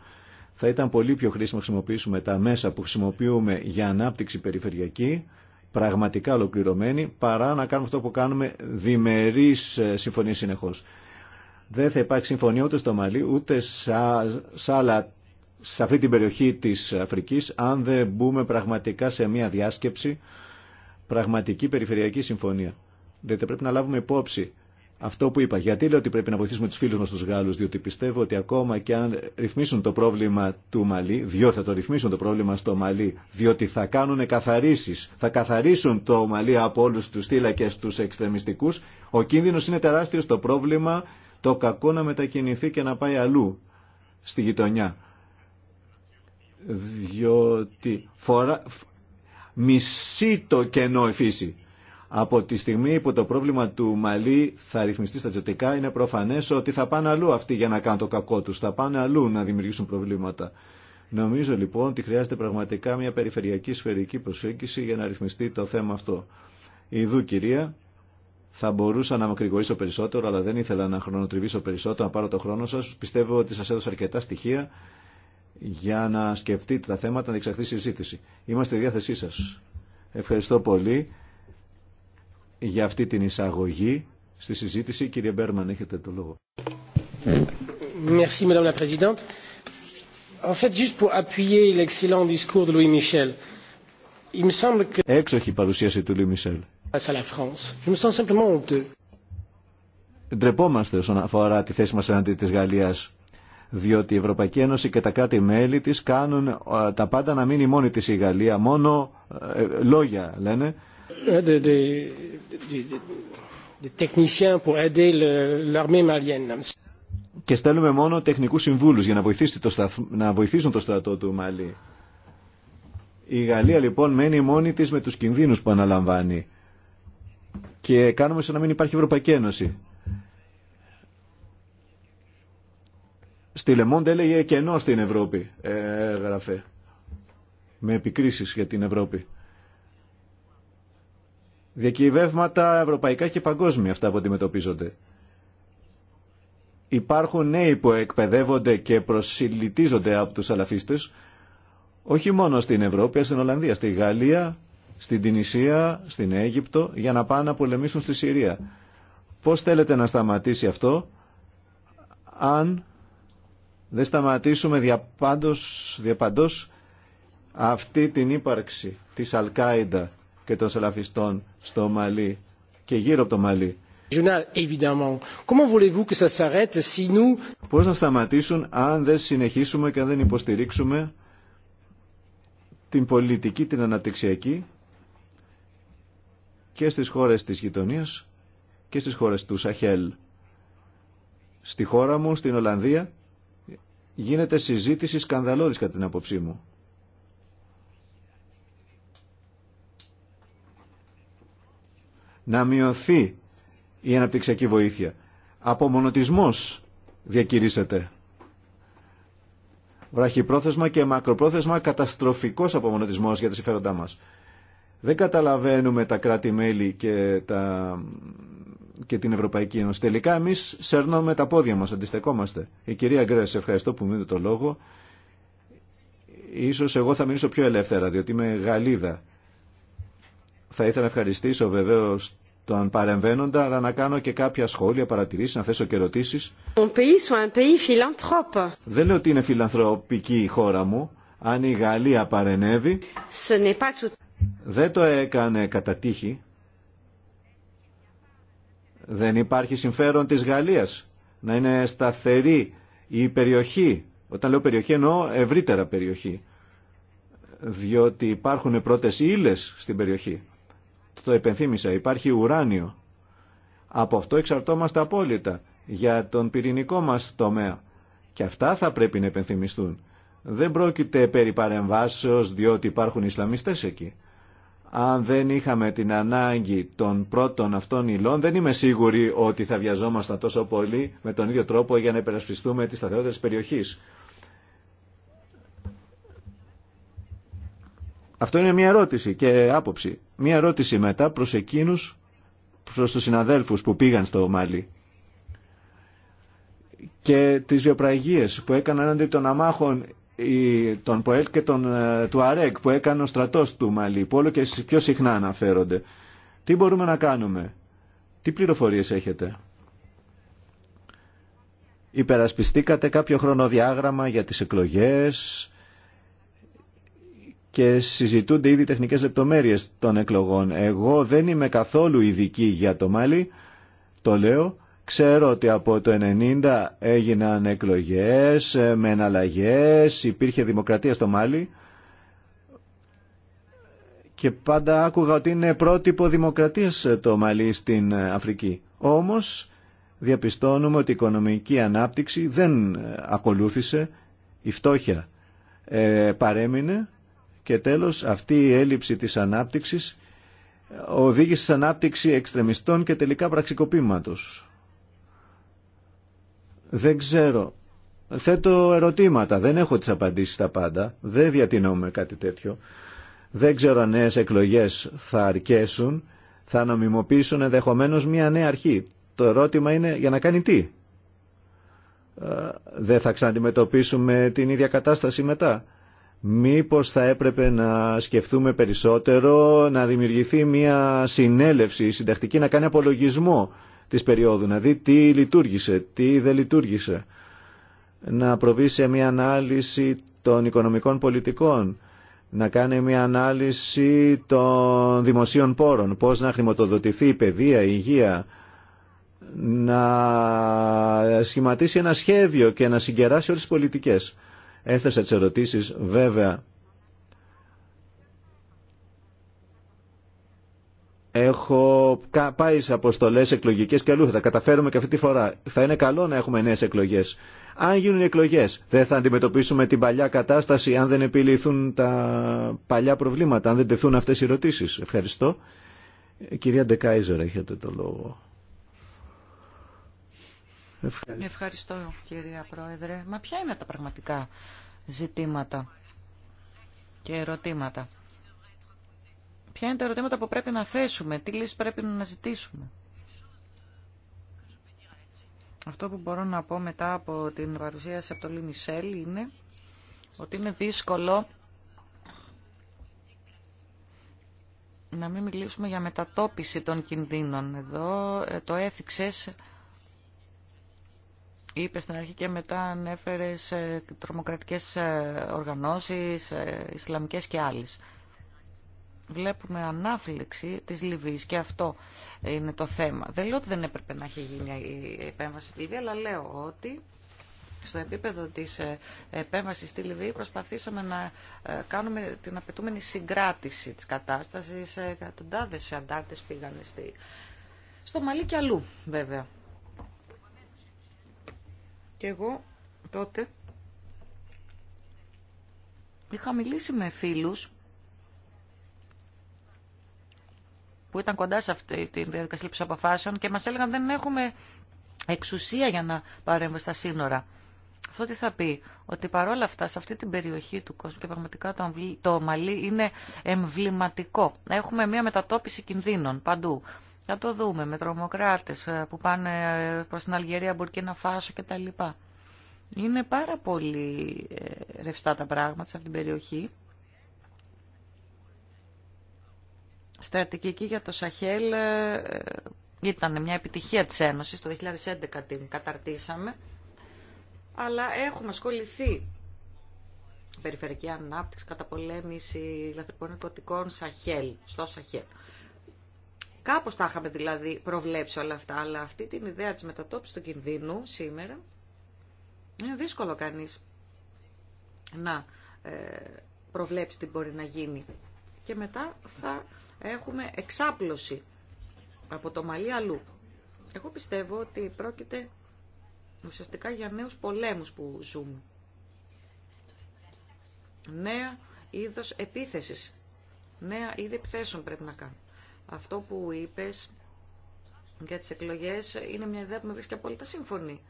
S2: Θα ήταν πολύ πιο χρήσιμο να χρησιμοποιήσουμε τα μέσα που χρησιμοποιούμε για ανάπτυξη περιφερειακή, πραγματικά ολοκληρωμένη, παρά να κάνουμε αυτό που κάνουμε διμερείς ε, συμφωνίες συνεχώς. Δεν θα υπάρχει συμφωνία ούτε στο Μαλί, ούτε σε άλλα σε αυτή την περιοχή της Αφρικής αν δεν μπούμε πραγματικά σε μια διάσκεψη πραγματική περιφερειακή συμφωνία. Διότι πρέπει να λάβουμε υπόψη αυτό που είπα. Γιατί λέω ότι πρέπει να βοηθήσουμε τους φίλους μας τους Γάλλους, διότι πιστεύω ότι ακόμα και αν ρυθμίσουν το πρόβλημα του Μαλή, διότι θα το ρυθμίσουν το πρόβλημα στο Μαλή, διότι θα κάνουν καθαρίσεις, θα καθαρίσουν το Μαλή από όλους τους θύλακες τους εξτρεμιστικούς, ο κίνδυνος είναι τεράστιος το πρόβλημα το κακό να μετακινηθεί και να πάει αλλού στη γειτονιά διότι φορά, μισεί το κενό η φύση. Από τη στιγμή που το πρόβλημα του Μαλή θα ρυθμιστεί στατιωτικά, είναι προφανέ ότι θα πάνε αλλού αυτοί για να κάνουν το κακό του, θα πάνε αλλού να δημιουργήσουν προβλήματα. Νομίζω λοιπόν ότι χρειάζεται πραγματικά μια περιφερειακή σφαιρική προσέγγιση για να ρυθμιστεί το θέμα αυτό. Ιδού κυρία, θα μπορούσα να μακρηγορήσω περισσότερο, αλλά δεν ήθελα να χρονοτριβήσω περισσότερο, να πάρω το χρόνο σα. Πιστεύω ότι σα έδωσα αρκετά στοιχεία για να σκεφτείτε τα θέματα, να διεξαχθεί συζήτηση. Είμαστε στη διάθεσή σα. Ευχαριστώ πολύ για αυτή την εισαγωγή στη συζήτηση. Κύριε Μπέρμαν, έχετε το λόγο.
S1: Merci, Madame la Présidente.
S2: En fait, juste pour appuyer l'excellent discours de Louis Michel, il me semble que... Έξοχη παρουσίαση του Louis Michel. Face à la France, je me sens simplement honteux. Ντρεπόμαστε όσον αφορά τη θέση μα εναντί τη Γαλλία διότι η Ευρωπαϊκή Ένωση και τα κράτη-μέλη της κάνουν ε, τα πάντα να μείνει μόνη της η Γαλλία, μόνο ε, λόγια λένε. Και στέλνουμε μόνο τεχνικούς συμβούλους για να, να βοηθήσουν το στρατό του Μαλή. Η Γαλλία λοιπόν μένει μόνη της με τους κινδύνους που αναλαμβάνει. Και κάνουμε σαν να μην υπάρχει Ευρωπαϊκή Ένωση. Στη Λεμόντε έλεγε κενό στην Ευρώπη, ε, έγραφε, με επικρίσεις για την Ευρώπη. Διακυβεύματα ευρωπαϊκά και παγκόσμια αυτά που αντιμετωπίζονται. Υπάρχουν νέοι που εκπαιδεύονται και προσιλητίζονται από τους αλαφίστες, όχι μόνο στην Ευρώπη, αλλά στην Ολλανδία, στη Γαλλία, στην Τινησία, στην Αίγυπτο, για να πάνε να πολεμήσουν στη Συρία. Πώς θέλετε να σταματήσει αυτό, αν δεν σταματήσουμε διαπάντως, διαπαντός αυτή την ύπαρξη της Αλκάιντα και των Σαλαφιστών στο Μαλί και γύρω από το Μαλί. Πώς να σταματήσουν αν δεν συνεχίσουμε και αν δεν υποστηρίξουμε την πολιτική, την αναπτυξιακή και στις χώρες της γειτονίας και στις χώρες του Σαχέλ. Στη χώρα μου, στην Ολλανδία, γίνεται συζήτηση σκανδαλώδης κατά την άποψή μου. Να μειωθεί η αναπτυξιακή βοήθεια. Απομονωτισμός διακηρύσσεται. Βραχυπρόθεσμα και μακροπρόθεσμα καταστροφικός απομονωτισμός για τα συμφέροντά μας. Δεν καταλαβαίνουμε τα κράτη-μέλη και τα και την Ευρωπαϊκή Ένωση. Τελικά εμεί σέρνουμε τα πόδια μα, αντιστεκόμαστε. Η κυρία Γκρέ, ευχαριστώ που μου δίνετε το λόγο. Ίσως εγώ θα μιλήσω πιο ελεύθερα, διότι είμαι Γαλλίδα. Θα ήθελα να ευχαριστήσω βεβαίω τον παρεμβαίνοντα, αλλά να κάνω και κάποια σχόλια, παρατηρήσει, να θέσω και ερωτήσει. Δεν λέω ότι είναι φιλανθρωπική η χώρα μου. Αν η Γαλλία παρενέβη, δεν το έκανε κατά τύχη. Δεν υπάρχει συμφέρον της Γαλλίας να είναι σταθερή η περιοχή. Όταν λέω περιοχή εννοώ ευρύτερα περιοχή. Διότι υπάρχουν πρώτες ύλες στην περιοχή. Το επενθύμησα. Υπάρχει ουράνιο. Από αυτό εξαρτώμαστε απόλυτα για τον πυρηνικό μας τομέα. Και αυτά θα πρέπει να επενθυμιστούν. Δεν πρόκειται περί παρεμβάσεως διότι υπάρχουν Ισλαμιστές εκεί αν δεν είχαμε την ανάγκη των πρώτων αυτών υλών, δεν είμαι σίγουροι ότι θα βιαζόμασταν τόσο πολύ με τον ίδιο τρόπο για να υπερασπιστούμε τη σταθερότητα τη περιοχής. Αυτό είναι μια ερώτηση και άποψη. Μια ερώτηση μετά προς εκείνους, προς τους συναδέλφους που πήγαν στο Μάλι και τις βιοπραγίες που έκαναν αντί των αμάχων τον ΠΟΕΛ και των, ε, του ΑΡΕΚ που έκανε ο στρατός του Μαλή, που όλο και πιο συχνά αναφέρονται. Τι μπορούμε να κάνουμε, τι πληροφορίες έχετε. Υπερασπιστήκατε κάποιο χρονοδιάγραμμα για τις εκλογές και συζητούνται ήδη τεχνικές λεπτομέρειες των εκλογών. Εγώ δεν είμαι καθόλου ειδική για το Μάλι, το λέω, Ξέρω ότι από το 1990 έγιναν εκλογές ε, με εναλλαγές, υπήρχε δημοκρατία στο Μάλι και πάντα άκουγα ότι είναι πρότυπο δημοκρατίας ε, το Μαλί στην ε, Αφρική. Όμως διαπιστώνουμε ότι η οικονομική ανάπτυξη δεν ακολούθησε, η φτώχεια παρέμεινε και τέλος αυτή η έλλειψη της ανάπτυξης οδήγησε στην ανάπτυξη εξτρεμιστών και τελικά πραξικοπήματος. Δεν ξέρω. Θέτω ερωτήματα. Δεν έχω τις απαντήσεις τα πάντα. Δεν με κάτι τέτοιο. Δεν ξέρω αν νέες εκλογές θα αρκέσουν. Θα νομιμοποιήσουν ενδεχομένω μια νέα αρχή. Το ερώτημα είναι για να κάνει τι. Ε, δεν θα ξαναντιμετωπίσουμε την ίδια κατάσταση μετά. Μήπως θα έπρεπε να σκεφτούμε περισσότερο να δημιουργηθεί μια συνέλευση συντακτική να κάνει απολογισμό της περίοδου, να δει τι λειτουργήσε, τι δεν λειτουργήσε, να προβεί σε μια ανάλυση των οικονομικών πολιτικών, να κάνει μια ανάλυση των δημοσίων πόρων, πώς να χρηματοδοτηθεί η παιδεία, η υγεία, να σχηματίσει ένα σχέδιο και να συγκεράσει όλες τις πολιτικές. Έθεσα τις ερωτήσεις, βέβαια, Έχω πάει σε αποστολέ εκλογικέ και αλλού. Θα τα καταφέρουμε και αυτή τη φορά. Θα είναι καλό να έχουμε νέε εκλογέ. Αν γίνουν οι εκλογέ, δεν θα αντιμετωπίσουμε την παλιά κατάσταση αν δεν επιληθούν τα παλιά προβλήματα, αν δεν τεθούν αυτέ οι ερωτήσει. Ευχαριστώ. Ε, κυρία Ντεκάιζερ, έχετε το λόγο. Ευχαριστώ.
S4: Ευχαριστώ κυρία Πρόεδρε. Μα ποια είναι τα πραγματικά ζητήματα και ερωτήματα Ποια είναι τα ερωτήματα που πρέπει να θέσουμε, τι λύσεις πρέπει να ζητήσουμε. Αυτό που μπορώ να πω μετά από την παρουσίαση από το Λίνι είναι ότι είναι δύσκολο να μην μιλήσουμε για μετατόπιση των κινδύνων. Εδώ ε, το έθιξες, είπες στην αρχή και μετά ανέφερες ε, τρομοκρατικές ε, οργανώσεις, ισλαμικές και άλλες βλέπουμε ανάφληξη της Λιβύης και αυτό είναι το θέμα. Δεν λέω ότι δεν έπρεπε να έχει γίνει η επέμβαση στη Λιβύη, αλλά λέω ότι στο επίπεδο της ε, επέμβασης στη Λιβύη προσπαθήσαμε να ε, κάνουμε την απαιτούμενη συγκράτηση της κατάστασης. Εκατοντάδες αντάρτες πήγαν στη... στο Μαλί και αλλού βέβαια. Και εγώ τότε είχα μιλήσει με φίλους που ήταν κοντά σε αυτή τη διαδικασία λήψη αποφάσεων και μα έλεγαν δεν έχουμε εξουσία για να παρέμβουμε στα σύνορα. Αυτό τι θα πει, ότι παρόλα αυτά σε αυτή την περιοχή του κόσμου και πραγματικά το, το Μαλί είναι εμβληματικό. Έχουμε μια μετατόπιση κινδύνων παντού. Θα το δούμε με τρομοκράτες ε, που πάνε ε, προς την Αλγερία, Μπουρκίνα Φάσο κτλ. Είναι πάρα πολύ ε, ρευστά τα πράγματα σε αυτή την περιοχή στρατηγική για το Σαχέλ ε, ήταν μια επιτυχία της Ένωσης, το 2011 την καταρτήσαμε, αλλά έχουμε ασχοληθεί περιφερειακή ανάπτυξη, καταπολέμηση λαθρεπών υποτικών Σαχέλ, στο Σαχέλ. Κάπως τα είχαμε δηλαδή προβλέψει όλα αυτά, αλλά αυτή την ιδέα της μετατόπισης του κινδύνου σήμερα είναι δύσκολο κανείς να ε, προβλέψει τι μπορεί να γίνει και μετά θα έχουμε εξάπλωση από το μαλλί αλλού. Εγώ πιστεύω ότι πρόκειται ουσιαστικά για νέους πολέμους που ζούμε. Νέα είδος επίθεσης. Νέα είδη επιθέσεων πρέπει να κάνουν. Αυτό που είπες για τις εκλογές είναι μια ιδέα που με βρίσκει απόλυτα σύμφωνη.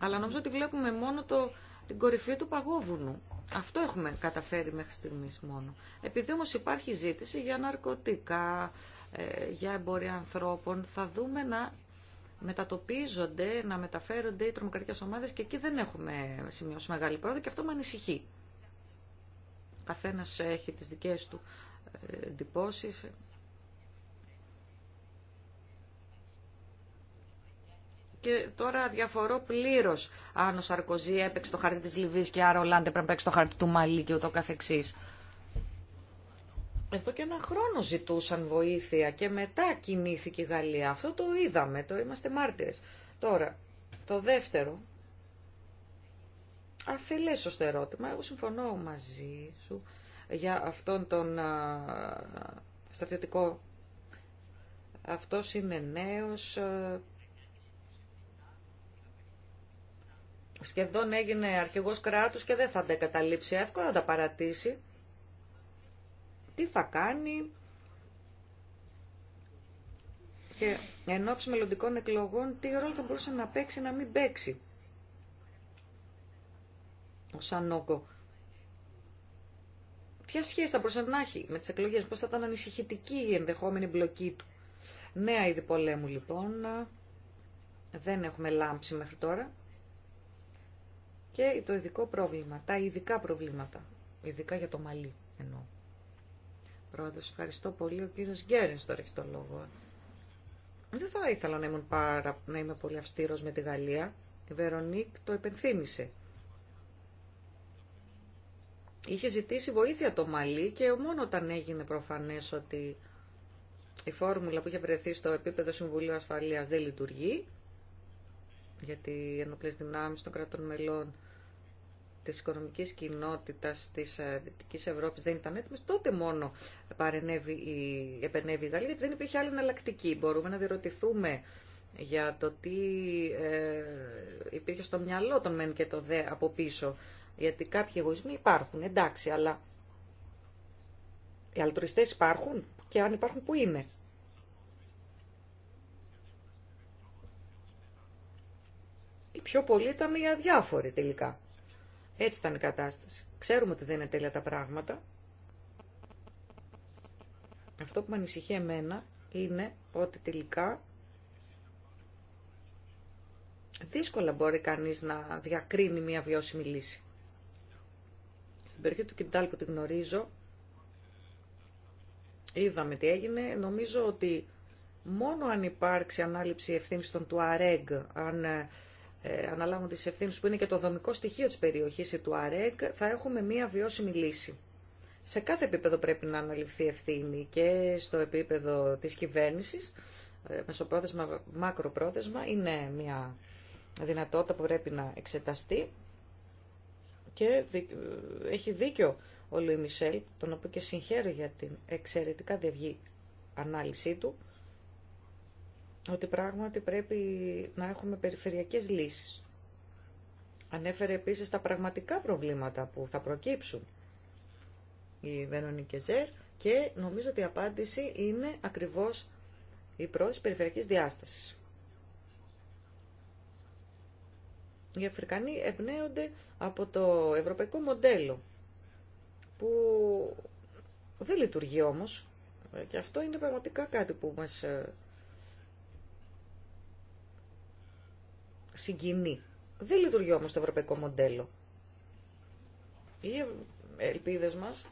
S4: Αλλά νομίζω ότι βλέπουμε μόνο το, την κορυφή του παγόβουνου. Αυτό έχουμε καταφέρει μέχρι στιγμής μόνο. Επειδή όμω υπάρχει ζήτηση για ναρκωτικά, ε, για εμπορία ανθρώπων, θα δούμε να μετατοπίζονται, να μεταφέρονται οι τρομοκρατικές ομάδες και εκεί δεν έχουμε σημειώσει μεγάλη πρόοδο και αυτό με ανησυχεί. Καθένας έχει τις δικές του ε, εντυπώσει. και τώρα διαφορώ πλήρω αν ο Σαρκοζή έπαιξε το χαρτί τη Λιβύη και άρα ο Λάντε πρέπει να παίξει το χαρτί του Μαλί και ούτω καθεξή. Εδώ και ένα χρόνο ζητούσαν βοήθεια και μετά κινήθηκε η Γαλλία. Αυτό το είδαμε, το είμαστε μάρτυρες. Τώρα, το δεύτερο, Αφιλέσω στο ερώτημα, εγώ συμφωνώ μαζί σου για αυτόν τον α, στρατιωτικό. Αυτός είναι νέος, σχεδόν έγινε αρχηγός κράτους και δεν θα τα καταλήψει εύκολα, θα τα παρατήσει. Τι θα κάνει και εν ώψη μελλοντικών εκλογών τι ρόλο θα μπορούσε να παίξει να μην παίξει ο Σανόκο. Ποια σχέση θα μπορούσε να έχει με τις εκλογές, πώς θα ήταν ανησυχητική η ενδεχόμενη μπλοκή του. Νέα είδη πολέμου λοιπόν, δεν έχουμε λάμψει μέχρι τώρα και το ειδικό πρόβλημα, τα ειδικά προβλήματα, ειδικά για το μαλλί εννοώ. Πρόεδρος, ευχαριστώ πολύ. Ο κύριος Γκέρνς τώρα έχει το λόγο. Δεν θα ήθελα να, πάρα, να είμαι πολύ αυστηρός με τη Γαλλία. Η Βερονίκ το επενθύμησε. Είχε ζητήσει βοήθεια το Μαλί και μόνο όταν έγινε προφανές ότι η φόρμουλα που είχε βρεθεί στο επίπεδο Συμβουλίου Ασφαλείας δεν λειτουργεί, γιατί οι ενοπλές δυνάμεις των κρατών μελών της οικονομικής κοινότητας της ε, Δυτικής Ευρώπης δεν ήταν έτοιμες, τότε μόνο επενέβη η, επενεύει Γαλλία, γιατί δεν υπήρχε άλλη εναλλακτική. Μπορούμε να διερωτηθούμε για το τι ε, υπήρχε στο μυαλό των μεν και το δε από πίσω. Γιατί κάποιοι εγωισμοί υπάρχουν, εντάξει, αλλά οι αλτουριστές υπάρχουν και αν υπάρχουν που είναι. Οι πιο πολλοί ήταν οι αδιάφοροι τελικά. Έτσι ήταν η κατάσταση. Ξέρουμε ότι δεν είναι τέλεια τα πράγματα. Αυτό που με ανησυχεί εμένα είναι ότι τελικά δύσκολα μπορεί κανείς να διακρίνει μια βιώσιμη λύση. Στην περιοχή του Κιντάλ που τη γνωρίζω, είδαμε τι έγινε. Νομίζω ότι μόνο αν υπάρξει ανάληψη ευθύνης των του ΑΡΕΓ, αν ε, ε, αναλάβουν τις ευθύνες που είναι και το δομικό στοιχείο της περιοχής του ΑΡΕΚ, θα έχουμε μία βιώσιμη λύση. Σε κάθε επίπεδο πρέπει να αναλυφθεί ευθύνη και στο επίπεδο της κυβέρνησης, ε, μεσοπρόθεσμα, μακροπρόθεσμα, είναι μία δυνατότητα που πρέπει να εξεταστεί και ε, έχει δίκιο ο Λουί Μισελ, τον οποίο και συγχαίρω για την εξαιρετικά διευγή ανάλυση του, ότι πράγματι πρέπει να έχουμε περιφερειακές λύσεις. Ανέφερε επίσης τα πραγματικά προβλήματα που θα προκύψουν η Βερονίκη Ζερ και νομίζω ότι η απάντηση είναι ακριβώς η πρόθεση περιφερειακής διάστασης. Οι Αφρικανοί εμπνέονται από το ευρωπαϊκό μοντέλο που δεν λειτουργεί όμως και αυτό είναι πραγματικά κάτι που μας ε, συγκινεί. Δεν λειτουργεί όμως το ευρωπαϊκό μοντέλο. Οι ελπίδες μας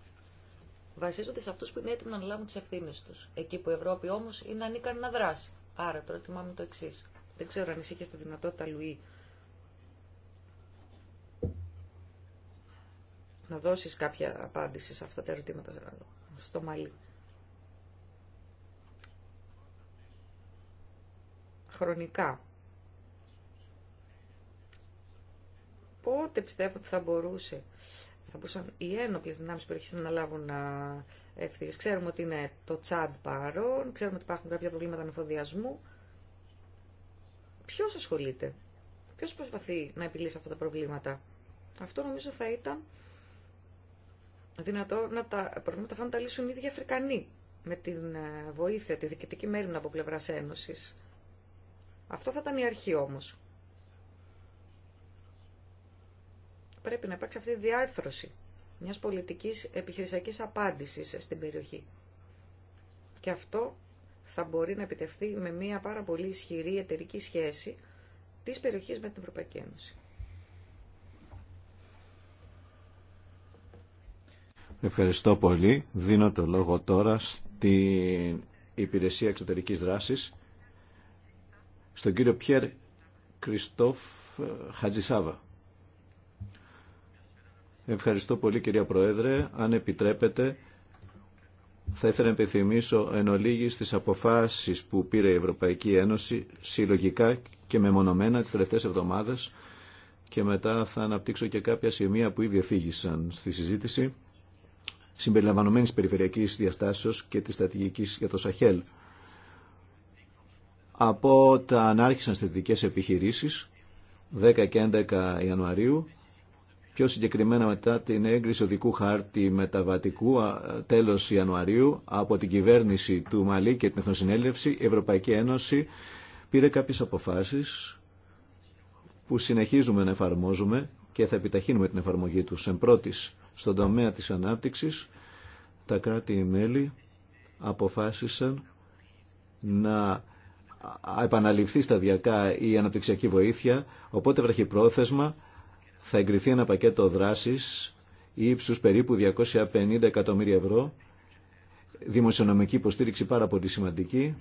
S4: βασίζονται σε αυτούς που είναι έτοιμοι να λάβουν τις ευθύνες τους. Εκεί που η Ευρώπη όμως είναι ανίκανη να δράσει. Άρα τώρα τιμάμε το εξή. Δεν ξέρω αν εσύ τη δυνατότητα, Λουί, να δώσεις κάποια απάντηση σε αυτά τα ερωτήματα στο Μαλί. Χρονικά, πότε πιστεύω ότι θα μπορούσε θα μπορούσαν οι ένοπλε δυνάμει περιοχή να αναλάβουν ευθύνε. Ξέρουμε ότι είναι το τσάντ παρόν, ξέρουμε ότι υπάρχουν κάποια προβλήματα ανεφοδιασμού. Ποιο ασχολείται, ποιο προσπαθεί να επιλύσει αυτά τα προβλήματα. Αυτό νομίζω θα ήταν δυνατό να τα προβλήματα αυτά τα λύσουν οι ίδιοι Αφρικανοί με την ε, βοήθεια, τη διοικητική μέρη από πλευρά Ένωση. Αυτό θα ήταν η αρχή όμως. πρέπει να υπάρξει αυτή η διάρθρωση μιας πολιτικής επιχειρησιακής απάντησης στην περιοχή. Και αυτό θα μπορεί να επιτευχθεί με μια πάρα πολύ ισχυρή εταιρική σχέση της περιοχής με την Ευρωπαϊκή Ένωση.
S2: Ευχαριστώ πολύ. Δίνω το λόγο τώρα στην Υπηρεσία Εξωτερικής Δράσης, στον κύριο Πιέρ Κριστόφ Χατζησάβα. Ευχαριστώ πολύ κυρία Προέδρε. Αν επιτρέπετε, θα ήθελα να επιθυμίσω εν ολίγη τις αποφάσεις που πήρε η Ευρωπαϊκή Ένωση συλλογικά και μεμονωμένα τις τελευταίες εβδομάδες και μετά θα αναπτύξω και κάποια σημεία που ήδη εφήγησαν στη συζήτηση συμπεριλαμβανομένης περιφερειακής διαστάσεως και της στρατηγικής για το Σαχέλ. Από τα ανάρχησαν δικές επιχειρήσεις 10 και 11 Ιανουαρίου Πιο συγκεκριμένα μετά την έγκριση οδικού χάρτη μεταβατικού τέλος Ιανουαρίου από την κυβέρνηση του Μαλή και την Εθνοσυνέλευση, η Ευρωπαϊκή Ένωση πήρε κάποιες αποφάσεις που συνεχίζουμε να εφαρμόζουμε και θα επιταχύνουμε την εφαρμογή του Εν πρώτης, στον τομέα της ανάπτυξης, τα κράτη-μέλη αποφάσισαν να επαναληφθεί σταδιακά η αναπτυξιακή βοήθεια, οπότε βραχυπρόθεσμα θα εγκριθεί ένα πακέτο δράσης ύψους περίπου 250 εκατομμύρια ευρώ, δημοσιονομική υποστήριξη πάρα πολύ σημαντική.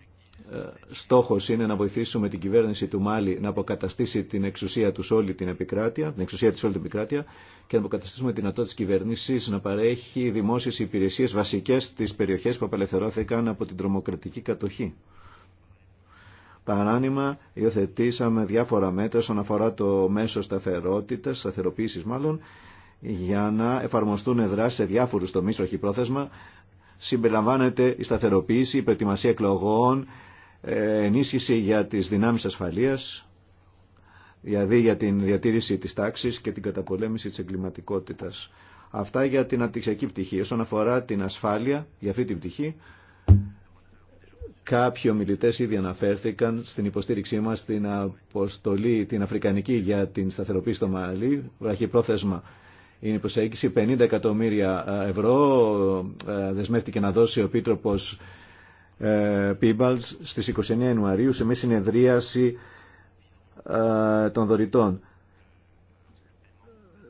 S2: Ε, στόχος είναι να βοηθήσουμε την κυβέρνηση του Μάλι να αποκαταστήσει την εξουσία του όλη την επικράτεια, την εξουσία της όλη την επικράτεια και να αποκαταστήσουμε τη δυνατότητα της κυβερνήσης να παρέχει δημόσιες υπηρεσίες βασικές στις περιοχές που απελευθερώθηκαν από την τρομοκρατική κατοχή. Παράνοιμα, υιοθετήσαμε διάφορα μέτρα όσον αφορά το μέσο σταθερότητα, σταθεροποίηση μάλλον, για να εφαρμοστούν δράσει σε διάφορου τομεί, όχι πρόθεσμα. Συμπεριλαμβάνεται η σταθεροποίηση, η προετοιμασία εκλογών, ε, ενίσχυση για τι δυνάμει ασφαλεία, δηλαδή για την διατήρηση τη τάξη και την καταπολέμηση τη εγκληματικότητα. Αυτά για την αναπτυξιακή πτυχή. Όσον αφορά την ασφάλεια, για αυτή την πτυχή, Κάποιοι ομιλητέ ήδη αναφέρθηκαν στην υποστήριξή μα στην αποστολή την Αφρικανική για την σταθεροποίηση στο Μαλί. πρόθεσμα είναι η προσέγγιση. 50 εκατομμύρια ευρώ ε, δεσμεύτηκε να δώσει ο Επίτροπο ε, Πίμπαλ στι 29 Ιανουαρίου σε μια συνεδρίαση ε, των δωρητών.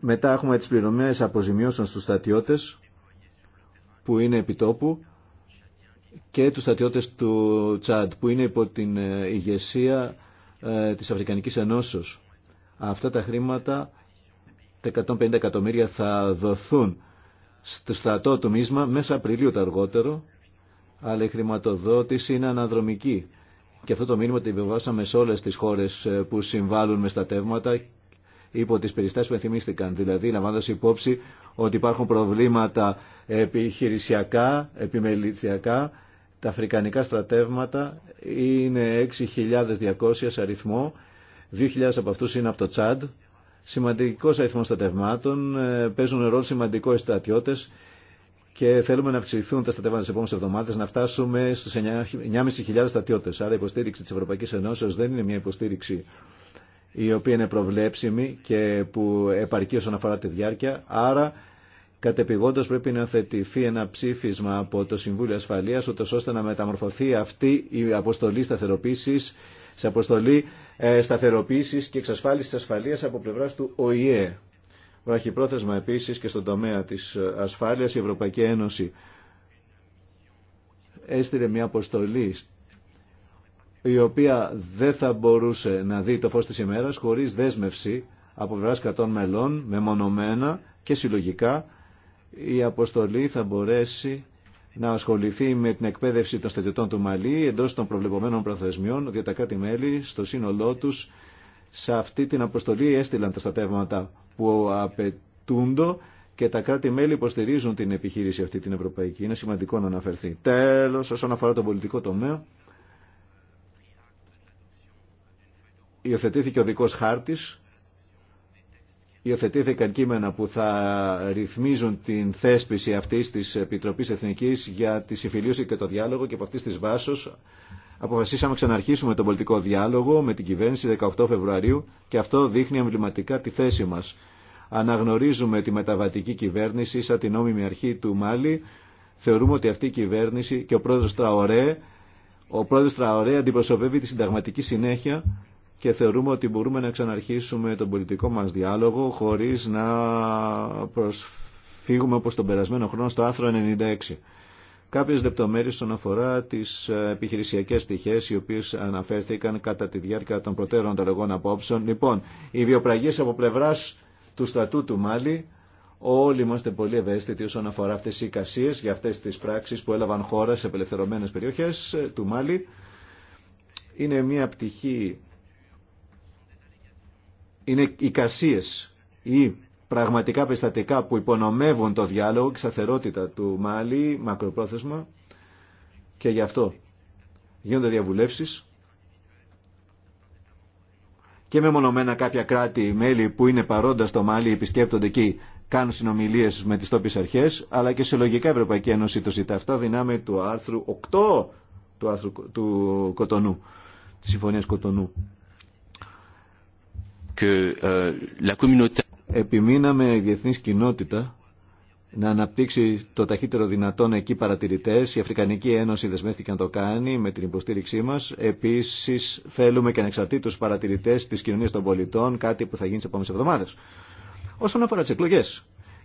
S2: Μετά έχουμε τις πληρωμές αποζημιώσεων στους στατιώτες που είναι επιτόπου και τους στρατιώτες του Τσάντ που είναι υπό την ε, ηγεσία ε, της Αφρικανικής Ενώσεως. Αυτά τα χρήματα, τα 150 εκατομμύρια θα δοθούν στο στρατό του Μίσμα μέσα Απριλίου το αργότερο, αλλά η χρηματοδότηση είναι αναδρομική. Και αυτό το μήνυμα το επιβάσαμε σε όλες τις χώρες ε, που συμβάλλουν με στατεύματα υπό τις περιστάσεις που ενθυμίστηκαν. Δηλαδή, λαμβάνοντας υπόψη ότι υπάρχουν προβλήματα επιχειρησιακά, επιμελητιακά, τα αφρικανικά στρατεύματα είναι 6.200 αριθμό, 2.000 από αυτούς είναι από το Τσάντ. Σημαντικός αριθμός στρατευμάτων, ε, παίζουν ρόλο σημαντικό οι στρατιώτες και θέλουμε να αυξηθούν τα στρατεύματα τις επόμενες εβδομάδες να φτάσουμε στους 9.500 στρατιώτε. Άρα η υποστήριξη της Ευρωπαϊκή Ενώσεω δεν είναι μια υποστήριξη η οποία είναι προβλέψιμη και που επαρκεί όσον αφορά τη διάρκεια. Άρα Κατεπηγόντω πρέπει να θετηθεί ένα ψήφισμα από το Συμβούλιο Ασφαλεία, ώστε να μεταμορφωθεί αυτή η αποστολή σταθεροποίηση σε αποστολή ε, σταθεροποίηση και εξασφάλιση τη ασφαλεία από πλευρά του ΟΗΕ. πρόθεσμα επίση και στον τομέα τη ε, ασφάλεια η Ευρωπαϊκή Ένωση έστειλε μια αποστολή η οποία δεν θα μπορούσε να δει το φως της ημέρας χωρίς δέσμευση από πλευράς κρατών μελών, μεμονωμένα και συλλογικά η αποστολή θα μπορέσει να ασχοληθεί με την εκπαίδευση των στρατιωτών του Μαλή εντός των προβλεπωμένων προθεσμιών, διότι τα κράτη-μέλη στο σύνολό τους σε αυτή την αποστολή έστειλαν τα στατεύματα που απαιτούντο και τα κράτη-μέλη υποστηρίζουν την επιχείρηση αυτή την ευρωπαϊκή. Είναι σημαντικό να αναφερθεί. Τέλος, όσον αφορά τον πολιτικό τομέα, υιοθετήθηκε ο δικός χάρτης υιοθετήθηκαν κείμενα που θα ρυθμίζουν την θέσπιση αυτή τη Επιτροπή Εθνική για τη συμφιλίωση και το διάλογο και από αυτή τη βάση αποφασίσαμε ξαναρχίσουμε τον πολιτικό διάλογο με την κυβέρνηση 18 Φεβρουαρίου και αυτό δείχνει εμβληματικά τη θέση μα. Αναγνωρίζουμε τη μεταβατική κυβέρνηση σαν την νόμιμη αρχή του Μάλι. Θεωρούμε ότι αυτή η κυβέρνηση και ο πρόεδρο ο πρόεδρο Τραωρέ αντιπροσωπεύει τη συνταγματική συνέχεια και θεωρούμε ότι μπορούμε να ξαναρχίσουμε τον πολιτικό μας διάλογο χωρίς να προσφύγουμε όπως τον περασμένο χρόνο στο άθρο 96. Κάποιες λεπτομέρειες στον αφορά τις επιχειρησιακές στοιχές οι οποίες αναφέρθηκαν κατά τη διάρκεια των προτέρων ανταλλαγών απόψεων. Λοιπόν, οι βιοπραγίες από πλευράς του στρατού του Μάλι Όλοι είμαστε πολύ ευαίσθητοι όσον αφορά αυτές οι εικασίες για αυτές τις πράξεις που έλαβαν χώρα σε απελευθερωμένες περιοχές του Μάλι. Είναι μια πτυχή είναι κασίες ή πραγματικά περιστατικά που υπονομεύουν το διάλογο και σταθερότητα του Μάλι μακροπρόθεσμα και γι' αυτό γίνονται διαβουλεύσεις και μεμονωμένα κάποια κράτη μέλη που είναι παρόντα στο Μάλι επισκέπτονται εκεί κάνουν συνομιλίε με τι τόπιε αρχέ, αλλά και συλλογικά η Ευρωπαϊκή Ένωση το ζητά αυτά δυνάμει του άρθρου 8 του, άρθρου, του Κοτονού, τη Συμφωνία Κοτονού que euh, la επιμείναμε η διεθνής κοινότητα να αναπτύξει το ταχύτερο δυνατόν εκεί παρατηρητέ. Η Αφρικανική Ένωση δεσμεύτηκε να το κάνει με την υποστήριξή μα. Επίση, θέλουμε και ανεξαρτήτου παρατηρητέ τη κοινωνία των πολιτών, κάτι που θα γίνει τι επόμενε εβδομάδε. Όσον αφορά τι εκλογέ.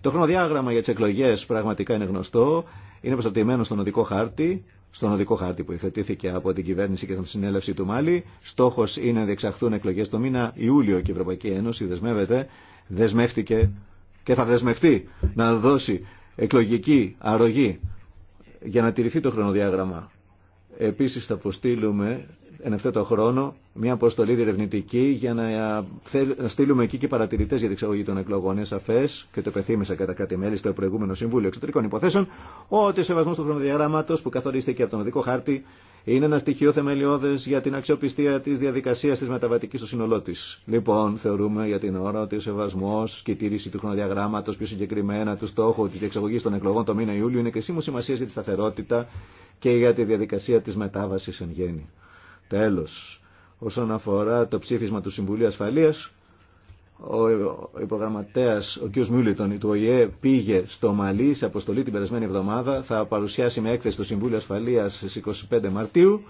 S2: Το χρονοδιάγραμμα για τι εκλογέ πραγματικά είναι γνωστό. Είναι προστατευμένο στον οδικό χάρτη στον οδικό χάρτη που υθετήθηκε από την κυβέρνηση και την συνέλευση του Μάλι. Στόχο είναι να διεξαχθούν εκλογέ το μήνα Ιούλιο και η Ευρωπαϊκή Ένωση δεσμεύεται, δεσμεύτηκε και θα δεσμευτεί να δώσει εκλογική αρρωγή για να τηρηθεί το χρονοδιάγραμμα. Επίσης θα αποστείλουμε εν ευθέτω χρόνο μια αποστολή διερευνητική για να, ε, στείλουμε εκεί και παρατηρητέ για την εξαγωγή των εκλογών. Είναι σαφέ και το επεθύμησα κατά κάτι μέλη στο προηγούμενο Συμβούλιο Εξωτερικών Υποθέσεων ότι ο σεβασμό του χρονοδιαγράμματο που καθορίστηκε από τον οδικό χάρτη είναι ένα στοιχείο θεμελιώδε για την αξιοπιστία τη διαδικασία τη μεταβατική στο σύνολό τη. Λοιπόν, θεωρούμε για την ώρα ότι ο σεβασμό και η τήρηση του χρονοδιαγράμματο, πιο συγκεκριμένα του στόχου τη διεξαγωγή των εκλογών το μήνα Ιούλιο, είναι σημασία για τη σταθερότητα και για τη διαδικασία τη μετάβαση εν γέννη. Τέλος, όσον αφορά το ψήφισμα του Συμβουλίου Ασφαλείας, ο υπογραμματέας ο κ. Μιούλιτον του ΟΗΕ, πήγε στο Μαλί σε αποστολή την περασμένη εβδομάδα. Θα παρουσιάσει με έκθεση το Συμβούλιο Ασφαλείας στις 25 Μαρτίου.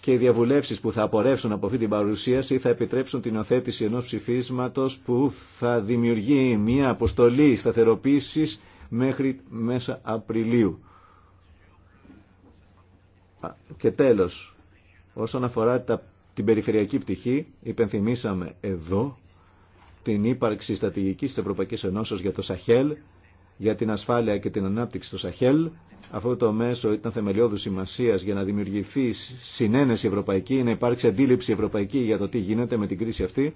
S2: Και οι διαβουλεύσεις που θα απορρεύσουν από αυτή την παρουσίαση θα επιτρέψουν την οθέτηση ενός ψηφίσματος που θα δημιουργεί μια αποστολή σταθεροποίηση μέχρι μέσα Απριλίου. Και τέλος, Όσον αφορά τα, την περιφερειακή πτυχή, υπενθυμίσαμε εδώ την ύπαρξη στρατηγικής της Ευρωπαϊκής Ενώσεως για το Σαχέλ, για την ασφάλεια και την ανάπτυξη στο Σαχέλ. Αυτό το μέσο ήταν θεμελιώδου σημασία για να δημιουργηθεί συνένεση ευρωπαϊκή, να υπάρξει αντίληψη ευρωπαϊκή για το τι γίνεται με την κρίση αυτή.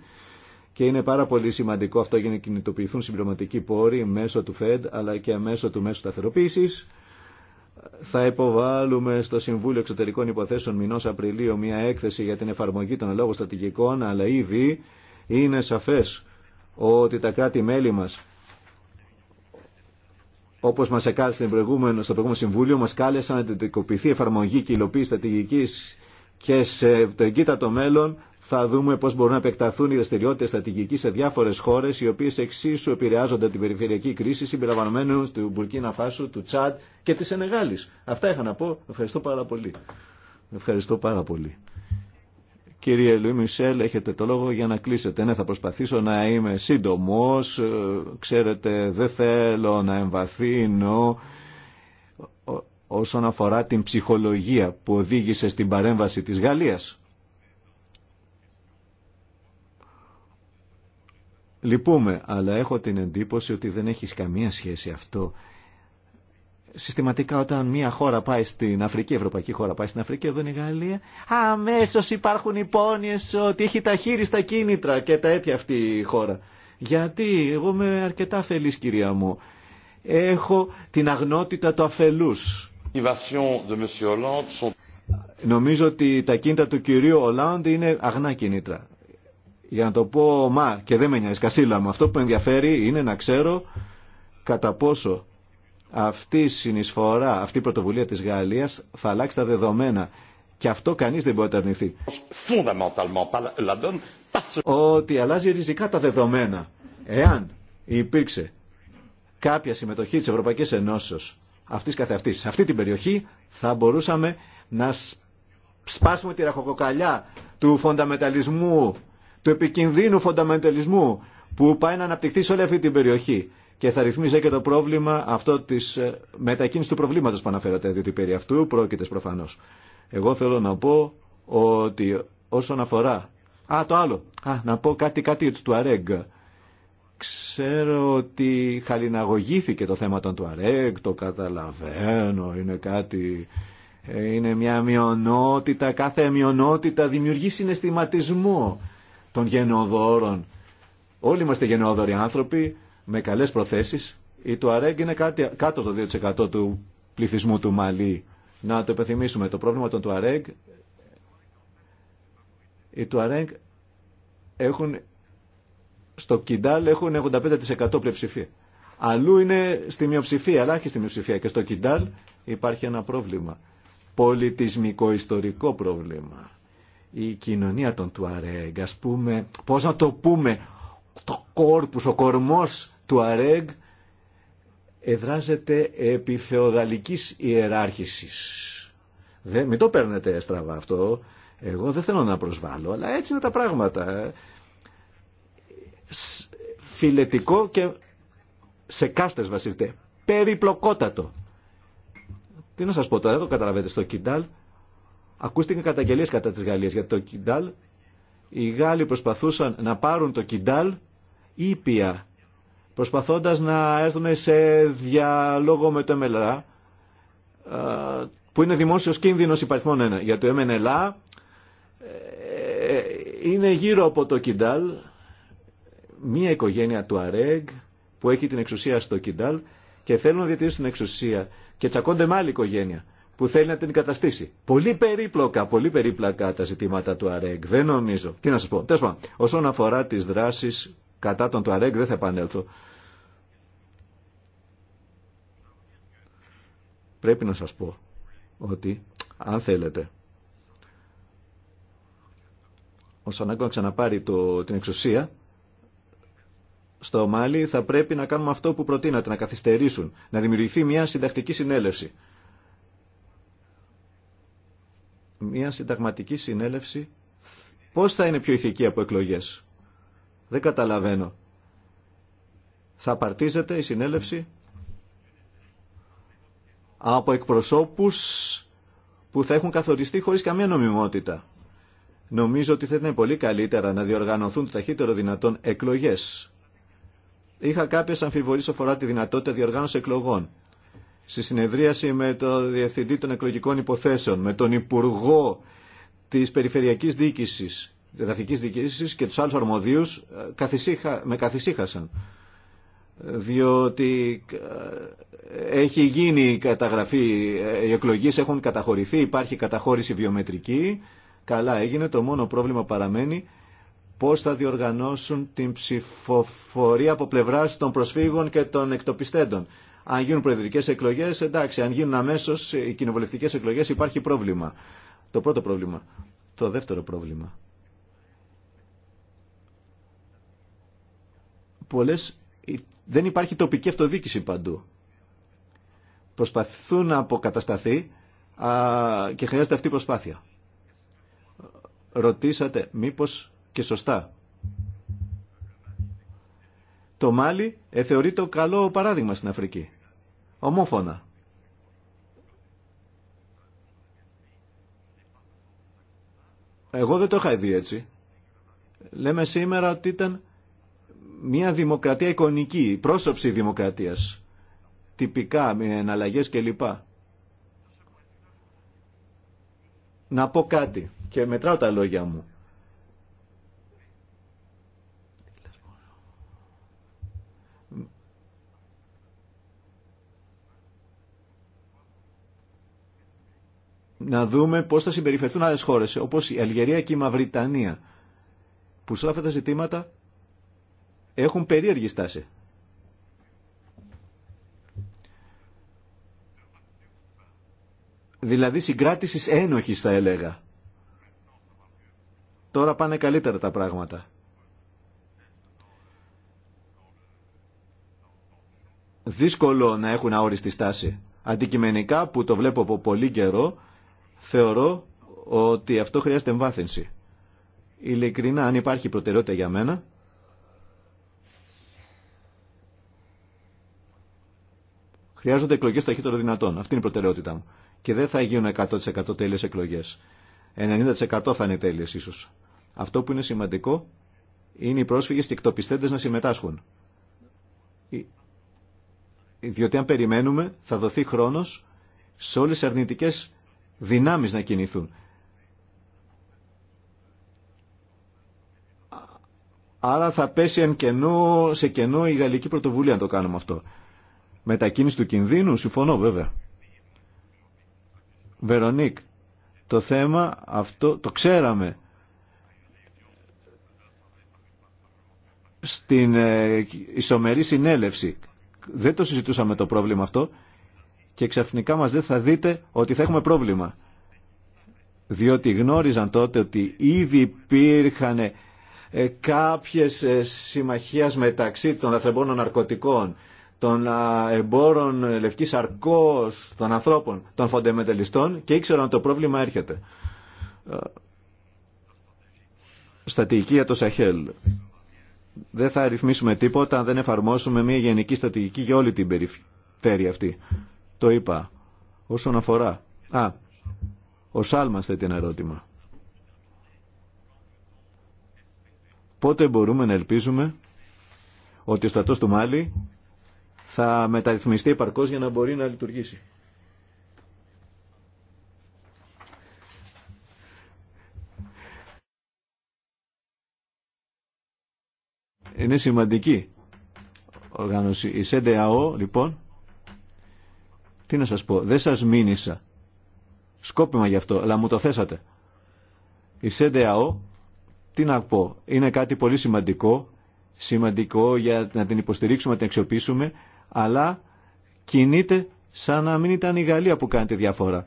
S2: Και είναι πάρα πολύ σημαντικό αυτό για να κινητοποιηθούν συμπληρωματικοί πόροι μέσω του ΦΕΔ αλλά και μέσω του μέσου σταθεροποίηση θα υποβάλουμε στο Συμβούλιο Εξωτερικών Υποθέσεων μηνό Απριλίου μια έκθεση για την εφαρμογή των λόγων στρατηγικών, αλλά ήδη είναι σαφές ότι τα κράτη-μέλη μας, όπως μας εκάλεσαν στο προηγούμενο Συμβούλιο, μας κάλεσαν να η εφαρμογή και υλοποίηση στρατηγικής και σε το εγκύτατο μέλλον θα δούμε πώ μπορούν να επεκταθούν οι δραστηριότητε στρατηγική σε διάφορε χώρε, οι οποίες εξίσου επηρεάζονται από την περιφερειακή κρίση συμπεριλαμβανομένου του Μπουρκίνα Φάσου, του Τσάντ και τη Σενεγάλης. Αυτά είχα να πω. Ευχαριστώ πάρα πολύ. Ευχαριστώ πάρα πολύ. Κύριε Λουί Μισελ, έχετε το λόγο για να κλείσετε. Ναι, θα προσπαθήσω να είμαι σύντομο. Ε, ξέρετε, δεν θέλω να εμβαθύνω ε, όσον αφορά την ψυχολογία που οδήγησε στην παρέμβαση της Γαλλίας Λυπούμε, αλλά έχω την εντύπωση ότι δεν έχει καμία σχέση αυτό. Συστηματικά όταν μια χώρα πάει στην Αφρική, ευρωπαϊκή χώρα πάει στην Αφρική, εδώ είναι η Γαλλία, αμέσως υπάρχουν υπόνοιες ότι έχει τα στα κίνητρα και τα έτια αυτή η χώρα. Γιατί εγώ είμαι αρκετά αφελής, κυρία μου. Έχω την αγνότητα του αφελούς. Νομίζω ότι τα κίνητρα του κυρίου Ολάντ είναι αγνά κίνητρα για να το πω μα και δεν με νοιάζει κασίλα μου. Αυτό που με ενδιαφέρει είναι να ξέρω κατά πόσο αυτή η συνεισφορά, αυτή η πρωτοβουλία της Γαλλίας θα αλλάξει τα δεδομένα. Και αυτό κανείς δεν μπορεί να αρνηθεί. Ότι αλλάζει ριζικά τα δεδομένα. Εάν υπήρξε κάποια συμμετοχή της Ευρωπαϊκής Ενώσεως αυτής καθεαυτής σε αυτή την περιοχή θα μπορούσαμε να σπάσουμε τη ραχοκοκαλιά του φονταμεταλισμού του επικινδύνου φονταμεντελισμού που πάει να αναπτυχθεί σε όλη αυτή την περιοχή. Και θα ρυθμίζει και το πρόβλημα αυτό τη ε, μετακίνηση του προβλήματο που αναφέρατε, διότι περί αυτού πρόκειται προφανώ. Εγώ θέλω να πω ότι όσον αφορά. Α, το άλλο. Α, να πω κάτι, κάτι του Αρέγ. Ξέρω ότι χαλιναγωγήθηκε το θέμα των του Αρέγ, το καταλαβαίνω, είναι κάτι. Ε, είναι μια μειονότητα, κάθε μειονότητα δημιουργεί συναισθηματισμό των γενναιοδόρων. Όλοι είμαστε γενναιόδοροι άνθρωποι με καλές προθέσεις. Η τουαρέγκ είναι κάτι, κάτω το 2% του πληθυσμού του Μαλή. Να το επιθυμίσουμε. Το πρόβλημα των Τουαρέγ οι Τουαρέγ έχουν στο Κιντάλ έχουν 85% πλειοψηφία. Αλλού είναι στη μειοψηφία, αλλά έχει στη μειοψηφία. Και στο Κιντάλ υπάρχει ένα πρόβλημα. Πολιτισμικό-ιστορικό πρόβλημα η κοινωνία των Τουαρέγ, ας πούμε, πώς να το πούμε, το κόρπους, ο κορμός του Αρέγ εδράζεται επί θεοδαλικής ιεράρχησης. Δεν, μην το παίρνετε έστραβα αυτό, εγώ δεν θέλω να προσβάλλω, αλλά έτσι είναι τα πράγματα. Φιλετικό και σε κάστες βασίζεται. Περιπλοκότατο. Τι να σας πω το δεν το καταλαβαίνετε στο Κιντάλ. Ακούστηκαν καταγγελίε κατά τη Γαλλία για το Κιντάλ. Οι Γάλλοι προσπαθούσαν να πάρουν το Κιντάλ ήπια, προσπαθώντα να έρθουν σε διαλόγο με το MLA, που είναι δημόσιο κίνδυνο υπαριθμών 1. Για το MNLA ε, είναι γύρω από το Κιντάλ μία οικογένεια του ΑΡΕΓ που έχει την εξουσία στο Κιντάλ και θέλουν να διατηρήσουν την εξουσία και τσακώνται με άλλη οικογένεια που θέλει να την καταστήσει Πολύ περίπλοκα, πολύ περίπλακα τα ζητήματα του ΑΡΕΚ. Δεν νομίζω. Τι να σα πω. Τέλο όσον αφορά τι δράσει κατά τον του ΑΡΕΚ, δεν θα επανέλθω. Πρέπει να σας πω ότι αν θέλετε ο Σανάκο να ξαναπάρει το, την εξουσία στο Μάλι θα πρέπει να κάνουμε αυτό που προτείνατε, να καθυστερήσουν, να δημιουργηθεί μια συντακτική συνέλευση μια συνταγματική συνέλευση πώς θα είναι πιο ηθική από εκλογές. Δεν καταλαβαίνω. Θα απαρτίζεται η συνέλευση από εκπροσώπους που θα έχουν καθοριστεί χωρίς καμία νομιμότητα. Νομίζω ότι θα ήταν πολύ καλύτερα να διοργανωθούν το ταχύτερο δυνατόν εκλογές. Είχα κάποιες αμφιβολίες αφορά τη δυνατότητα διοργάνωση εκλογών στη συνεδρίαση με το Διευθυντή των Εκλογικών Υποθέσεων, με τον Υπουργό της Περιφερειακής Διοίκησης, Εδαφικής Διοίκησης και του άλλους αρμοδίους, ε, με καθησύχασαν. Διότι ε, έχει γίνει η καταγραφή, ε, οι εκλογέ έχουν καταχωρηθεί, υπάρχει καταχώρηση βιομετρική, καλά έγινε, το μόνο πρόβλημα παραμένει πώς θα διοργανώσουν την ψηφοφορία από πλευράς των προσφύγων και των εκτοπιστέντων. Αν γίνουν προεδρικέ εκλογέ, εντάξει. Αν γίνουν αμέσω οι κοινοβουλευτικέ εκλογέ, υπάρχει πρόβλημα. Το πρώτο πρόβλημα. Το δεύτερο πρόβλημα. Πολλές... Δεν υπάρχει τοπική αυτοδίκηση παντού. Προσπαθούν να αποκατασταθεί α, και χρειάζεται αυτή η προσπάθεια. Ρωτήσατε μήπως και σωστά το Μάλι εθεωρεί το καλό παράδειγμα στην Αφρική. Ομόφωνα. Εγώ δεν το είχα δει έτσι. Λέμε σήμερα ότι ήταν μια δημοκρατία εικονική, πρόσωψη δημοκρατίας. Τυπικά, με εναλλαγές κλπ. Να πω κάτι και μετράω τα λόγια μου. να δούμε πώς θα συμπεριφερθούν άλλε χώρες, όπως η Αλγερία και η Μαυριτανία, που σε όλα αυτά τα ζητήματα έχουν περίεργη στάση. Δηλαδή συγκράτηση ένοχή θα έλεγα. Τώρα πάνε καλύτερα τα πράγματα. Δύσκολο να έχουν αόριστη στάση. Αντικειμενικά που το βλέπω από πολύ καιρό, θεωρώ ότι αυτό χρειάζεται εμβάθυνση. Ειλικρινά, αν υπάρχει προτεραιότητα για μένα, χρειάζονται εκλογές ταχύτερο δυνατόν. Αυτή είναι η προτεραιότητά μου. Και δεν θα γίνουν 100% τέλειες εκλογές. 90% θα είναι τέλειες ίσως. Αυτό που είναι σημαντικό είναι οι πρόσφυγες και εκτοπιστέντες να συμμετάσχουν. Διότι αν περιμένουμε θα δοθεί χρόνος σε όλες τις αρνητικές δυνάμεις να κινηθούν. Άρα θα πέσει εν κενό, σε κενό η γαλλική πρωτοβουλία να το κάνουμε αυτό. Μετακίνηση του κινδύνου, συμφωνώ βέβαια. Βερονίκ, το θέμα αυτό το ξέραμε. Στην ε, ισομερή συνέλευση δεν το συζητούσαμε το πρόβλημα αυτό και ξαφνικά μας δεν θα δείτε ότι θα έχουμε πρόβλημα. Διότι γνώριζαν τότε ότι ήδη υπήρχαν ε, κάποιες ε, συμμαχίες μεταξύ των λαθρεμπόρων ναρκωτικών, των εμπόρων ε, λευκής αρκός, των ανθρώπων, των φοντεμετελιστών και ήξεραν ότι το πρόβλημα έρχεται. Στατική για το Σαχέλ. Δεν θα ρυθμίσουμε τίποτα αν δεν εφαρμόσουμε μια γενική στατική για όλη την περιφέρεια αυτή το είπα. Όσον αφορά... Α, ο Σάλμας θέτει ένα ερώτημα. Πότε μπορούμε να ελπίζουμε ότι ο στρατός του Μάλι θα μεταρρυθμιστεί παρκώς για να μπορεί να λειτουργήσει. Είναι σημαντική οργάνωση. Η ΣΕΝΤΕΑΟ, λοιπόν, τι να σας πω, δεν σας μήνυσα. Σκόπιμα γι' αυτό, αλλά μου το θέσατε. Η ΣΕΔΕΑΟ, τι να πω, είναι κάτι πολύ σημαντικό, σημαντικό για να την υποστηρίξουμε, να την αξιοποιήσουμε, αλλά κινείται σαν να μην ήταν η Γαλλία που κάνει τη διαφορά.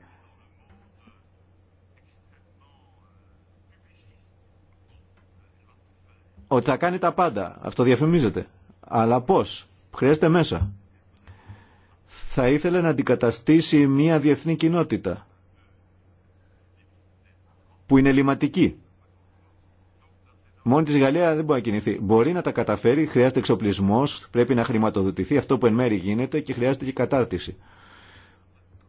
S2: Ότι θα κάνει τα πάντα, αυτό διαφημίζεται. Αλλά πώς, χρειάζεται μέσα θα ήθελε να αντικαταστήσει μια διεθνή κοινότητα που είναι λιματική. Μόνη τη Γαλλία δεν μπορεί να κινηθεί. Μπορεί να τα καταφέρει, χρειάζεται εξοπλισμός, πρέπει να χρηματοδοτηθεί αυτό που εν μέρει γίνεται και χρειάζεται και κατάρτιση.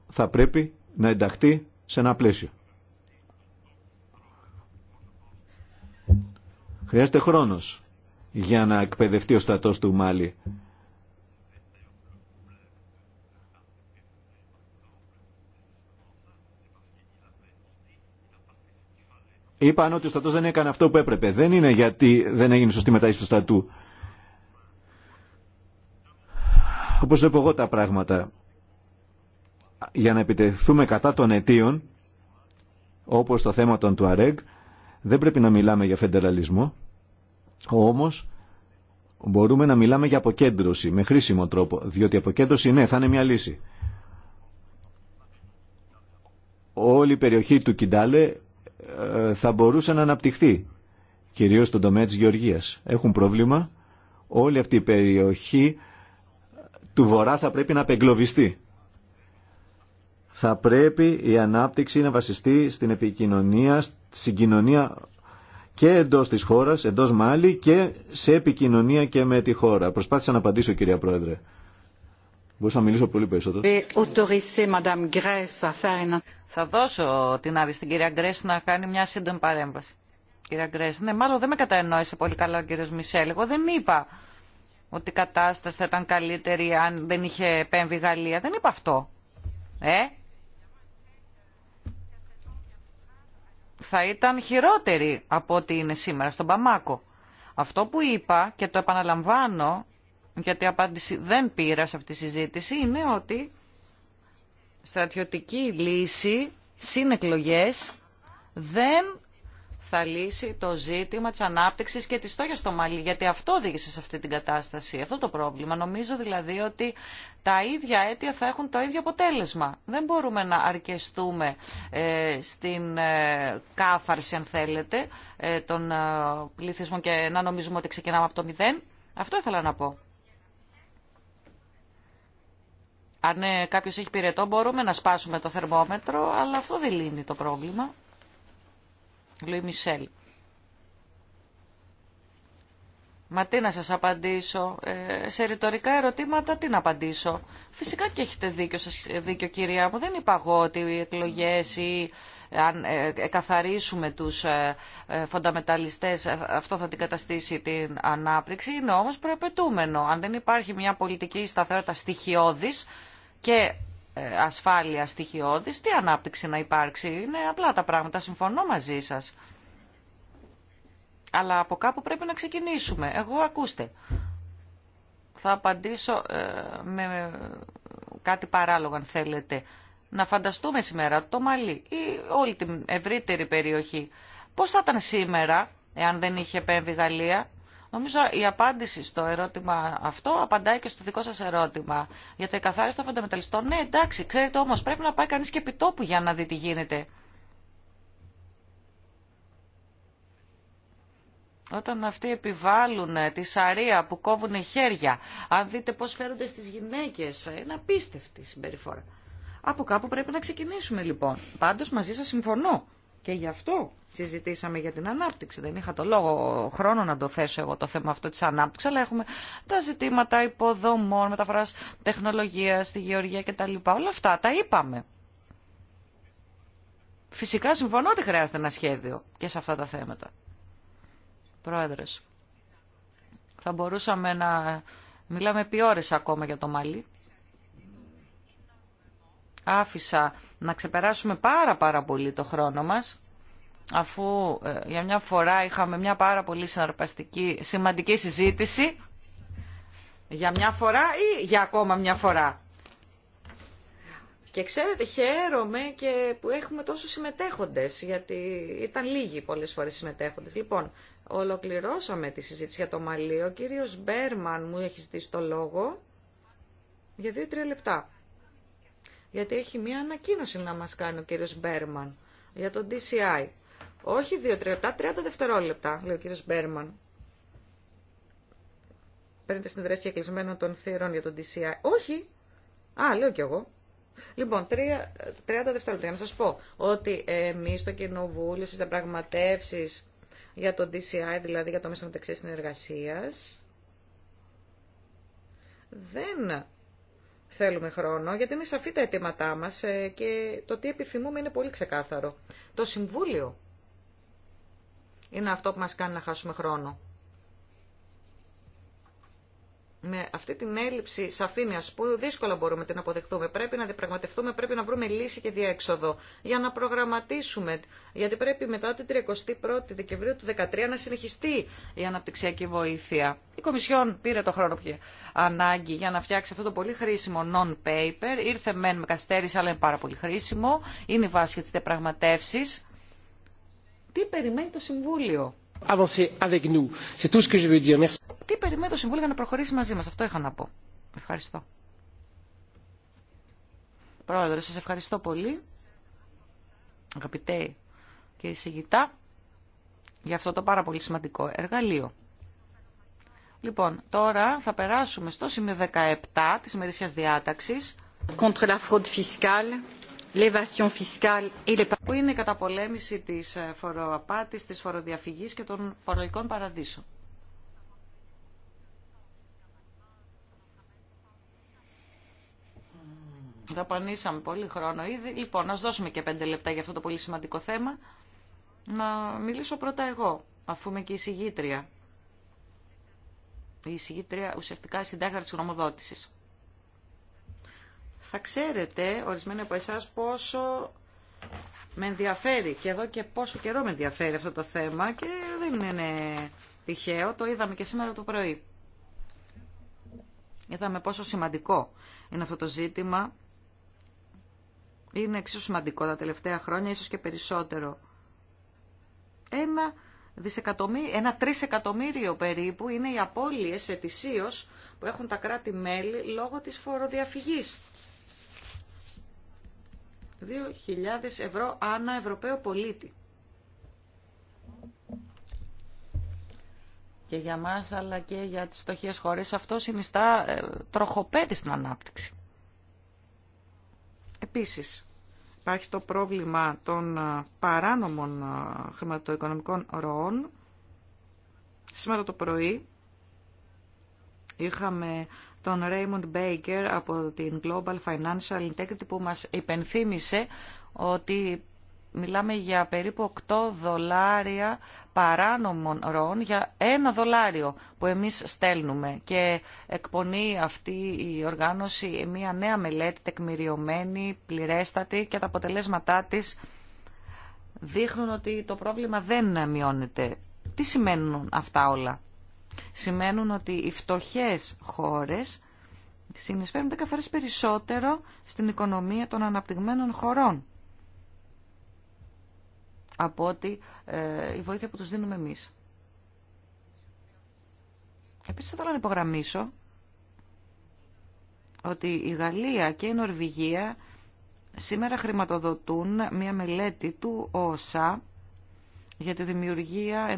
S2: Θα πρέπει να ενταχθεί σε ένα πλαίσιο. Χρειάζεται χρόνος για να εκπαιδευτεί ο στρατός του Μάλι είπαν ότι ο στρατό δεν έκανε αυτό που έπρεπε. Δεν είναι γιατί δεν έγινε σωστή μετάχυση του στρατού. Όπω λέω εγώ τα πράγματα. Για να επιτεθούμε κατά των αιτίων, όπως το θέμα των του ΑΡΕΚ δεν πρέπει να μιλάμε για φεντεραλισμό, όμως μπορούμε να μιλάμε για αποκέντρωση με χρήσιμο τρόπο, διότι η αποκέντρωση ναι θα είναι μια λύση. Όλη η περιοχή του Κιντάλε θα μπορούσε να αναπτυχθεί, κυρίως στον τομέα της γεωργίας. Έχουν πρόβλημα, όλη αυτή η περιοχή του βορρά θα πρέπει να απεγκλωβιστεί. Θα πρέπει η ανάπτυξη να βασιστεί στην επικοινωνία, στην συγκοινωνία και εντός της χώρας, εντός Μάλι και σε επικοινωνία και με τη χώρα. Προσπάθησα να απαντήσω κυρία Πρόεδρε. Μπορούσα να μιλήσω πολύ
S4: Θα δώσω την άδεια στην κυρία Γκρέσ να κάνει μια σύντομη παρέμβαση. Κυρία Γκρέσ, ναι, μάλλον δεν με κατανόησε πολύ καλά ο κύριο Μισελ. Εγώ δεν είπα ότι η κατάσταση θα ήταν καλύτερη αν δεν είχε επέμβει η Γαλλία. Δεν είπα αυτό. Ε? Θα ήταν χειρότερη από ό,τι είναι σήμερα στον Παμάκο. Αυτό που είπα και το επαναλαμβάνω γιατί απάντηση δεν πήρα σε αυτή τη συζήτηση, είναι ότι στρατιωτική λύση συνεκλογές δεν θα λύσει το ζήτημα της ανάπτυξης και της στόχιας στο Μαλί, γιατί αυτό οδήγησε σε αυτή την κατάσταση, αυτό το πρόβλημα. Νομίζω δηλαδή ότι τα ίδια αίτια θα έχουν το ίδιο αποτέλεσμα. Δεν μπορούμε να αρκεστούμε ε, στην ε, κάθαρση, αν θέλετε, ε, των ε, πληθυσμών και να νομίζουμε ότι ξεκινάμε από το μηδέν. Αυτό ήθελα να πω. Αν ε, κάποιο έχει πυρετό μπορούμε να σπάσουμε το θερμόμετρο, αλλά αυτό δεν λύνει το πρόβλημα. Λουί Μισελ. Μα τι να σας απαντήσω, ε, σε ρητορικά ερωτήματα τι να απαντήσω. Φυσικά και έχετε δίκιο, σας, ε, δίκιο κυρία μου, δεν είπα εγώ ότι οι εκλογές ή ε, αν εκαθαρίσουμε ε, τους φονταμεταλιστές αυτό θα την καταστήσει την ανάπτυξη, είναι όμως προεπαιτούμενο. Αν δεν υπάρχει μια πολιτική σταθερότητα στοιχειώδης, και ε, ασφάλεια στοιχειώδης, τι ανάπτυξη να υπάρξει. Είναι απλά τα πράγματα, συμφωνώ μαζί σας. Αλλά από κάπου πρέπει να ξεκινήσουμε. Εγώ, ακούστε, θα απαντήσω ε, με κάτι παράλογο αν θέλετε. Να φανταστούμε σήμερα το Μαλί ή όλη την ευρύτερη περιοχή. Πώς θα ήταν σήμερα, εάν δεν είχε επέμβει η Γαλλία, Νομίζω η απάντηση στο ερώτημα αυτό απαντάει και στο δικό σας ερώτημα. Για το εκαθάριστο φανταμεταλιστών, ναι εντάξει, ξέρετε όμως πρέπει να πάει κανεί και επιτόπου για να δει τι γίνεται. Όταν αυτοί επιβάλλουν ε, τη σαρία που κόβουν χέρια, αν δείτε πώς φέρονται στις γυναίκες, ε, είναι απίστευτη συμπεριφορά. Από κάπου πρέπει να ξεκινήσουμε λοιπόν. Πάντως μαζί σας συμφωνώ και γι' αυτό συζητήσαμε για την ανάπτυξη. Δεν είχα το λόγο χρόνο να το θέσω εγώ το θέμα αυτό της ανάπτυξης, αλλά έχουμε τα ζητήματα υποδομών, μεταφοράς τεχνολογίας στη γεωργία κτλ. Όλα αυτά τα είπαμε. Φυσικά συμφωνώ ότι χρειάζεται ένα σχέδιο και σε αυτά τα θέματα. Πρόεδρος, θα μπορούσαμε να μιλάμε επί ώρες ακόμα για το Μαλί. Άφησα να ξεπεράσουμε πάρα πάρα πολύ το χρόνο μας αφού ε, για μια φορά είχαμε μια πάρα πολύ συναρπαστική, σημαντική συζήτηση για μια φορά ή για ακόμα μια φορά. Και ξέρετε, χαίρομαι και που έχουμε τόσους συμμετέχοντες, γιατί ήταν λίγοι πολλές φορές συμμετέχοντες. Λοιπόν, ολοκληρώσαμε τη συζήτηση για το Μαλί. Ο κύριος Μπέρμαν μου έχει ζητήσει το λόγο για δύο-τρία λεπτά. Γιατί έχει μία ανακοίνωση να μας κάνει ο κύριος Μπέρμαν για το DCI οχι δύο 2-3 λεπτά, 30 δευτερόλεπτα, λέει ο κύριο Μπέρμαν. Παίρνετε συνδρές και κλεισμένο των θήρων για τον DCI. Όχι. Α, λέω κι εγώ. Λοιπόν, 30 δευτερόλεπτα να σας πω ότι εμείς στο Κοινοβούλιο στις διαπραγματεύσει για το DCI, δηλαδή για το μέσο μεταξύ συνεργασίας, δεν θέλουμε χρόνο, γιατί είναι σαφή τα αιτήματά μας ε, και το τι επιθυμούμε είναι πολύ ξεκάθαρο. Το Συμβούλιο είναι αυτό που μας κάνει να χάσουμε χρόνο. Με αυτή την έλλειψη σαφήνεια που δύσκολα μπορούμε την αποδεχτούμε, πρέπει να διαπραγματευτούμε, πρέπει να βρούμε λύση και διέξοδο για να προγραμματίσουμε, γιατί πρέπει μετά την 31η Δεκεμβρίου του 2013 να συνεχιστεί η αναπτυξιακή βοήθεια. Η Κομισιόν πήρε το χρόνο που ανάγκη για να φτιάξει αυτό το πολύ χρήσιμο non-paper, ήρθε μεν με καθυστέρηση αλλά είναι πάρα πολύ χρήσιμο, είναι η βάση για τι τι περιμένει το Συμβούλιο. Avec nous. Tout ce que je veux dire. Merci. Τι περιμένει το Συμβούλιο για να προχωρήσει μαζί μας. Αυτό είχα να πω. Ευχαριστώ. Πρόεδρε, σας ευχαριστώ πολύ. Αγαπητέ και εισηγητά, για αυτό το πάρα πολύ σημαντικό εργαλείο. Λοιπόν, τώρα θα περάσουμε στο σημείο 17 της ημερησίας διάταξης. Contre la fraude fiscale που είναι η καταπολέμηση της ε, φοροαπάτης, της φοροδιαφυγής και των φορολογικών παραδείσων. Δαπανίσαμε πολύ χρόνο ήδη. Λοιπόν, ας δώσουμε και πέντε λεπτά για αυτό το πολύ σημαντικό θέμα. Να μιλήσω πρώτα εγώ, αφού είμαι και η συγγήτρια. Η συγγήτρια ουσιαστικά συντάγρα της γνωμοδότησης. Θα ξέρετε, ορισμένοι από εσάς, πόσο με ενδιαφέρει και εδώ και πόσο καιρό με ενδιαφέρει αυτό το θέμα και δεν είναι τυχαίο, το είδαμε και σήμερα το πρωί. Είδαμε πόσο σημαντικό είναι αυτό το ζήτημα. Είναι εξίσου σημαντικό τα τελευταία χρόνια, ίσως και περισσότερο. Ένα, δισεκατομμύριο, ένα τρισεκατομμύριο περίπου είναι οι απώλειες ετησίως που έχουν τα κράτη-μέλη λόγω της φοροδιαφυγής 2.000 ευρώ ανά Ευρωπαίο πολίτη. Και για μας αλλά και για τις στοχές χώρες αυτό συνιστά ε, τροχοπέδι στην ανάπτυξη. Επίσης, υπάρχει το πρόβλημα των ε, παράνομων ε, χρηματοοικονομικών ροών. Σήμερα το πρωί είχαμε τον Raymond Baker από την Global Financial Integrity που μας υπενθύμησε ότι μιλάμε για περίπου 8 δολάρια παράνομων ροών για ένα δολάριο που εμείς στέλνουμε και εκπονεί αυτή η οργάνωση μια νέα μελέτη τεκμηριωμένη, πληρέστατη και τα αποτελέσματά της δείχνουν ότι το πρόβλημα δεν μειώνεται. Τι σημαίνουν αυτά όλα σημαίνουν ότι οι φτωχές χώρες συνεισφέρουν 10 φορές περισσότερο στην οικονομία των αναπτυγμένων χωρών από ότι ε, η βοήθεια που τους δίνουμε εμείς. Επίσης θα ήθελα να υπογραμμίσω ότι η Γαλλία και η Νορβηγία σήμερα χρηματοδοτούν μια μελέτη του ΟΣΑ για τη δημιουργία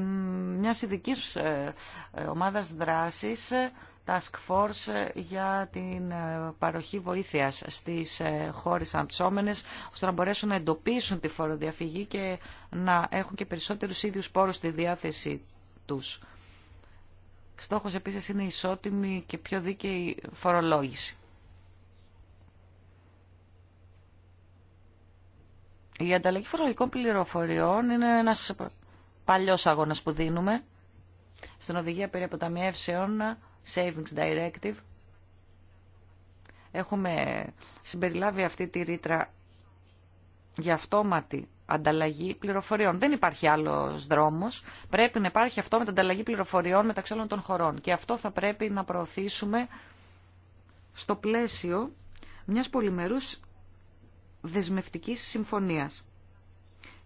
S4: μιας ειδική ε, ε, ομάδας δράσης ε, Task Force για την παροχή βοήθειας στις χώρες αμψόμενες ώστε να μπορέσουν να εντοπίσουν τη φοροδιαφυγή και να έχουν και περισσότερους ίδιους πόρους στη διάθεση τους. Στόχος επίσης είναι η ισότιμη και πιο δίκαιη φορολόγηση. Η ανταλλαγή φορολογικών πληροφοριών είναι ένας παλιός αγώνας που δίνουμε στην οδηγία περί αποταμιεύσεων Savings Directive. Έχουμε συμπεριλάβει αυτή τη ρήτρα για αυτόματη ανταλλαγή πληροφοριών. Δεν υπάρχει άλλος δρόμος. Πρέπει να υπάρχει την ανταλλαγή πληροφοριών μεταξύ όλων των χωρών. Και αυτό θα πρέπει να προωθήσουμε στο πλαίσιο μιας πολυμερούς δεσμευτικής συμφωνίας.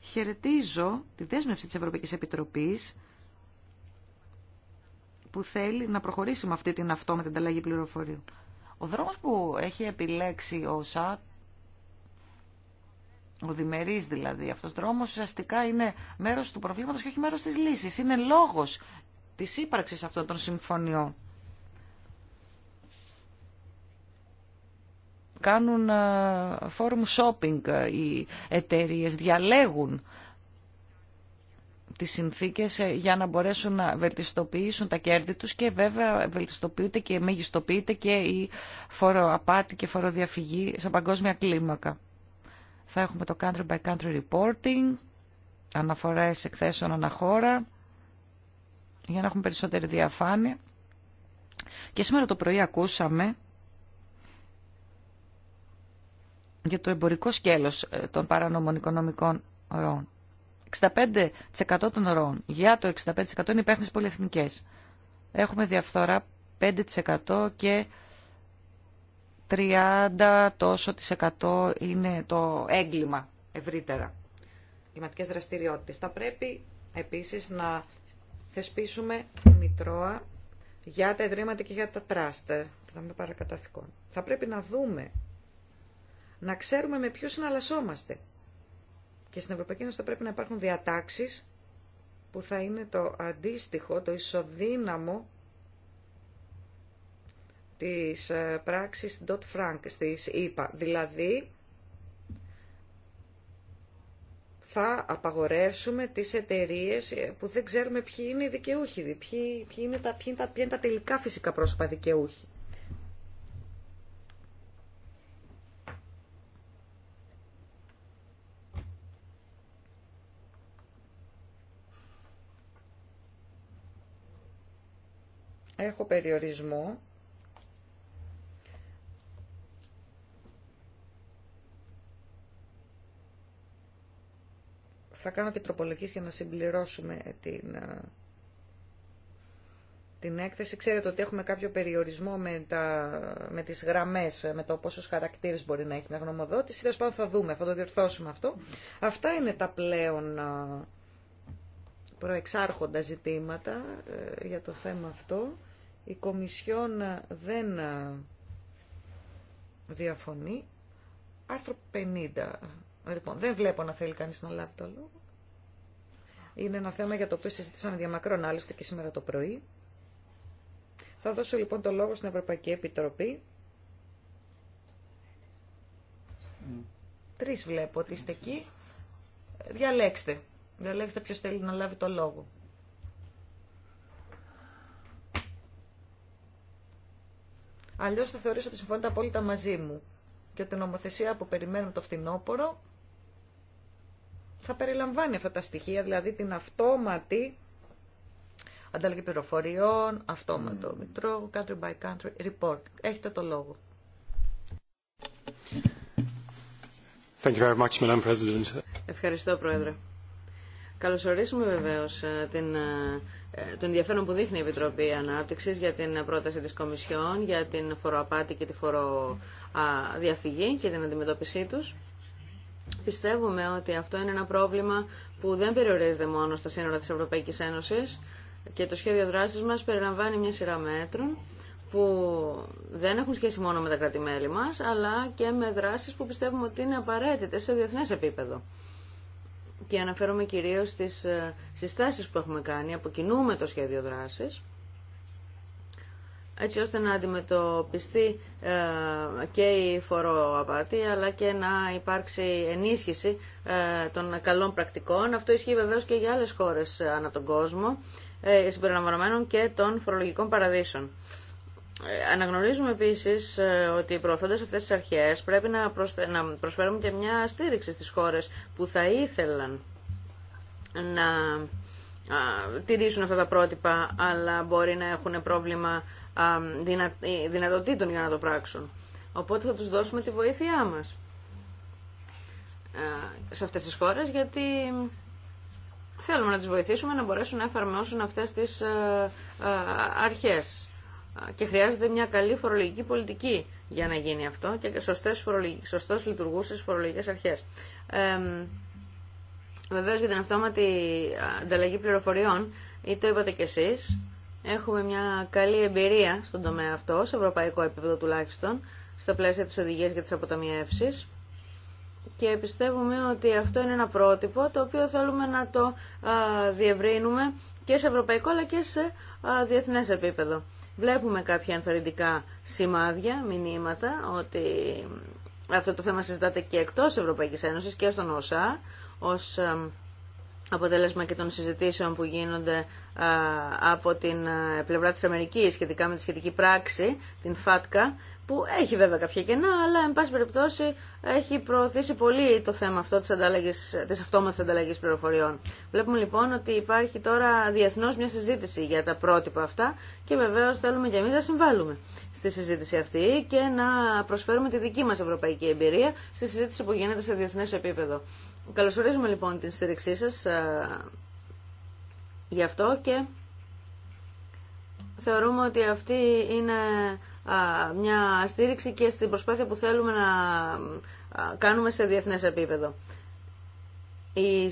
S4: Χαιρετίζω τη δέσμευση της Ευρωπαϊκής Επιτροπής που θέλει να προχωρήσει με αυτή την αυτό με την ανταλλαγή πληροφορίων. Ο δρόμος που έχει επιλέξει ο ΣΑΤ, ο διμερής δηλαδή, αυτός δρόμος ουσιαστικά είναι μέρος του προβλήματος και όχι μέρος της λύσης. Είναι λόγος της ύπαρξης αυτών των συμφωνιών. κάνουν forum shopping οι εταιρείε, διαλέγουν τις συνθήκες ε, για να μπορέσουν να βελτιστοποιήσουν τα κέρδη τους και βέβαια βελτιστοποιούνται και μεγιστοποιείται και η φοροαπάτη και φοροδιαφυγή σε παγκόσμια κλίμακα. Θα έχουμε το country by country reporting, αναφορές εκθέσεων αναχώρα, για να έχουμε περισσότερη διαφάνεια. Και σήμερα το πρωί ακούσαμε για το εμπορικό σκέλος ε, των παράνομων οικονομικών ροών. 65% των ροών για το 65% είναι υπεύθυνες πολυεθνικές. Έχουμε διαφθορά 5% και 30% τόσο είναι το έγκλημα ευρύτερα. Κλιματικές δραστηριότητες. Θα πρέπει επίσης να θεσπίσουμε μητρώα για τα ιδρύματα και για τα τράστε Θα, θα πρέπει να δούμε να ξέρουμε με ποιους συναλλασσόμαστε. Και στην Ευρωπαϊκή Ένωση θα πρέπει να υπάρχουν διατάξεις που θα είναι το αντίστοιχο, το ισοδύναμο της ε, πράξης Dot Frank στις ΕΠΑ. Δηλαδή, θα απαγορεύσουμε τις εταιρείες ε, που δεν ξέρουμε ποιοι είναι οι δικαιούχοι, ποιοι, είναι, τα, τα, ποιοι είναι τα τελικά φυσικά πρόσωπα δικαιούχοι. έχω περιορισμό θα κάνω και τροπολογίες για να συμπληρώσουμε την, ε, την έκθεση. Ξέρετε ότι έχουμε κάποιο περιορισμό με, τα, με τις γραμμές, ε, με το πόσους χαρακτήρες μπορεί να έχει μια γνωμοδότηση. θα δούμε, θα το διορθώσουμε αυτό. Αυτά είναι τα πλέον ε, προεξάρχοντα ζητήματα για το θέμα αυτό η Κομισιόν δεν ε, διαφωνεί. Άρθρο 50. Λοιπόν, δεν βλέπω να θέλει κανείς να λάβει το λόγο. Είναι ένα θέμα για το οποίο συζητήσαμε διαμακρόν άλλωστε και σήμερα το πρωί. Θα δώσω λοιπόν το λόγο στην Ευρωπαϊκή Επιτροπή. Mm. Τρεις βλέπω ότι είστε εκεί. Διαλέξτε. Διαλέξτε ποιος θέλει να λάβει το λόγο. Αλλιώ θα θεωρήσω ότι συμφωνείτε απόλυτα μαζί μου. Και ότι η νομοθεσία που περιμένουμε το φθινόπωρο θα περιλαμβάνει αυτά τα στοιχεία, δηλαδή την αυτόματη ανταλλαγή πληροφοριών, αυτόματο mm. μητρό, country by country
S3: report. Έχετε το λόγο. Thank you very much, Madam President. Ευχαριστώ, Πρόεδρε. Καλωσορίσουμε βεβαίως ε, την ε, ε, τον ενδιαφέρον που δείχνει η Επιτροπή Ανάπτυξης για την πρόταση της Κομισιόν, για την φοροαπάτη και τη φοροδιαφυγή και την αντιμετώπιση τους. Πιστεύουμε ότι αυτό είναι ένα πρόβλημα που δεν περιορίζεται μόνο στα σύνορα της Ευρωπαϊκής Ένωσης και το σχέδιο δράσης μας περιλαμβάνει μια σειρά μέτρων που δεν έχουν σχέση μόνο με τα κρατημέλη μας, αλλά και με δράσεις που πιστεύουμε ότι είναι απαραίτητες σε διεθνές επίπεδο και αναφέρομαι κυρίως στις ε, συστάσεις που έχουμε κάνει, αποκινούμε το σχέδιο δράσης, έτσι ώστε να αντιμετωπιστεί ε, και η φοροαπάτη αλλά και να υπάρξει ενίσχυση ε, των καλών πρακτικών. Αυτό ισχύει βεβαίως και για άλλες χώρες ανά τον κόσμο, συμπεριλαμβανομένων και των φορολογικών παραδείσων. Αναγνωρίζουμε επίσης ε, ότι προωθώντα αυτές τις αρχές πρέπει να, να προσφέρουμε και μια στήριξη στις χώρες που θα ήθελαν να τηρήσουν αυτά τα πρότυπα αλλά μπορεί να έχουν πρόβλημα ε, δυνατοτήτων για να το πράξουν. Οπότε θα τους δώσουμε τη βοήθειά μας ε, σε αυτές τις χώρες γιατί θέλουμε να τις βοηθήσουμε να μπορέσουν να εφαρμόσουν αυτές τις αρχές και χρειάζεται μια καλή φορολογική πολιτική για να γίνει αυτό και σωστές, σωστός λειτουργούσες φορολογικές αρχές. Ε, Βεβαίω για την αυτόματη ανταλλαγή πληροφοριών, ή το είπατε κι εσείς, έχουμε μια καλή εμπειρία στον τομέα αυτό, σε ευρωπαϊκό επίπεδο τουλάχιστον, στα πλαίσια της οδηγίας για τις αποταμιεύσεις και πιστεύουμε ότι αυτό είναι ένα πρότυπο το οποίο θέλουμε να το διευρύνουμε και σε ευρωπαϊκό αλλά και σε διεθνές επίπεδο. Βλέπουμε κάποια ενθαρρυντικά σημάδια, μηνύματα, ότι αυτό το θέμα συζητάται και εκτός Ευρωπαϊκής Ένωσης και στον ΩΣΑ, ως αποτέλεσμα και των συζητήσεων που γίνονται από την ε, πλευρά της Αμερικής σχετικά με τη σχετική πράξη, την ΦΑΤΚΑ, που έχει βέβαια κάποια κενά, αλλά εν πάση περιπτώσει έχει προωθήσει πολύ το θέμα αυτό της, ανταλλαγής, της αυτόματης ανταλλαγής πληροφοριών. Βλέπουμε λοιπόν ότι υπάρχει τώρα διεθνώς μια συζήτηση για τα πρότυπα αυτά και βεβαίως θέλουμε και εμείς να συμβάλλουμε στη συζήτηση αυτή και να προσφέρουμε τη δική μας ευρωπαϊκή εμπειρία στη συζήτηση που γίνεται σε διεθνές επίπεδο. Καλωσορίζουμε λοιπόν την στήριξή σας ε, γι' αυτό και θεωρούμε ότι αυτή είναι μια στήριξη και στην προσπάθεια που θέλουμε να κάνουμε σε διεθνές επίπεδο. Οι,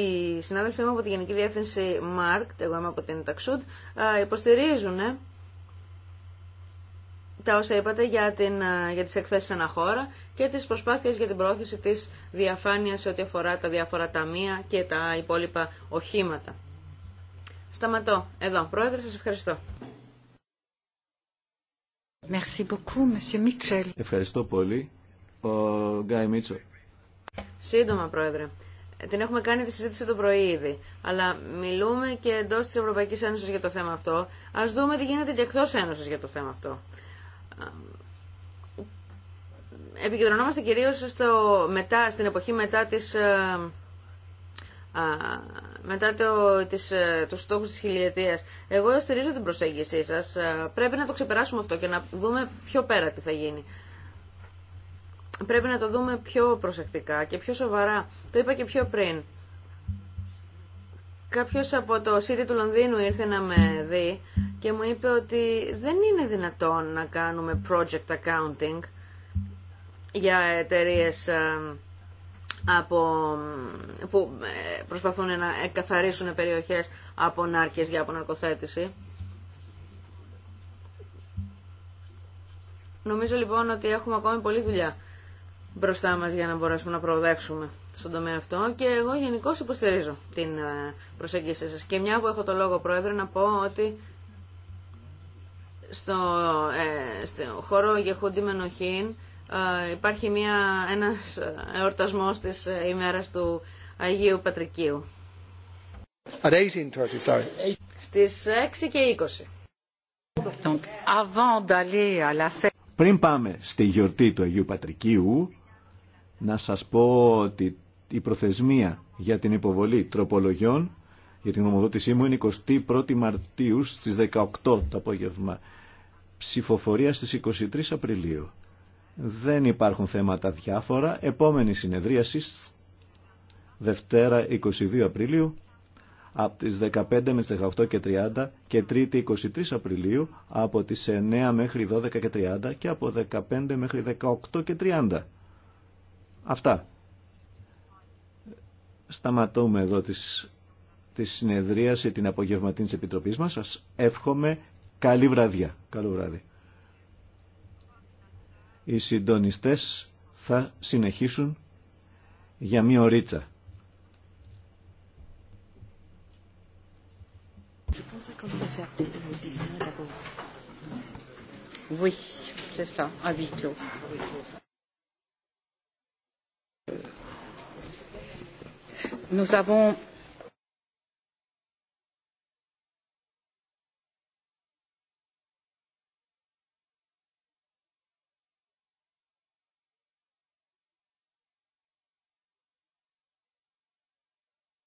S3: οι συνάδελφοί μου από τη Γενική Διεύθυνση ΜΑΡΚ, εγώ είμαι από την ΤΑΞΟΥΤ, υποστηρίζουν ε, τα όσα είπατε για, την, για τις εκθέσεις αναχώρα και τις προσπάθειες για την προώθηση της διαφάνειας σε ό,τι αφορά τα διάφορα ταμεία και τα υπόλοιπα οχήματα. Σταματώ εδώ. Πρόεδρε, σας ευχαριστώ.
S2: Ευχαριστώ πολύ, ο Γκάι
S3: Σύντομα, Πρόεδρε. Την έχουμε κάνει τη συζήτηση το πρωί ήδη. Αλλά μιλούμε και εντό τη Ευρωπαϊκή Ένωση για το θέμα αυτό. Α δούμε τι γίνεται και εκτό Ένωση για το θέμα αυτό. Επικεντρωνόμαστε κυρίω στο μετά, στην εποχή μετά τη. Ε, ε, μετά το, τις, ε, τους στόχους της χιλιετίας. Εγώ στηρίζω την προσέγγιση σας. Ε, πρέπει να το ξεπεράσουμε αυτό και να δούμε πιο πέρα τι θα γίνει. Πρέπει να το δούμε πιο προσεκτικά και πιο σοβαρά. Το είπα και πιο πριν. Κάποιος από το City του Λονδίνου ήρθε να με δει και μου είπε ότι δεν είναι δυνατόν να κάνουμε project accounting για εταιρείες ε, από, που ε, προσπαθούν να εκκαθαρίσουν περιοχές από νάρκες για αποναρκοθέτηση. Νομίζω λοιπόν ότι έχουμε ακόμη πολλή δουλειά μπροστά μας για να μπορέσουμε να προοδεύσουμε στον τομέα αυτό και εγώ γενικώ υποστηρίζω την ε, προσέγγιση σας. Και μια που έχω το λόγο πρόεδρε να πω ότι στο, ε, στο χώρο Γεχούντι Μενοχήν υπάρχει μια, ένας ε, εορτασμός της ε, ημέρας του Αγίου Πατρικίου. Στις 6 και
S2: 20. Πριν πάμε στη γιορτή του Αγίου Πατρικίου, να σας πω ότι η προθεσμία για την υποβολή τροπολογιών για την ομοδότησή μου είναι 21η Μαρτίου στις 18 το απόγευμα. Ψηφοφορία στις 23 Απριλίου. Δεν υπάρχουν θέματα διάφορα. Επόμενη συνεδρίαση, Δευτέρα 22 Απριλίου, από τις 15 με 18 και 30 και Τρίτη 23 Απριλίου από τις 9 μέχρι 12 και 30 και από 15 μέχρι 18 και 30. Αυτά. Σταματούμε εδώ τις, τη συνεδρίαση την απογευματινή της Επιτροπής μας. Σας εύχομαι καλή βραδιά. Καλό βράδυ οι συντονιστές θα συνεχίσουν για μία ωρίτσα.
S1: Ναι, είναι αυτό.